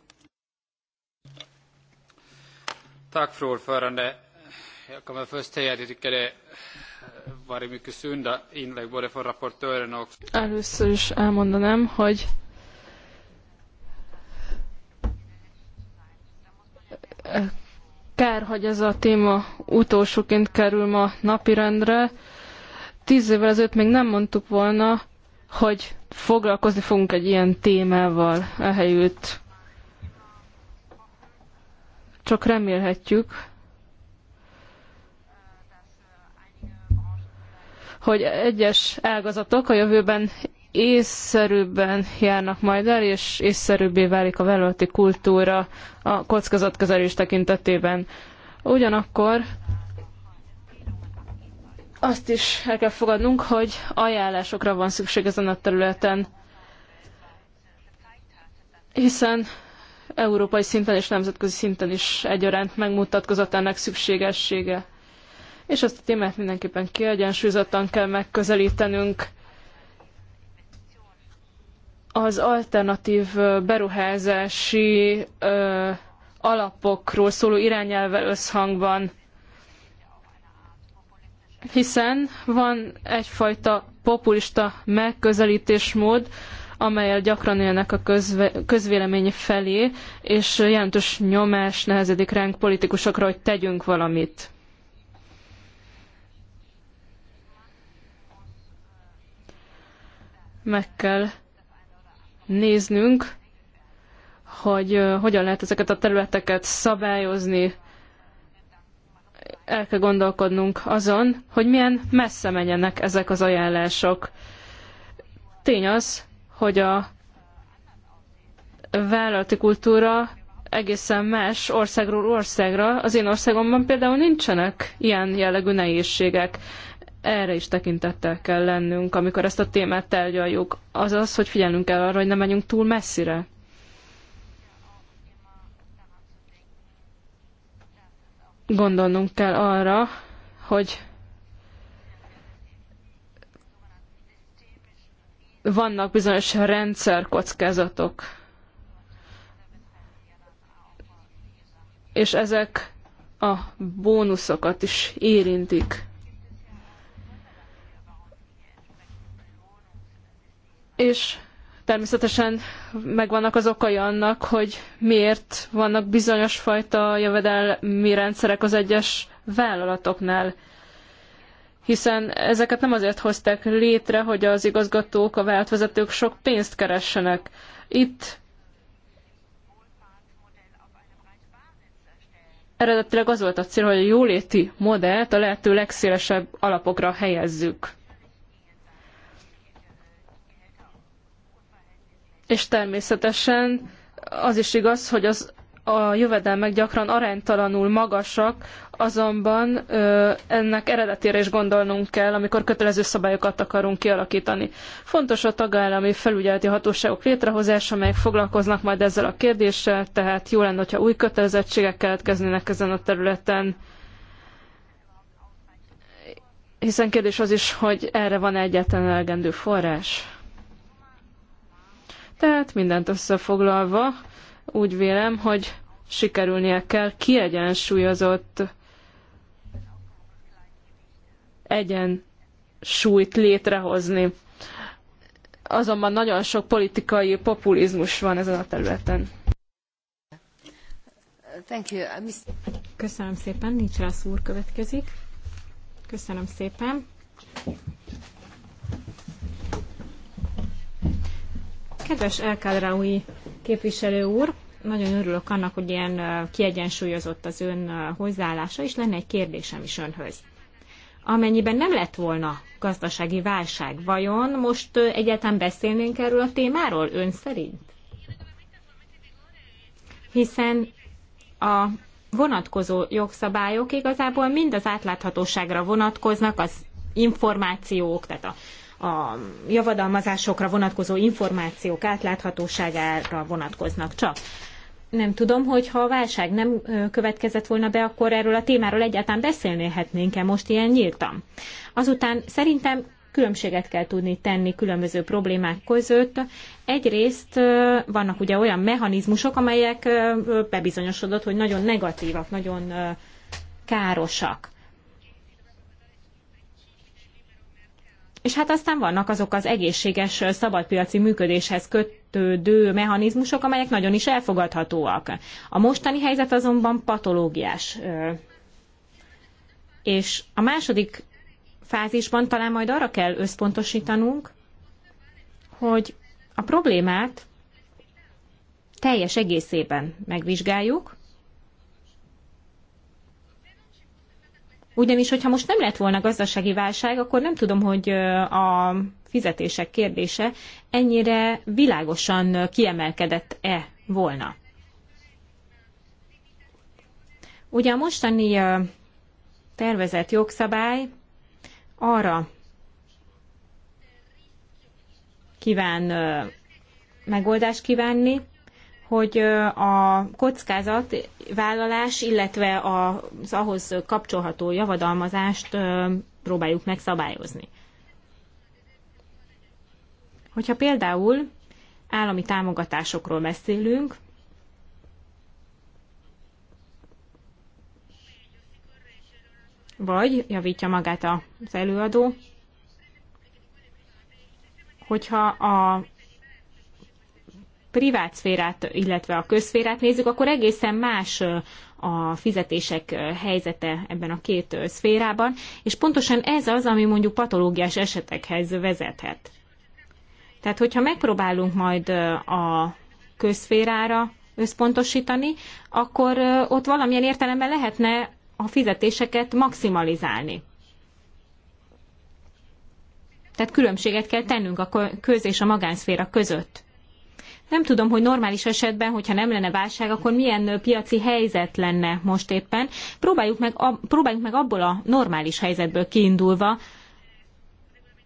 C: Tack för ordförande. Jag kommer först säga att jag tycker det var mycket sunda inlägg både från rapportören och... Először
E: is elmondanám, hogy Kár, hogy ez a téma utolsóként kerül ma napirendre. Tíz évvel ezelőtt még nem mondtuk volna, hogy foglalkozni fogunk egy ilyen témával ehelyütt. Csak remélhetjük, hogy egyes ágazatok a jövőben észszerűbben járnak majd el, és észszerűbbé válik a vállalati kultúra a kockázatkezelés tekintetében. Ugyanakkor azt is el kell fogadnunk, hogy ajánlásokra van szükség ezen a területen, hiszen európai szinten és nemzetközi szinten is egyaránt megmutatkozott ennek szükségessége. És ezt a témát mindenképpen kiegyensúlyozottan kell megközelítenünk az alternatív beruházási ö, alapokról szóló irányelvvel összhangban. Hiszen van egyfajta populista megközelítésmód, amelyel gyakran élnek a közve, közvélemény felé, és jelentős nyomás nehezedik ránk politikusokra, hogy tegyünk valamit. Meg kell néznünk, hogy hogyan lehet ezeket a területeket szabályozni, el kell gondolkodnunk azon, hogy milyen messze menjenek ezek az ajánlások. Tény az, hogy a vállalati kultúra egészen más országról országra. Az én országomban például nincsenek ilyen jellegű nehézségek erre is tekintettel kell lennünk, amikor ezt a témát tárgyaljuk. Azaz, hogy figyelnünk kell arra, hogy ne menjünk túl messzire. Gondolnunk kell arra, hogy vannak bizonyos rendszerkockázatok. És ezek a bónuszokat is érintik. és természetesen megvannak az okai annak, hogy miért vannak bizonyos fajta jövedelmi rendszerek az egyes vállalatoknál. Hiszen ezeket nem azért hozták létre, hogy az igazgatók, a vállalatvezetők sok pénzt keressenek. Itt eredetileg az volt a cél, hogy a jóléti modellt a lehető legszélesebb alapokra helyezzük. és természetesen az is igaz, hogy az a jövedelmek gyakran aránytalanul magasak, azonban ö, ennek eredetére is gondolnunk kell, amikor kötelező szabályokat akarunk kialakítani. Fontos a tagállami felügyeleti hatóságok létrehozása, amelyek foglalkoznak majd ezzel a kérdéssel, tehát jó lenne, hogyha új kötelezettségek keletkeznének ezen a területen. Hiszen kérdés az is, hogy erre van -e egyáltalán elegendő forrás. Tehát mindent összefoglalva úgy vélem, hogy sikerülnie kell kiegyensúlyozott egyen súlyt létrehozni. Azonban nagyon sok politikai populizmus van ezen a területen. Uh,
B: Köszönöm szépen, nincs rá szúr következik. Köszönöm szépen. Kedves El képviselő úr, nagyon örülök annak, hogy ilyen kiegyensúlyozott az ön hozzáállása, és lenne egy kérdésem is önhöz. Amennyiben nem lett volna gazdasági válság, vajon most egyáltalán beszélnénk erről a témáról ön szerint? Hiszen a vonatkozó jogszabályok igazából mind az átláthatóságra vonatkoznak, az információk, tehát a a javadalmazásokra vonatkozó információk átláthatóságára vonatkoznak csak. Nem tudom, hogy ha a válság nem következett volna be, akkor erről a témáról egyáltalán beszélnéhetnénk-e most ilyen nyíltan. Azután szerintem különbséget kell tudni tenni különböző problémák között. Egyrészt vannak ugye olyan mechanizmusok, amelyek bebizonyosodott, hogy nagyon negatívak, nagyon károsak. És hát aztán vannak azok az egészséges szabadpiaci működéshez kötődő mechanizmusok, amelyek nagyon is elfogadhatóak. A mostani helyzet azonban patológiás. És a második fázisban talán majd arra kell összpontosítanunk, hogy a problémát teljes egészében megvizsgáljuk, Ugyanis, hogyha most nem lett volna gazdasági válság, akkor nem tudom, hogy a fizetések kérdése ennyire világosan kiemelkedett-e volna. Ugye a mostani tervezett jogszabály arra kíván megoldást kívánni, hogy a vállalás, illetve az ahhoz kapcsolható javadalmazást próbáljuk megszabályozni. Hogyha például állami támogatásokról beszélünk, vagy javítja magát az előadó, hogyha a privát szférát, illetve a közszférát nézzük, akkor egészen más a fizetések helyzete ebben a két szférában, és pontosan ez az, ami mondjuk patológiás esetekhez vezethet. Tehát, hogyha megpróbálunk majd a közszférára összpontosítani, akkor ott valamilyen értelemben lehetne a fizetéseket maximalizálni. Tehát különbséget kell tennünk a köz és a magánszféra között. Nem tudom, hogy normális esetben, hogyha nem lenne válság, akkor milyen piaci helyzet lenne most éppen. Próbáljuk meg, a, próbáljuk meg abból a normális helyzetből kiindulva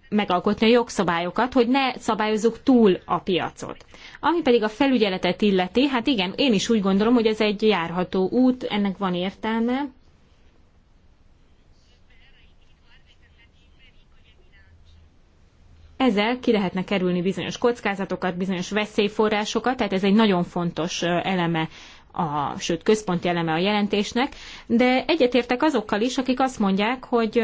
B: megalkotni a jogszabályokat, hogy ne szabályozzuk túl a piacot. Ami pedig a felügyeletet illeti, hát igen, én is úgy gondolom, hogy ez egy járható út, ennek van értelme, ezzel ki lehetne kerülni bizonyos kockázatokat, bizonyos veszélyforrásokat, tehát ez egy nagyon fontos eleme a, sőt, központi eleme a jelentésnek, de egyetértek azokkal is, akik azt mondják, hogy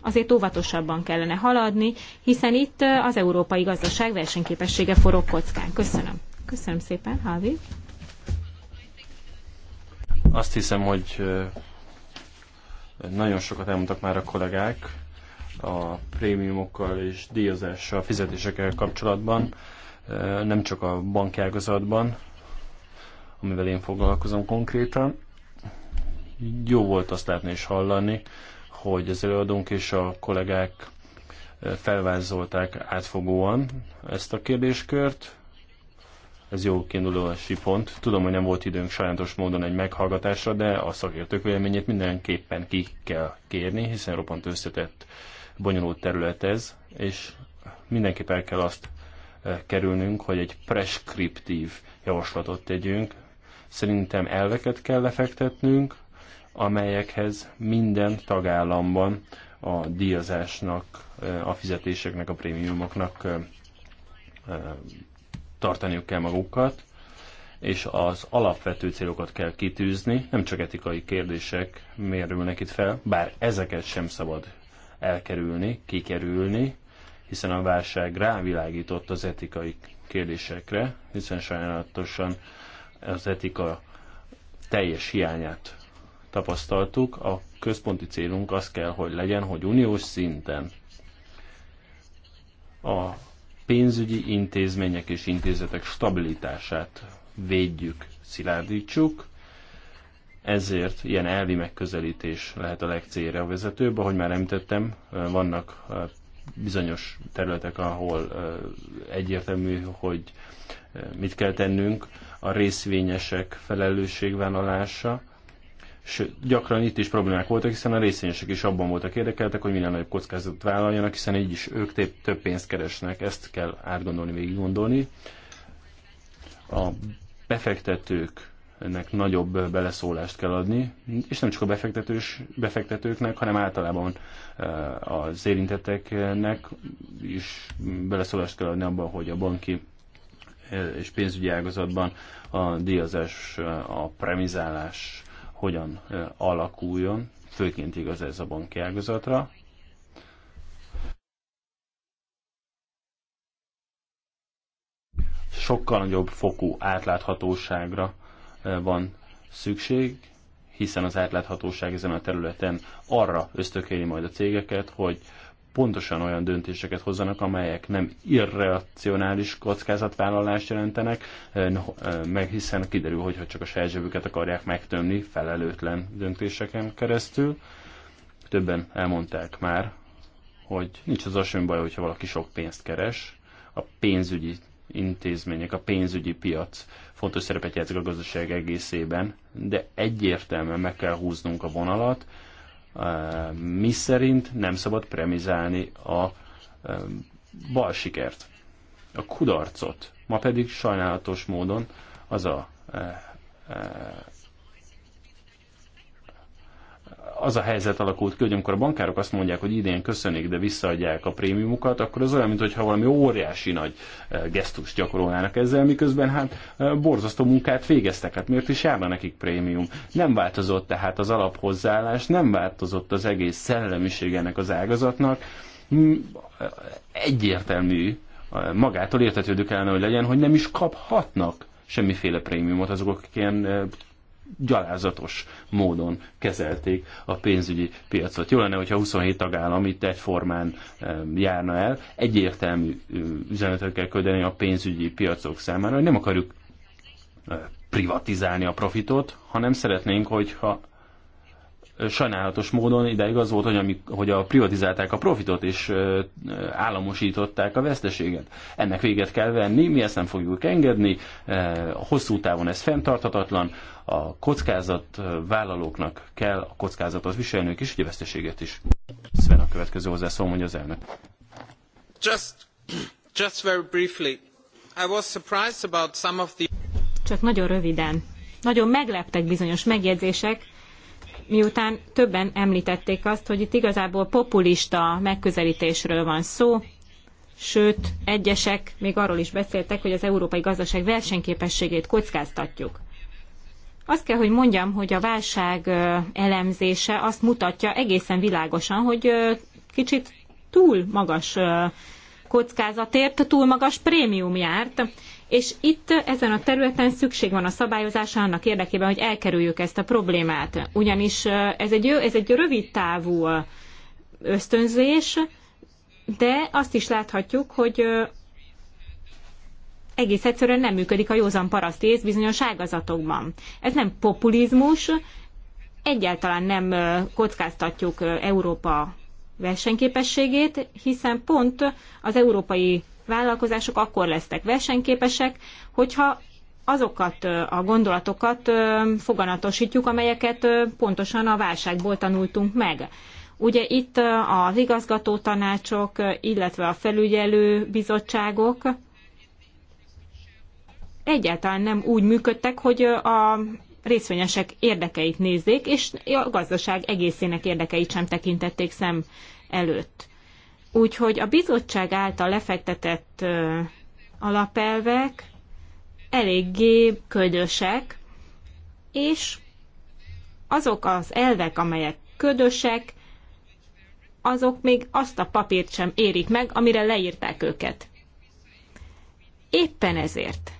B: azért óvatosabban kellene haladni, hiszen itt az európai gazdaság versenyképessége forog kockán. Köszönöm. Köszönöm szépen, Havi.
C: Azt hiszem, hogy nagyon sokat elmondtak már a kollégák a prémiumokkal és díjazással, fizetésekkel kapcsolatban, nem csak a bankágazatban, amivel én foglalkozom konkrétan. Jó volt azt látni és hallani, hogy az előadónk és a kollégák felvázolták átfogóan ezt a kérdéskört. Ez jó kiindulási pont. Tudom, hogy nem volt időnk sajátos módon egy meghallgatásra, de a szakértők véleményét mindenképpen ki kell kérni, hiszen roppant összetett uh, bonyolult terület ez, és mindenképp el kell azt eh, kerülnünk, hogy egy preskriptív javaslatot tegyünk. Szerintem elveket kell lefektetnünk, amelyekhez minden tagállamban a díjazásnak, eh, a fizetéseknek, a prémiumoknak eh, tartaniuk kell magukat, és az alapvető célokat kell kitűzni, nem csak etikai kérdések mérülnek itt fel, bár ezeket sem szabad elkerülni, kikerülni, hiszen a válság rávilágított az etikai kérdésekre, hiszen sajnálatosan az etika teljes hiányát tapasztaltuk. A központi célunk az kell, hogy legyen, hogy uniós szinten a pénzügyi intézmények és intézetek stabilitását védjük, szilárdítsuk, ezért ilyen elvi megközelítés lehet a legcélre vezetőbb. Ahogy már említettem, vannak bizonyos területek, ahol egyértelmű, hogy mit kell tennünk, a részvényesek felelősségvállalása, sőt, gyakran itt is problémák voltak, hiszen a részvényesek is abban voltak érdekeltek, hogy minél nagyobb kockázatot vállaljanak, hiszen így is ők több pénzt keresnek, ezt kell átgondolni, végiggondolni A befektetők ennek nagyobb beleszólást kell adni, és nem csak a befektetős, befektetőknek, hanem általában eh, az érintetteknek is beleszólást kell adni abban, hogy a banki eh, és pénzügyi ágazatban a díjazás, eh, a premizálás hogyan alakuljon, főként igaz ez a banki ágazatra, sokkal nagyobb fokú átláthatóságra van szükség, hiszen az átláthatóság ezen a területen arra ösztökéli majd a cégeket, hogy pontosan olyan döntéseket hozzanak, amelyek nem irracionális kockázatvállalást jelentenek, eh, eh, meg hiszen kiderül, hogy csak a saját zsebüket akarják megtömni felelőtlen döntéseken keresztül. Többen elmondták már, hogy nincs az a baj, hogyha valaki sok pénzt keres, a pénzügyi intézmények, a pénzügyi piac fontos szerepet játszik a gazdaság egészében, de egyértelműen meg kell húznunk a vonalat, mi szerint nem szabad premizálni a bal sikert, a kudarcot. Ma pedig sajnálatos módon az a az a helyzet alakult ki, hogy amikor a bankárok azt mondják, hogy idén köszönik, de visszaadják a prémiumukat, akkor az olyan, mintha valami óriási nagy e, gesztust gyakorolnának ezzel, miközben hát e, borzasztó munkát végeztek, hát miért is járna nekik prémium? Nem változott tehát az alaphozzáállás, nem változott az egész szellemiség ennek az ágazatnak, e, egyértelmű, magától értetődő kellene, hogy legyen, hogy nem is kaphatnak semmiféle prémiumot azok, akik ilyen gyalázatos módon kezelték a pénzügyi piacot. Jó lenne, hogyha 27 tagállam itt egyformán járna el, egyértelmű üzenetet kell küldeni a pénzügyi piacok számára, hogy nem akarjuk privatizálni a profitot, hanem szeretnénk, hogyha sajnálatos módon ideig az volt, hogy, amik, hogy a privatizálták a profitot, és államosították a veszteséget. Ennek véget kell venni, mi ezt nem fogjuk engedni, hosszú távon ez fenntarthatatlan, a kockázat vállalóknak kell a kockázatot viselniük is, hogy a veszteséget is. Sven a következő hozzászól, mondja az elnök.
D: Just, just very briefly. I was surprised
B: about some of the... Csak nagyon röviden. Nagyon megleptek bizonyos megjegyzések, miután többen említették azt, hogy itt igazából populista megközelítésről van szó, sőt, egyesek még arról is beszéltek, hogy az európai gazdaság versenyképességét kockáztatjuk. Azt kell, hogy mondjam, hogy a válság elemzése azt mutatja egészen világosan, hogy kicsit túl magas kockázatért túl magas prémium járt, és itt ezen a területen szükség van a szabályozásra annak érdekében, hogy elkerüljük ezt a problémát. Ugyanis ez egy, ez egy rövid távú ösztönzés, de azt is láthatjuk, hogy egész egyszerűen nem működik a józan paraszt ész bizonyos ágazatokban. Ez nem populizmus, egyáltalán nem kockáztatjuk Európa versenyképességét, hiszen pont az európai vállalkozások akkor lesznek versenyképesek, hogyha azokat a gondolatokat foganatosítjuk, amelyeket pontosan a válságból tanultunk meg. Ugye itt az igazgató tanácsok, illetve a felügyelő bizottságok egyáltalán nem úgy működtek, hogy a részvényesek érdekeit nézzék, és a gazdaság egészének érdekeit sem tekintették szem előtt. Úgyhogy a bizottság által lefektetett alapelvek eléggé ködösek, és azok az elvek, amelyek ködösek, azok még azt a papírt sem érik meg, amire leírták őket. Éppen ezért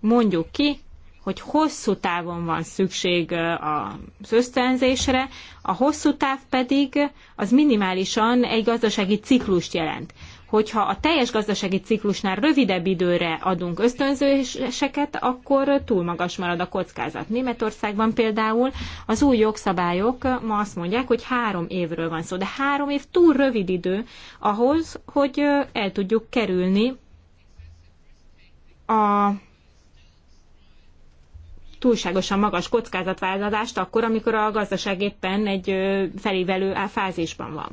B: mondjuk ki, hogy hosszú távon van szükség az ösztönzésre, a hosszú táv pedig az minimálisan egy gazdasági ciklust jelent. Hogyha a teljes gazdasági ciklusnál rövidebb időre adunk ösztönzéseket, akkor túl magas marad a kockázat. Németországban például az új jogszabályok ma azt mondják, hogy három évről van szó, de három év túl rövid idő ahhoz, hogy el tudjuk kerülni a túlságosan magas kockázatvállalást akkor, amikor a gazdaság éppen egy felévelő fázisban van.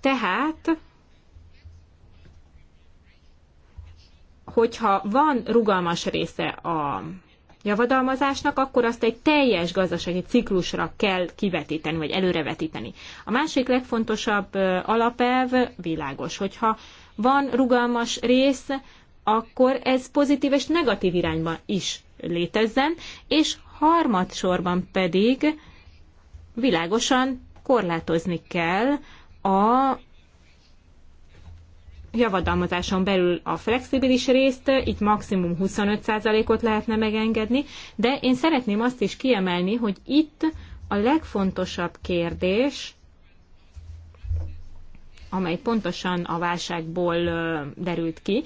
B: Tehát hogyha van rugalmas része a javadalmazásnak, akkor azt egy teljes gazdasági ciklusra kell kivetíteni, vagy előrevetíteni. A másik legfontosabb alapelv világos, hogyha van rugalmas rész, akkor ez pozitív és negatív irányba is létezzen, és harmadsorban pedig világosan korlátozni kell a javadalmazáson belül a flexibilis részt, itt maximum 25%-ot lehetne megengedni, de én szeretném azt is kiemelni, hogy itt a legfontosabb kérdés, amely pontosan a válságból derült ki,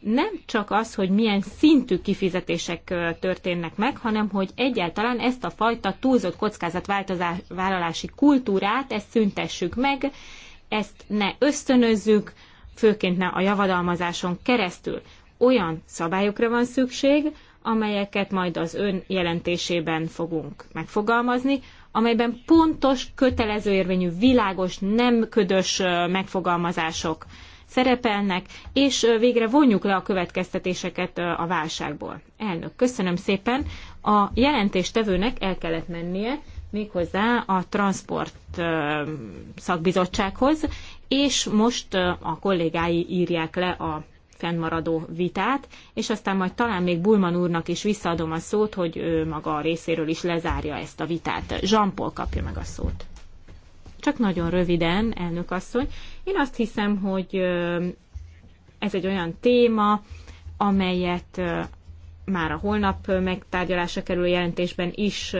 B: nem csak az, hogy milyen szintű kifizetések történnek meg, hanem hogy egyáltalán ezt a fajta túlzott kockázatvállalási kultúrát, ezt szüntessük meg, ezt ne ösztönözzük, főként ne a javadalmazáson keresztül. Olyan szabályokra van szükség, amelyeket majd az ön jelentésében fogunk megfogalmazni, amelyben pontos, kötelező érvényű, világos, nem ködös megfogalmazások szerepelnek, és végre vonjuk le a következtetéseket a válságból. Elnök, köszönöm szépen. A jelentéstevőnek el kellett mennie, méghozzá a transport szakbizottsághoz, és most a kollégái írják le a fennmaradó vitát, és aztán majd talán még Bulman úrnak is visszaadom a szót, hogy ő maga a részéről is lezárja ezt a vitát. Jean-Paul kapja meg a szót. Csak nagyon röviden, elnök asszony, én azt hiszem, hogy ez egy olyan téma, amelyet már a holnap megtárgyalásra kerülő jelentésben is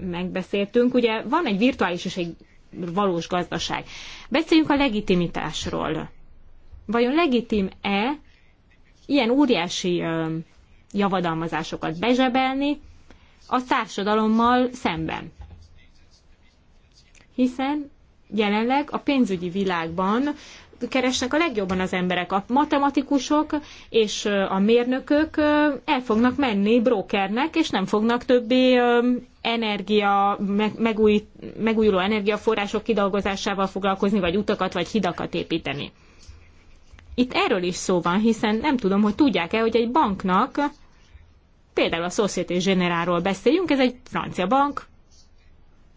B: megbeszéltünk. Ugye van egy virtuális és egy valós gazdaság. Beszéljünk a legitimitásról. Vajon legitim-e ilyen óriási javadalmazásokat bezsebelni a társadalommal szemben? Hiszen jelenleg a pénzügyi világban keresnek a legjobban az emberek. A matematikusok és a mérnökök el fognak menni brokernek és nem fognak többé energia, megúj, megújuló energiaforrások kidolgozásával foglalkozni, vagy utakat, vagy hidakat építeni. Itt erről is szó van, hiszen nem tudom, hogy tudják-e, hogy egy banknak, például a Société Générálról beszéljünk, ez egy francia bank,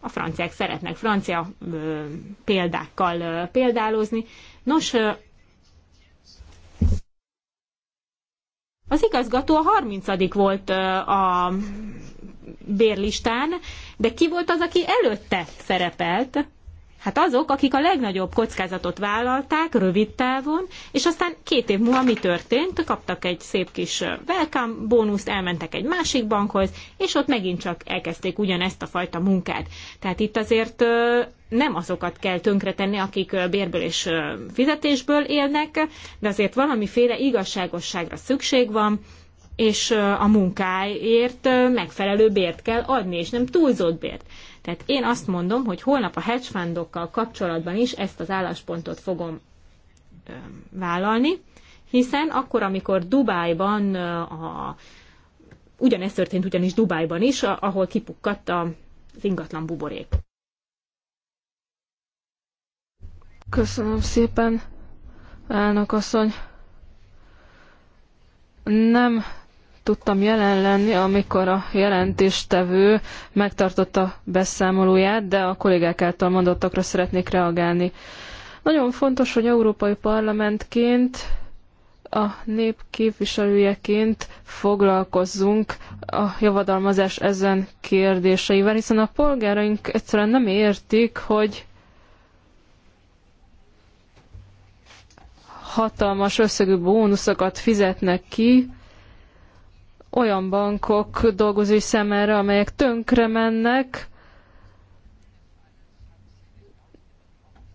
B: a franciák szeretnek francia ö, példákkal ö, példálozni. Nos, ö, az igazgató a 30. volt ö, a bérlistán, de ki volt az, aki előtte szerepelt? Hát azok, akik a legnagyobb kockázatot vállalták rövid távon, és aztán két év múlva mi történt? Kaptak egy szép kis welcome bónuszt, elmentek egy másik bankhoz, és ott megint csak elkezdték ugyanezt a fajta munkát. Tehát itt azért nem azokat kell tönkretenni, akik bérből és fizetésből élnek, de azért valamiféle igazságosságra szükség van, és a munkáért megfelelő bért kell adni, és nem túlzott bért. Tehát én azt mondom, hogy holnap a hedge fundokkal kapcsolatban is ezt az álláspontot fogom vállalni, hiszen akkor, amikor Dubájban a ugyanezt történt ugyanis Dubájban is, ahol kipukkadt az ingatlan buborék.
E: Köszönöm szépen, elnök asszony. Nem tudtam jelen lenni, amikor a jelentéstevő megtartotta beszámolóját, de a kollégák által mondottakra szeretnék reagálni. Nagyon fontos, hogy Európai Parlamentként a nép képviselőjeként foglalkozzunk a javadalmazás ezen kérdéseivel, hiszen a polgáraink egyszerűen nem értik, hogy hatalmas összegű bónuszokat fizetnek ki, olyan bankok dolgozói számára, amelyek tönkre mennek.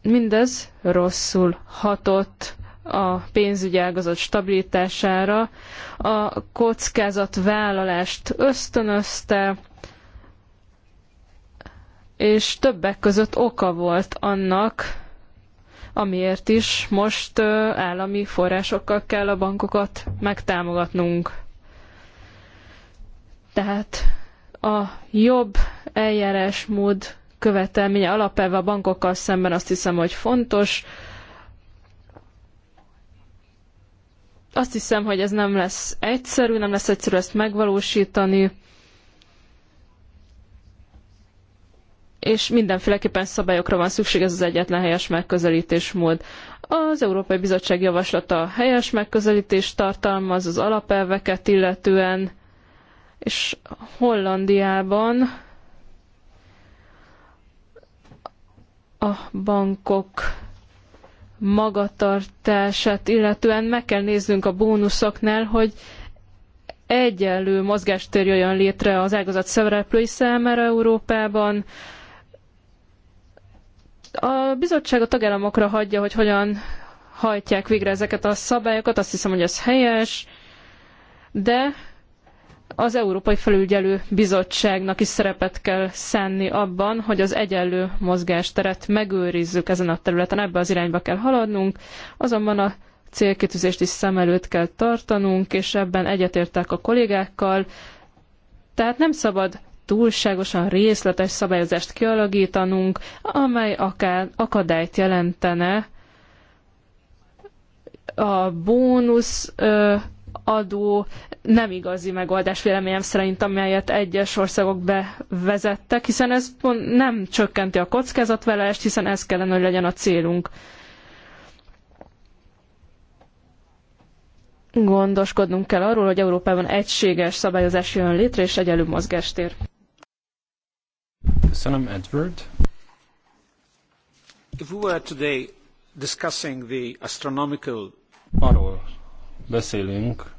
E: Mindez rosszul hatott a pénzügyi ágazat stabilitására, a kockázatvállalást ösztönözte, és többek között oka volt annak, amiért is most állami forrásokkal kell a bankokat megtámogatnunk. Tehát a jobb eljárásmód követelménye alapelve a bankokkal szemben azt hiszem, hogy fontos. Azt hiszem, hogy ez nem lesz egyszerű, nem lesz egyszerű ezt megvalósítani. és mindenféleképpen szabályokra van szükség, ez az egyetlen helyes megközelítésmód. Az Európai Bizottság javaslata helyes megközelítést tartalmaz az alapelveket illetően, és Hollandiában a bankok magatartását illetően meg kell néznünk a bónuszoknál, hogy egyenlő mozgástér jön létre az ágazat szereplői számára Európában. A bizottság a tagállamokra hagyja, hogy hogyan hajtják végre ezeket a szabályokat, azt hiszem, hogy ez helyes, de az Európai Felügyelő Bizottságnak is szerepet kell szánni abban, hogy az egyenlő mozgásteret megőrizzük ezen a területen, ebbe az irányba kell haladnunk, azonban a célkitűzést is szem előtt kell tartanunk, és ebben egyetértek a kollégákkal, tehát nem szabad túlságosan részletes szabályozást kialakítanunk, amely akár akadályt jelentene a bónusz adó nem igazi megoldás véleményem szerint, amelyet egyes országok bevezettek, hiszen ez nem csökkenti a kockázatvállalást, hiszen ez kellene, hogy legyen a célunk. Gondoskodnunk kell arról, hogy Európában egységes szabályozás jön létre, és egyenlő mozgástér.
C: Köszönöm, Edward. If
D: we were today discussing the astronomical... Arról
C: beszélünk,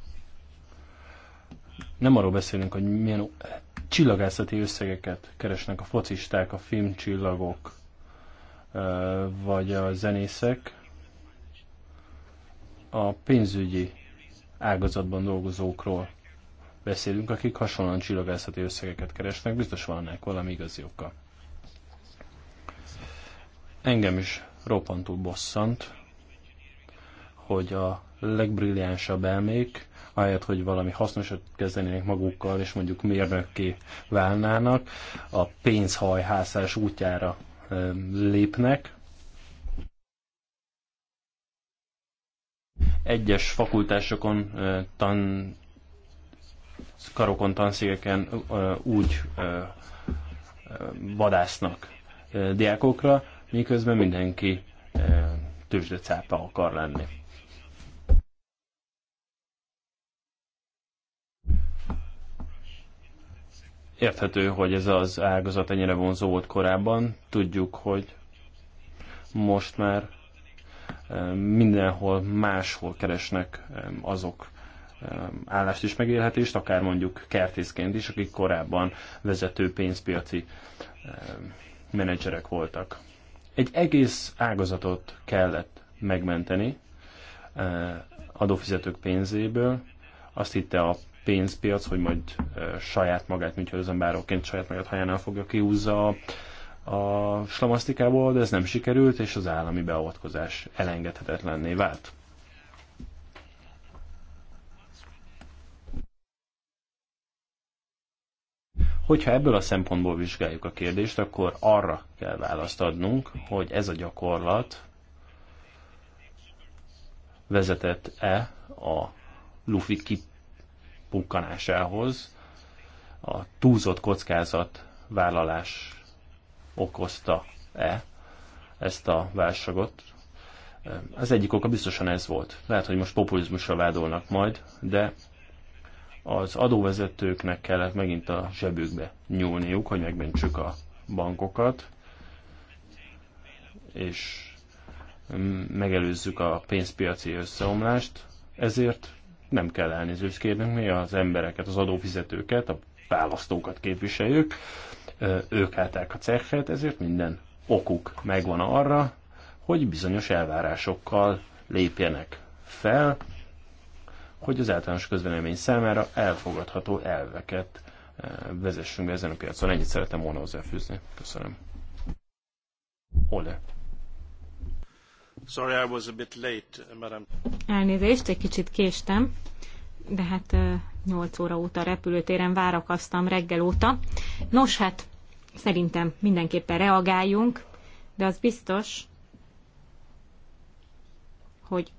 C: nem arról beszélünk, hogy milyen csillagászati összegeket keresnek a focisták, a filmcsillagok, vagy a zenészek, a pénzügyi ágazatban dolgozókról beszélünk, akik hasonlóan csillagászati összegeket keresnek, biztos vannak valami igazi oka. Engem is roppantul bosszant, hogy a legbrilliánsabb elmék ahelyett, hogy valami hasznosat kezdenének magukkal, és mondjuk mérnökké válnának, a pénzhajhászás útjára lépnek. Egyes fakultásokon, tan, karokon, tanszégeken úgy vadásznak diákokra, miközben mindenki tőzsdecápa akar lenni. Érthető, hogy ez az ágazat ennyire vonzó volt korábban. Tudjuk, hogy most már eh, mindenhol máshol keresnek eh, azok eh, állást is megélhetést, akár mondjuk kertészként is, akik korábban vezető pénzpiaci menedzserek voltak. Egy egész ágazatot kellett megmenteni adófizetők pénzéből. Azt hitte a pénzpiac, hogy majd saját magát, mint hogy az báróként saját magát hajánál fogja kiúzza a, a slamasztikából, de ez nem sikerült, és az állami beavatkozás elengedhetetlenné vált. Hogyha ebből a szempontból vizsgáljuk a kérdést, akkor arra kell választ adnunk, hogy ez a gyakorlat vezetett-e a lufi bukkanásához a túlzott kockázat vállalás okozta-e ezt a válságot. Az egyik oka biztosan ez volt. Lehet, hogy most populizmusra vádolnak majd, de az adóvezetőknek kellett megint a zsebükbe nyúlniuk, hogy megmentsük a bankokat, és megelőzzük a pénzpiaci összeomlást. Ezért nem kell elnézést kérnünk, mi az embereket, az adófizetőket, a választókat képviseljük, ők állták a cechet, ezért minden okuk megvan arra, hogy bizonyos elvárásokkal lépjenek fel, hogy az általános közvélemény számára elfogadható elveket vezessünk be ezen a piacon. Ennyit szeretem volna hozzáfűzni. Köszönöm. Ole. Sorry, I was a bit late, madam.
B: Elnézést, egy kicsit késtem, de hát 8 óra óta repülőtéren várakoztam reggel óta. Nos, hát szerintem mindenképpen reagáljunk, de az biztos, hogy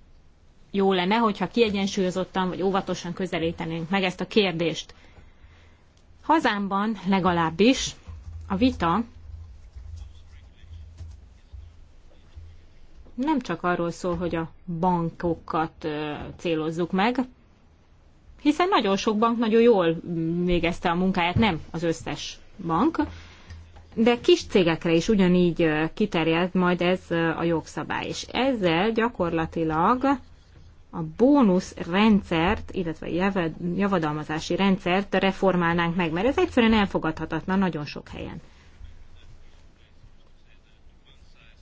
B: jó lenne, hogyha kiegyensúlyozottan vagy óvatosan közelítenénk meg ezt a kérdést. Hazámban legalábbis a vita nem csak arról szól, hogy a bankokat célozzuk meg, hiszen nagyon sok bank nagyon jól végezte a munkáját, nem az összes bank, de kis cégekre is ugyanígy kiterjed majd ez a jogszabály. És ezzel gyakorlatilag a bónusz rendszert, illetve javadalmazási rendszert reformálnánk meg, mert ez egyszerűen elfogadhatatlan nagyon sok helyen.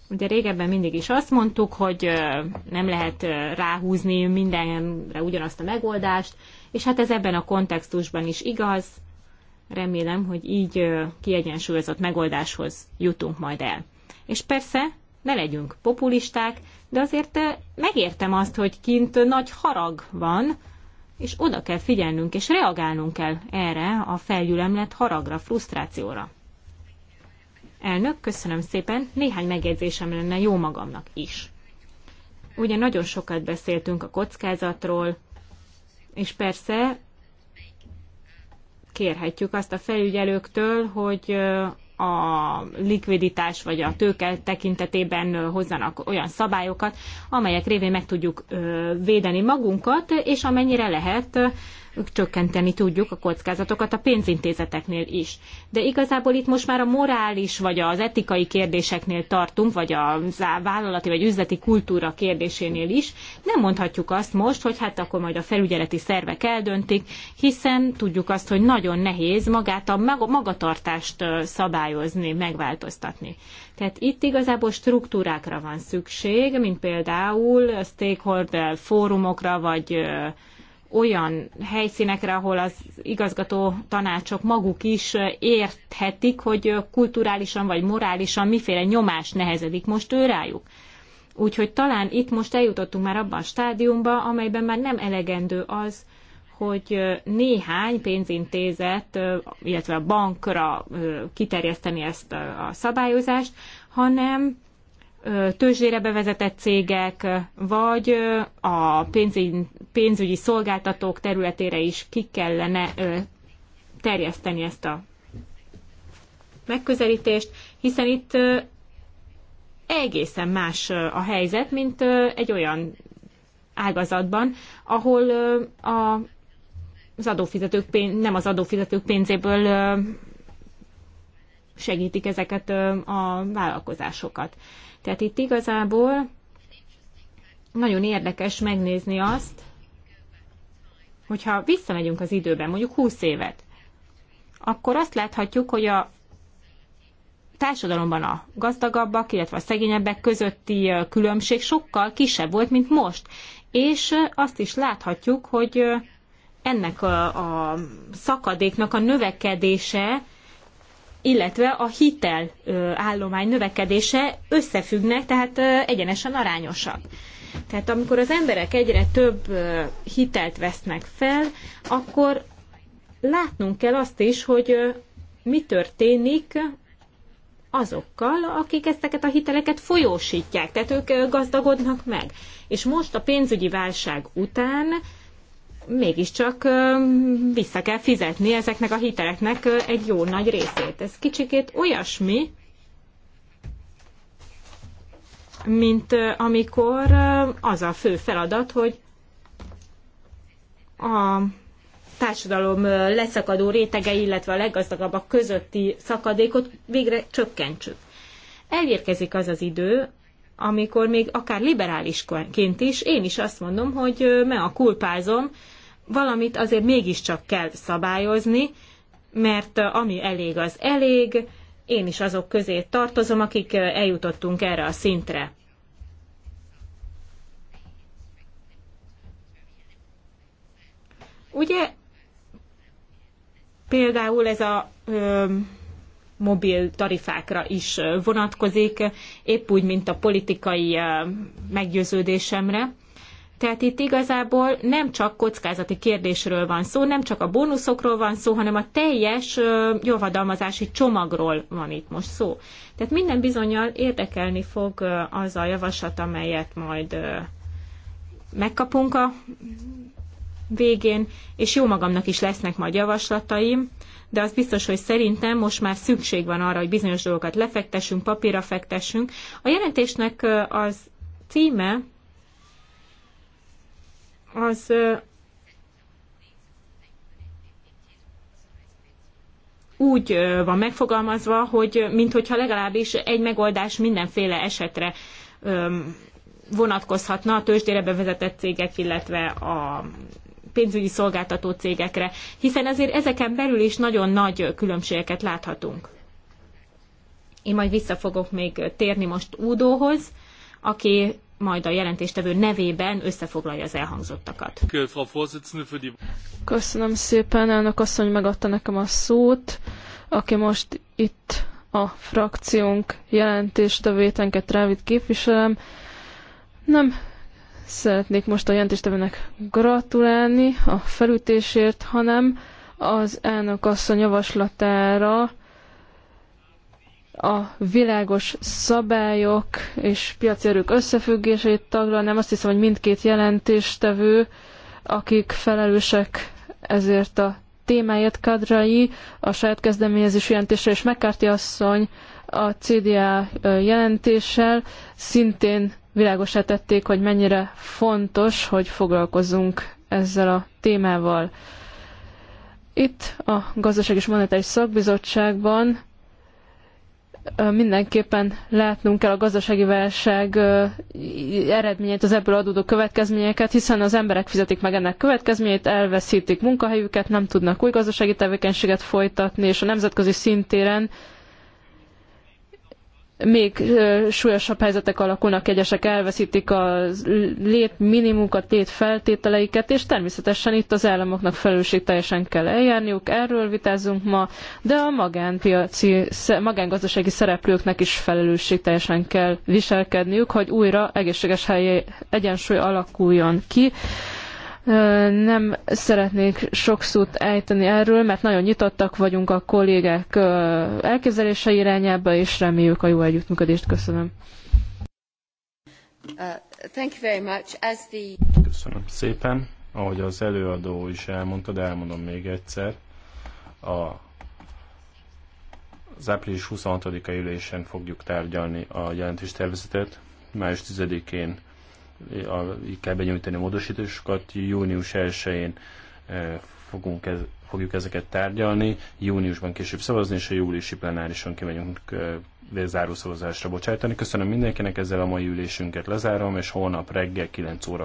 B: Ugye régebben mindig is azt mondtuk, hogy nem lehet ráhúzni mindenre ugyanazt a megoldást, és hát ez ebben a kontextusban is igaz. Remélem, hogy így kiegyensúlyozott megoldáshoz jutunk majd el. És persze, ne legyünk populisták, de azért megértem azt, hogy kint nagy harag van, és oda kell figyelnünk, és reagálnunk kell erre a felgyülemlet haragra, frusztrációra. Elnök, köszönöm szépen. Néhány megjegyzésem lenne jó magamnak is. Ugye nagyon sokat beszéltünk a kockázatról, és persze kérhetjük azt a felügyelőktől, hogy a likviditás vagy a tőke tekintetében hozzanak olyan szabályokat, amelyek révén meg tudjuk védeni magunkat, és amennyire lehet csökkenteni tudjuk a kockázatokat a pénzintézeteknél is. De igazából itt most már a morális vagy az etikai kérdéseknél tartunk, vagy a vállalati vagy üzleti kultúra kérdésénél is. Nem mondhatjuk azt most, hogy hát akkor majd a felügyeleti szervek eldöntik, hiszen tudjuk azt, hogy nagyon nehéz magát a magatartást szabályozni, megváltoztatni. Tehát itt igazából struktúrákra van szükség, mint például stakeholder fórumokra, vagy olyan helyszínekre, ahol az igazgató tanácsok maguk is érthetik, hogy kulturálisan vagy morálisan miféle nyomás nehezedik most ő rájuk. Úgyhogy talán itt most eljutottunk már abban a stádiumba, amelyben már nem elegendő az, hogy néhány pénzintézet, illetve a bankra kiterjeszteni ezt a szabályozást, hanem tőzsdére bevezetett cégek, vagy a pénzügyi, pénzügyi szolgáltatók területére is ki kellene terjeszteni ezt a megközelítést, hiszen itt egészen más a helyzet, mint egy olyan ágazatban, ahol a, az adófizetők pénz, nem az adófizetők pénzéből segítik ezeket a vállalkozásokat. Tehát itt igazából nagyon érdekes megnézni azt, hogyha visszamegyünk az időben, mondjuk 20 évet, akkor azt láthatjuk, hogy a társadalomban a gazdagabbak, illetve a szegényebbek közötti különbség sokkal kisebb volt, mint most. És azt is láthatjuk, hogy ennek a, a szakadéknak a növekedése illetve a hitel állomány növekedése összefüggnek, tehát egyenesen arányosak. Tehát amikor az emberek egyre több hitelt vesznek fel, akkor látnunk kell azt is, hogy mi történik azokkal, akik ezteket a hiteleket folyósítják, tehát ők gazdagodnak meg. És most a pénzügyi válság után mégiscsak vissza kell fizetni ezeknek a hiteleknek egy jó nagy részét. Ez kicsikét olyasmi, mint amikor az a fő feladat, hogy a társadalom leszakadó rétegei, illetve a leggazdagabbak közötti szakadékot végre csökkentsük. Elérkezik az az idő, amikor még akár liberálisként is, én is azt mondom, hogy me a kulpázom, valamit azért mégiscsak kell szabályozni, mert eh, ami elég, az elég. Én is azok közé tartozom, akik eh, eljutottunk erre a szintre. Ugye például ez a ö, eh, mobil tarifákra is vonatkozik, épp úgy, mint a politikai ö, meggyőződésemre. Tehát itt igazából nem csak kockázati kérdésről van szó, nem csak a bónuszokról van szó, hanem a teljes javadalmazási csomagról van itt most szó. Tehát minden bizonyal érdekelni fog az a javaslat, amelyet majd megkapunk a végén, és jó magamnak is lesznek majd javaslataim, de az biztos, hogy szerintem most már szükség van arra, hogy bizonyos dolgokat lefektessünk, papírra fektessünk. A jelentésnek az címe az úgy van megfogalmazva, hogy minthogyha legalábbis egy megoldás mindenféle esetre vonatkozhatna a tőzsdére bevezetett cégek, illetve a pénzügyi szolgáltató cégekre, hiszen azért ezeken belül is nagyon nagy különbségeket láthatunk. Én majd vissza fogok még térni most Údóhoz, aki majd a jelentéstevő nevében összefoglalja az elhangzottakat.
E: Köszönöm szépen, elnök asszony megadta nekem a szót, aki most itt a frakciónk jelentéstevőjétenket Rávit képviselem. Nem szeretnék most a jelentéstevőnek gratulálni a felütésért, hanem az elnök asszony javaslatára a világos szabályok és piaci erők összefüggését tagra, nem azt hiszem, hogy mindkét jelentéstevő, akik felelősek ezért a témáért kadrai, a saját kezdeményezés jelentéssel és megkárti asszony a CDA jelentéssel szintén világosá tették, hogy mennyire fontos, hogy foglalkozunk ezzel a témával. Itt a Gazdaság és Monetáris Szakbizottságban mindenképpen látnunk kell a gazdasági válság eredményét, az ebből adódó következményeket, hiszen az emberek fizetik meg ennek következményeit, elveszítik munkahelyüket, nem tudnak új gazdasági tevékenységet folytatni, és a nemzetközi szintéren még súlyosabb helyzetek alakulnak, egyesek elveszítik a lét minimumokat, lét feltételeiket, és természetesen itt az államoknak felelősségteljesen kell eljárniuk, erről vitázunk ma, de a magánpiaci, magángazdasági szereplőknek is felelősségteljesen kell viselkedniük, hogy újra egészséges helyi egyensúly alakuljon ki nem szeretnék sok szót ejteni erről, mert nagyon nyitottak vagyunk a kollégák elképzelése irányába, és reméljük a jó együttműködést. Köszönöm.
A: Uh,
C: Köszönöm szépen. Ahogy az előadó is elmondta, de elmondom még egyszer, a, az április 26-a ülésen fogjuk tárgyalni a jelentés tervezetet. Május 10-én a, kell benyújtani a módosításokat. Június 1-én eh, fogunk ez, fogjuk ezeket tárgyalni, júniusban később szavazni, és a júliusi plenárison kimegyünk eh, záró szavazásra bocsájtani. Köszönöm mindenkinek, ezzel a mai ülésünket lezárom, és holnap reggel 9 óra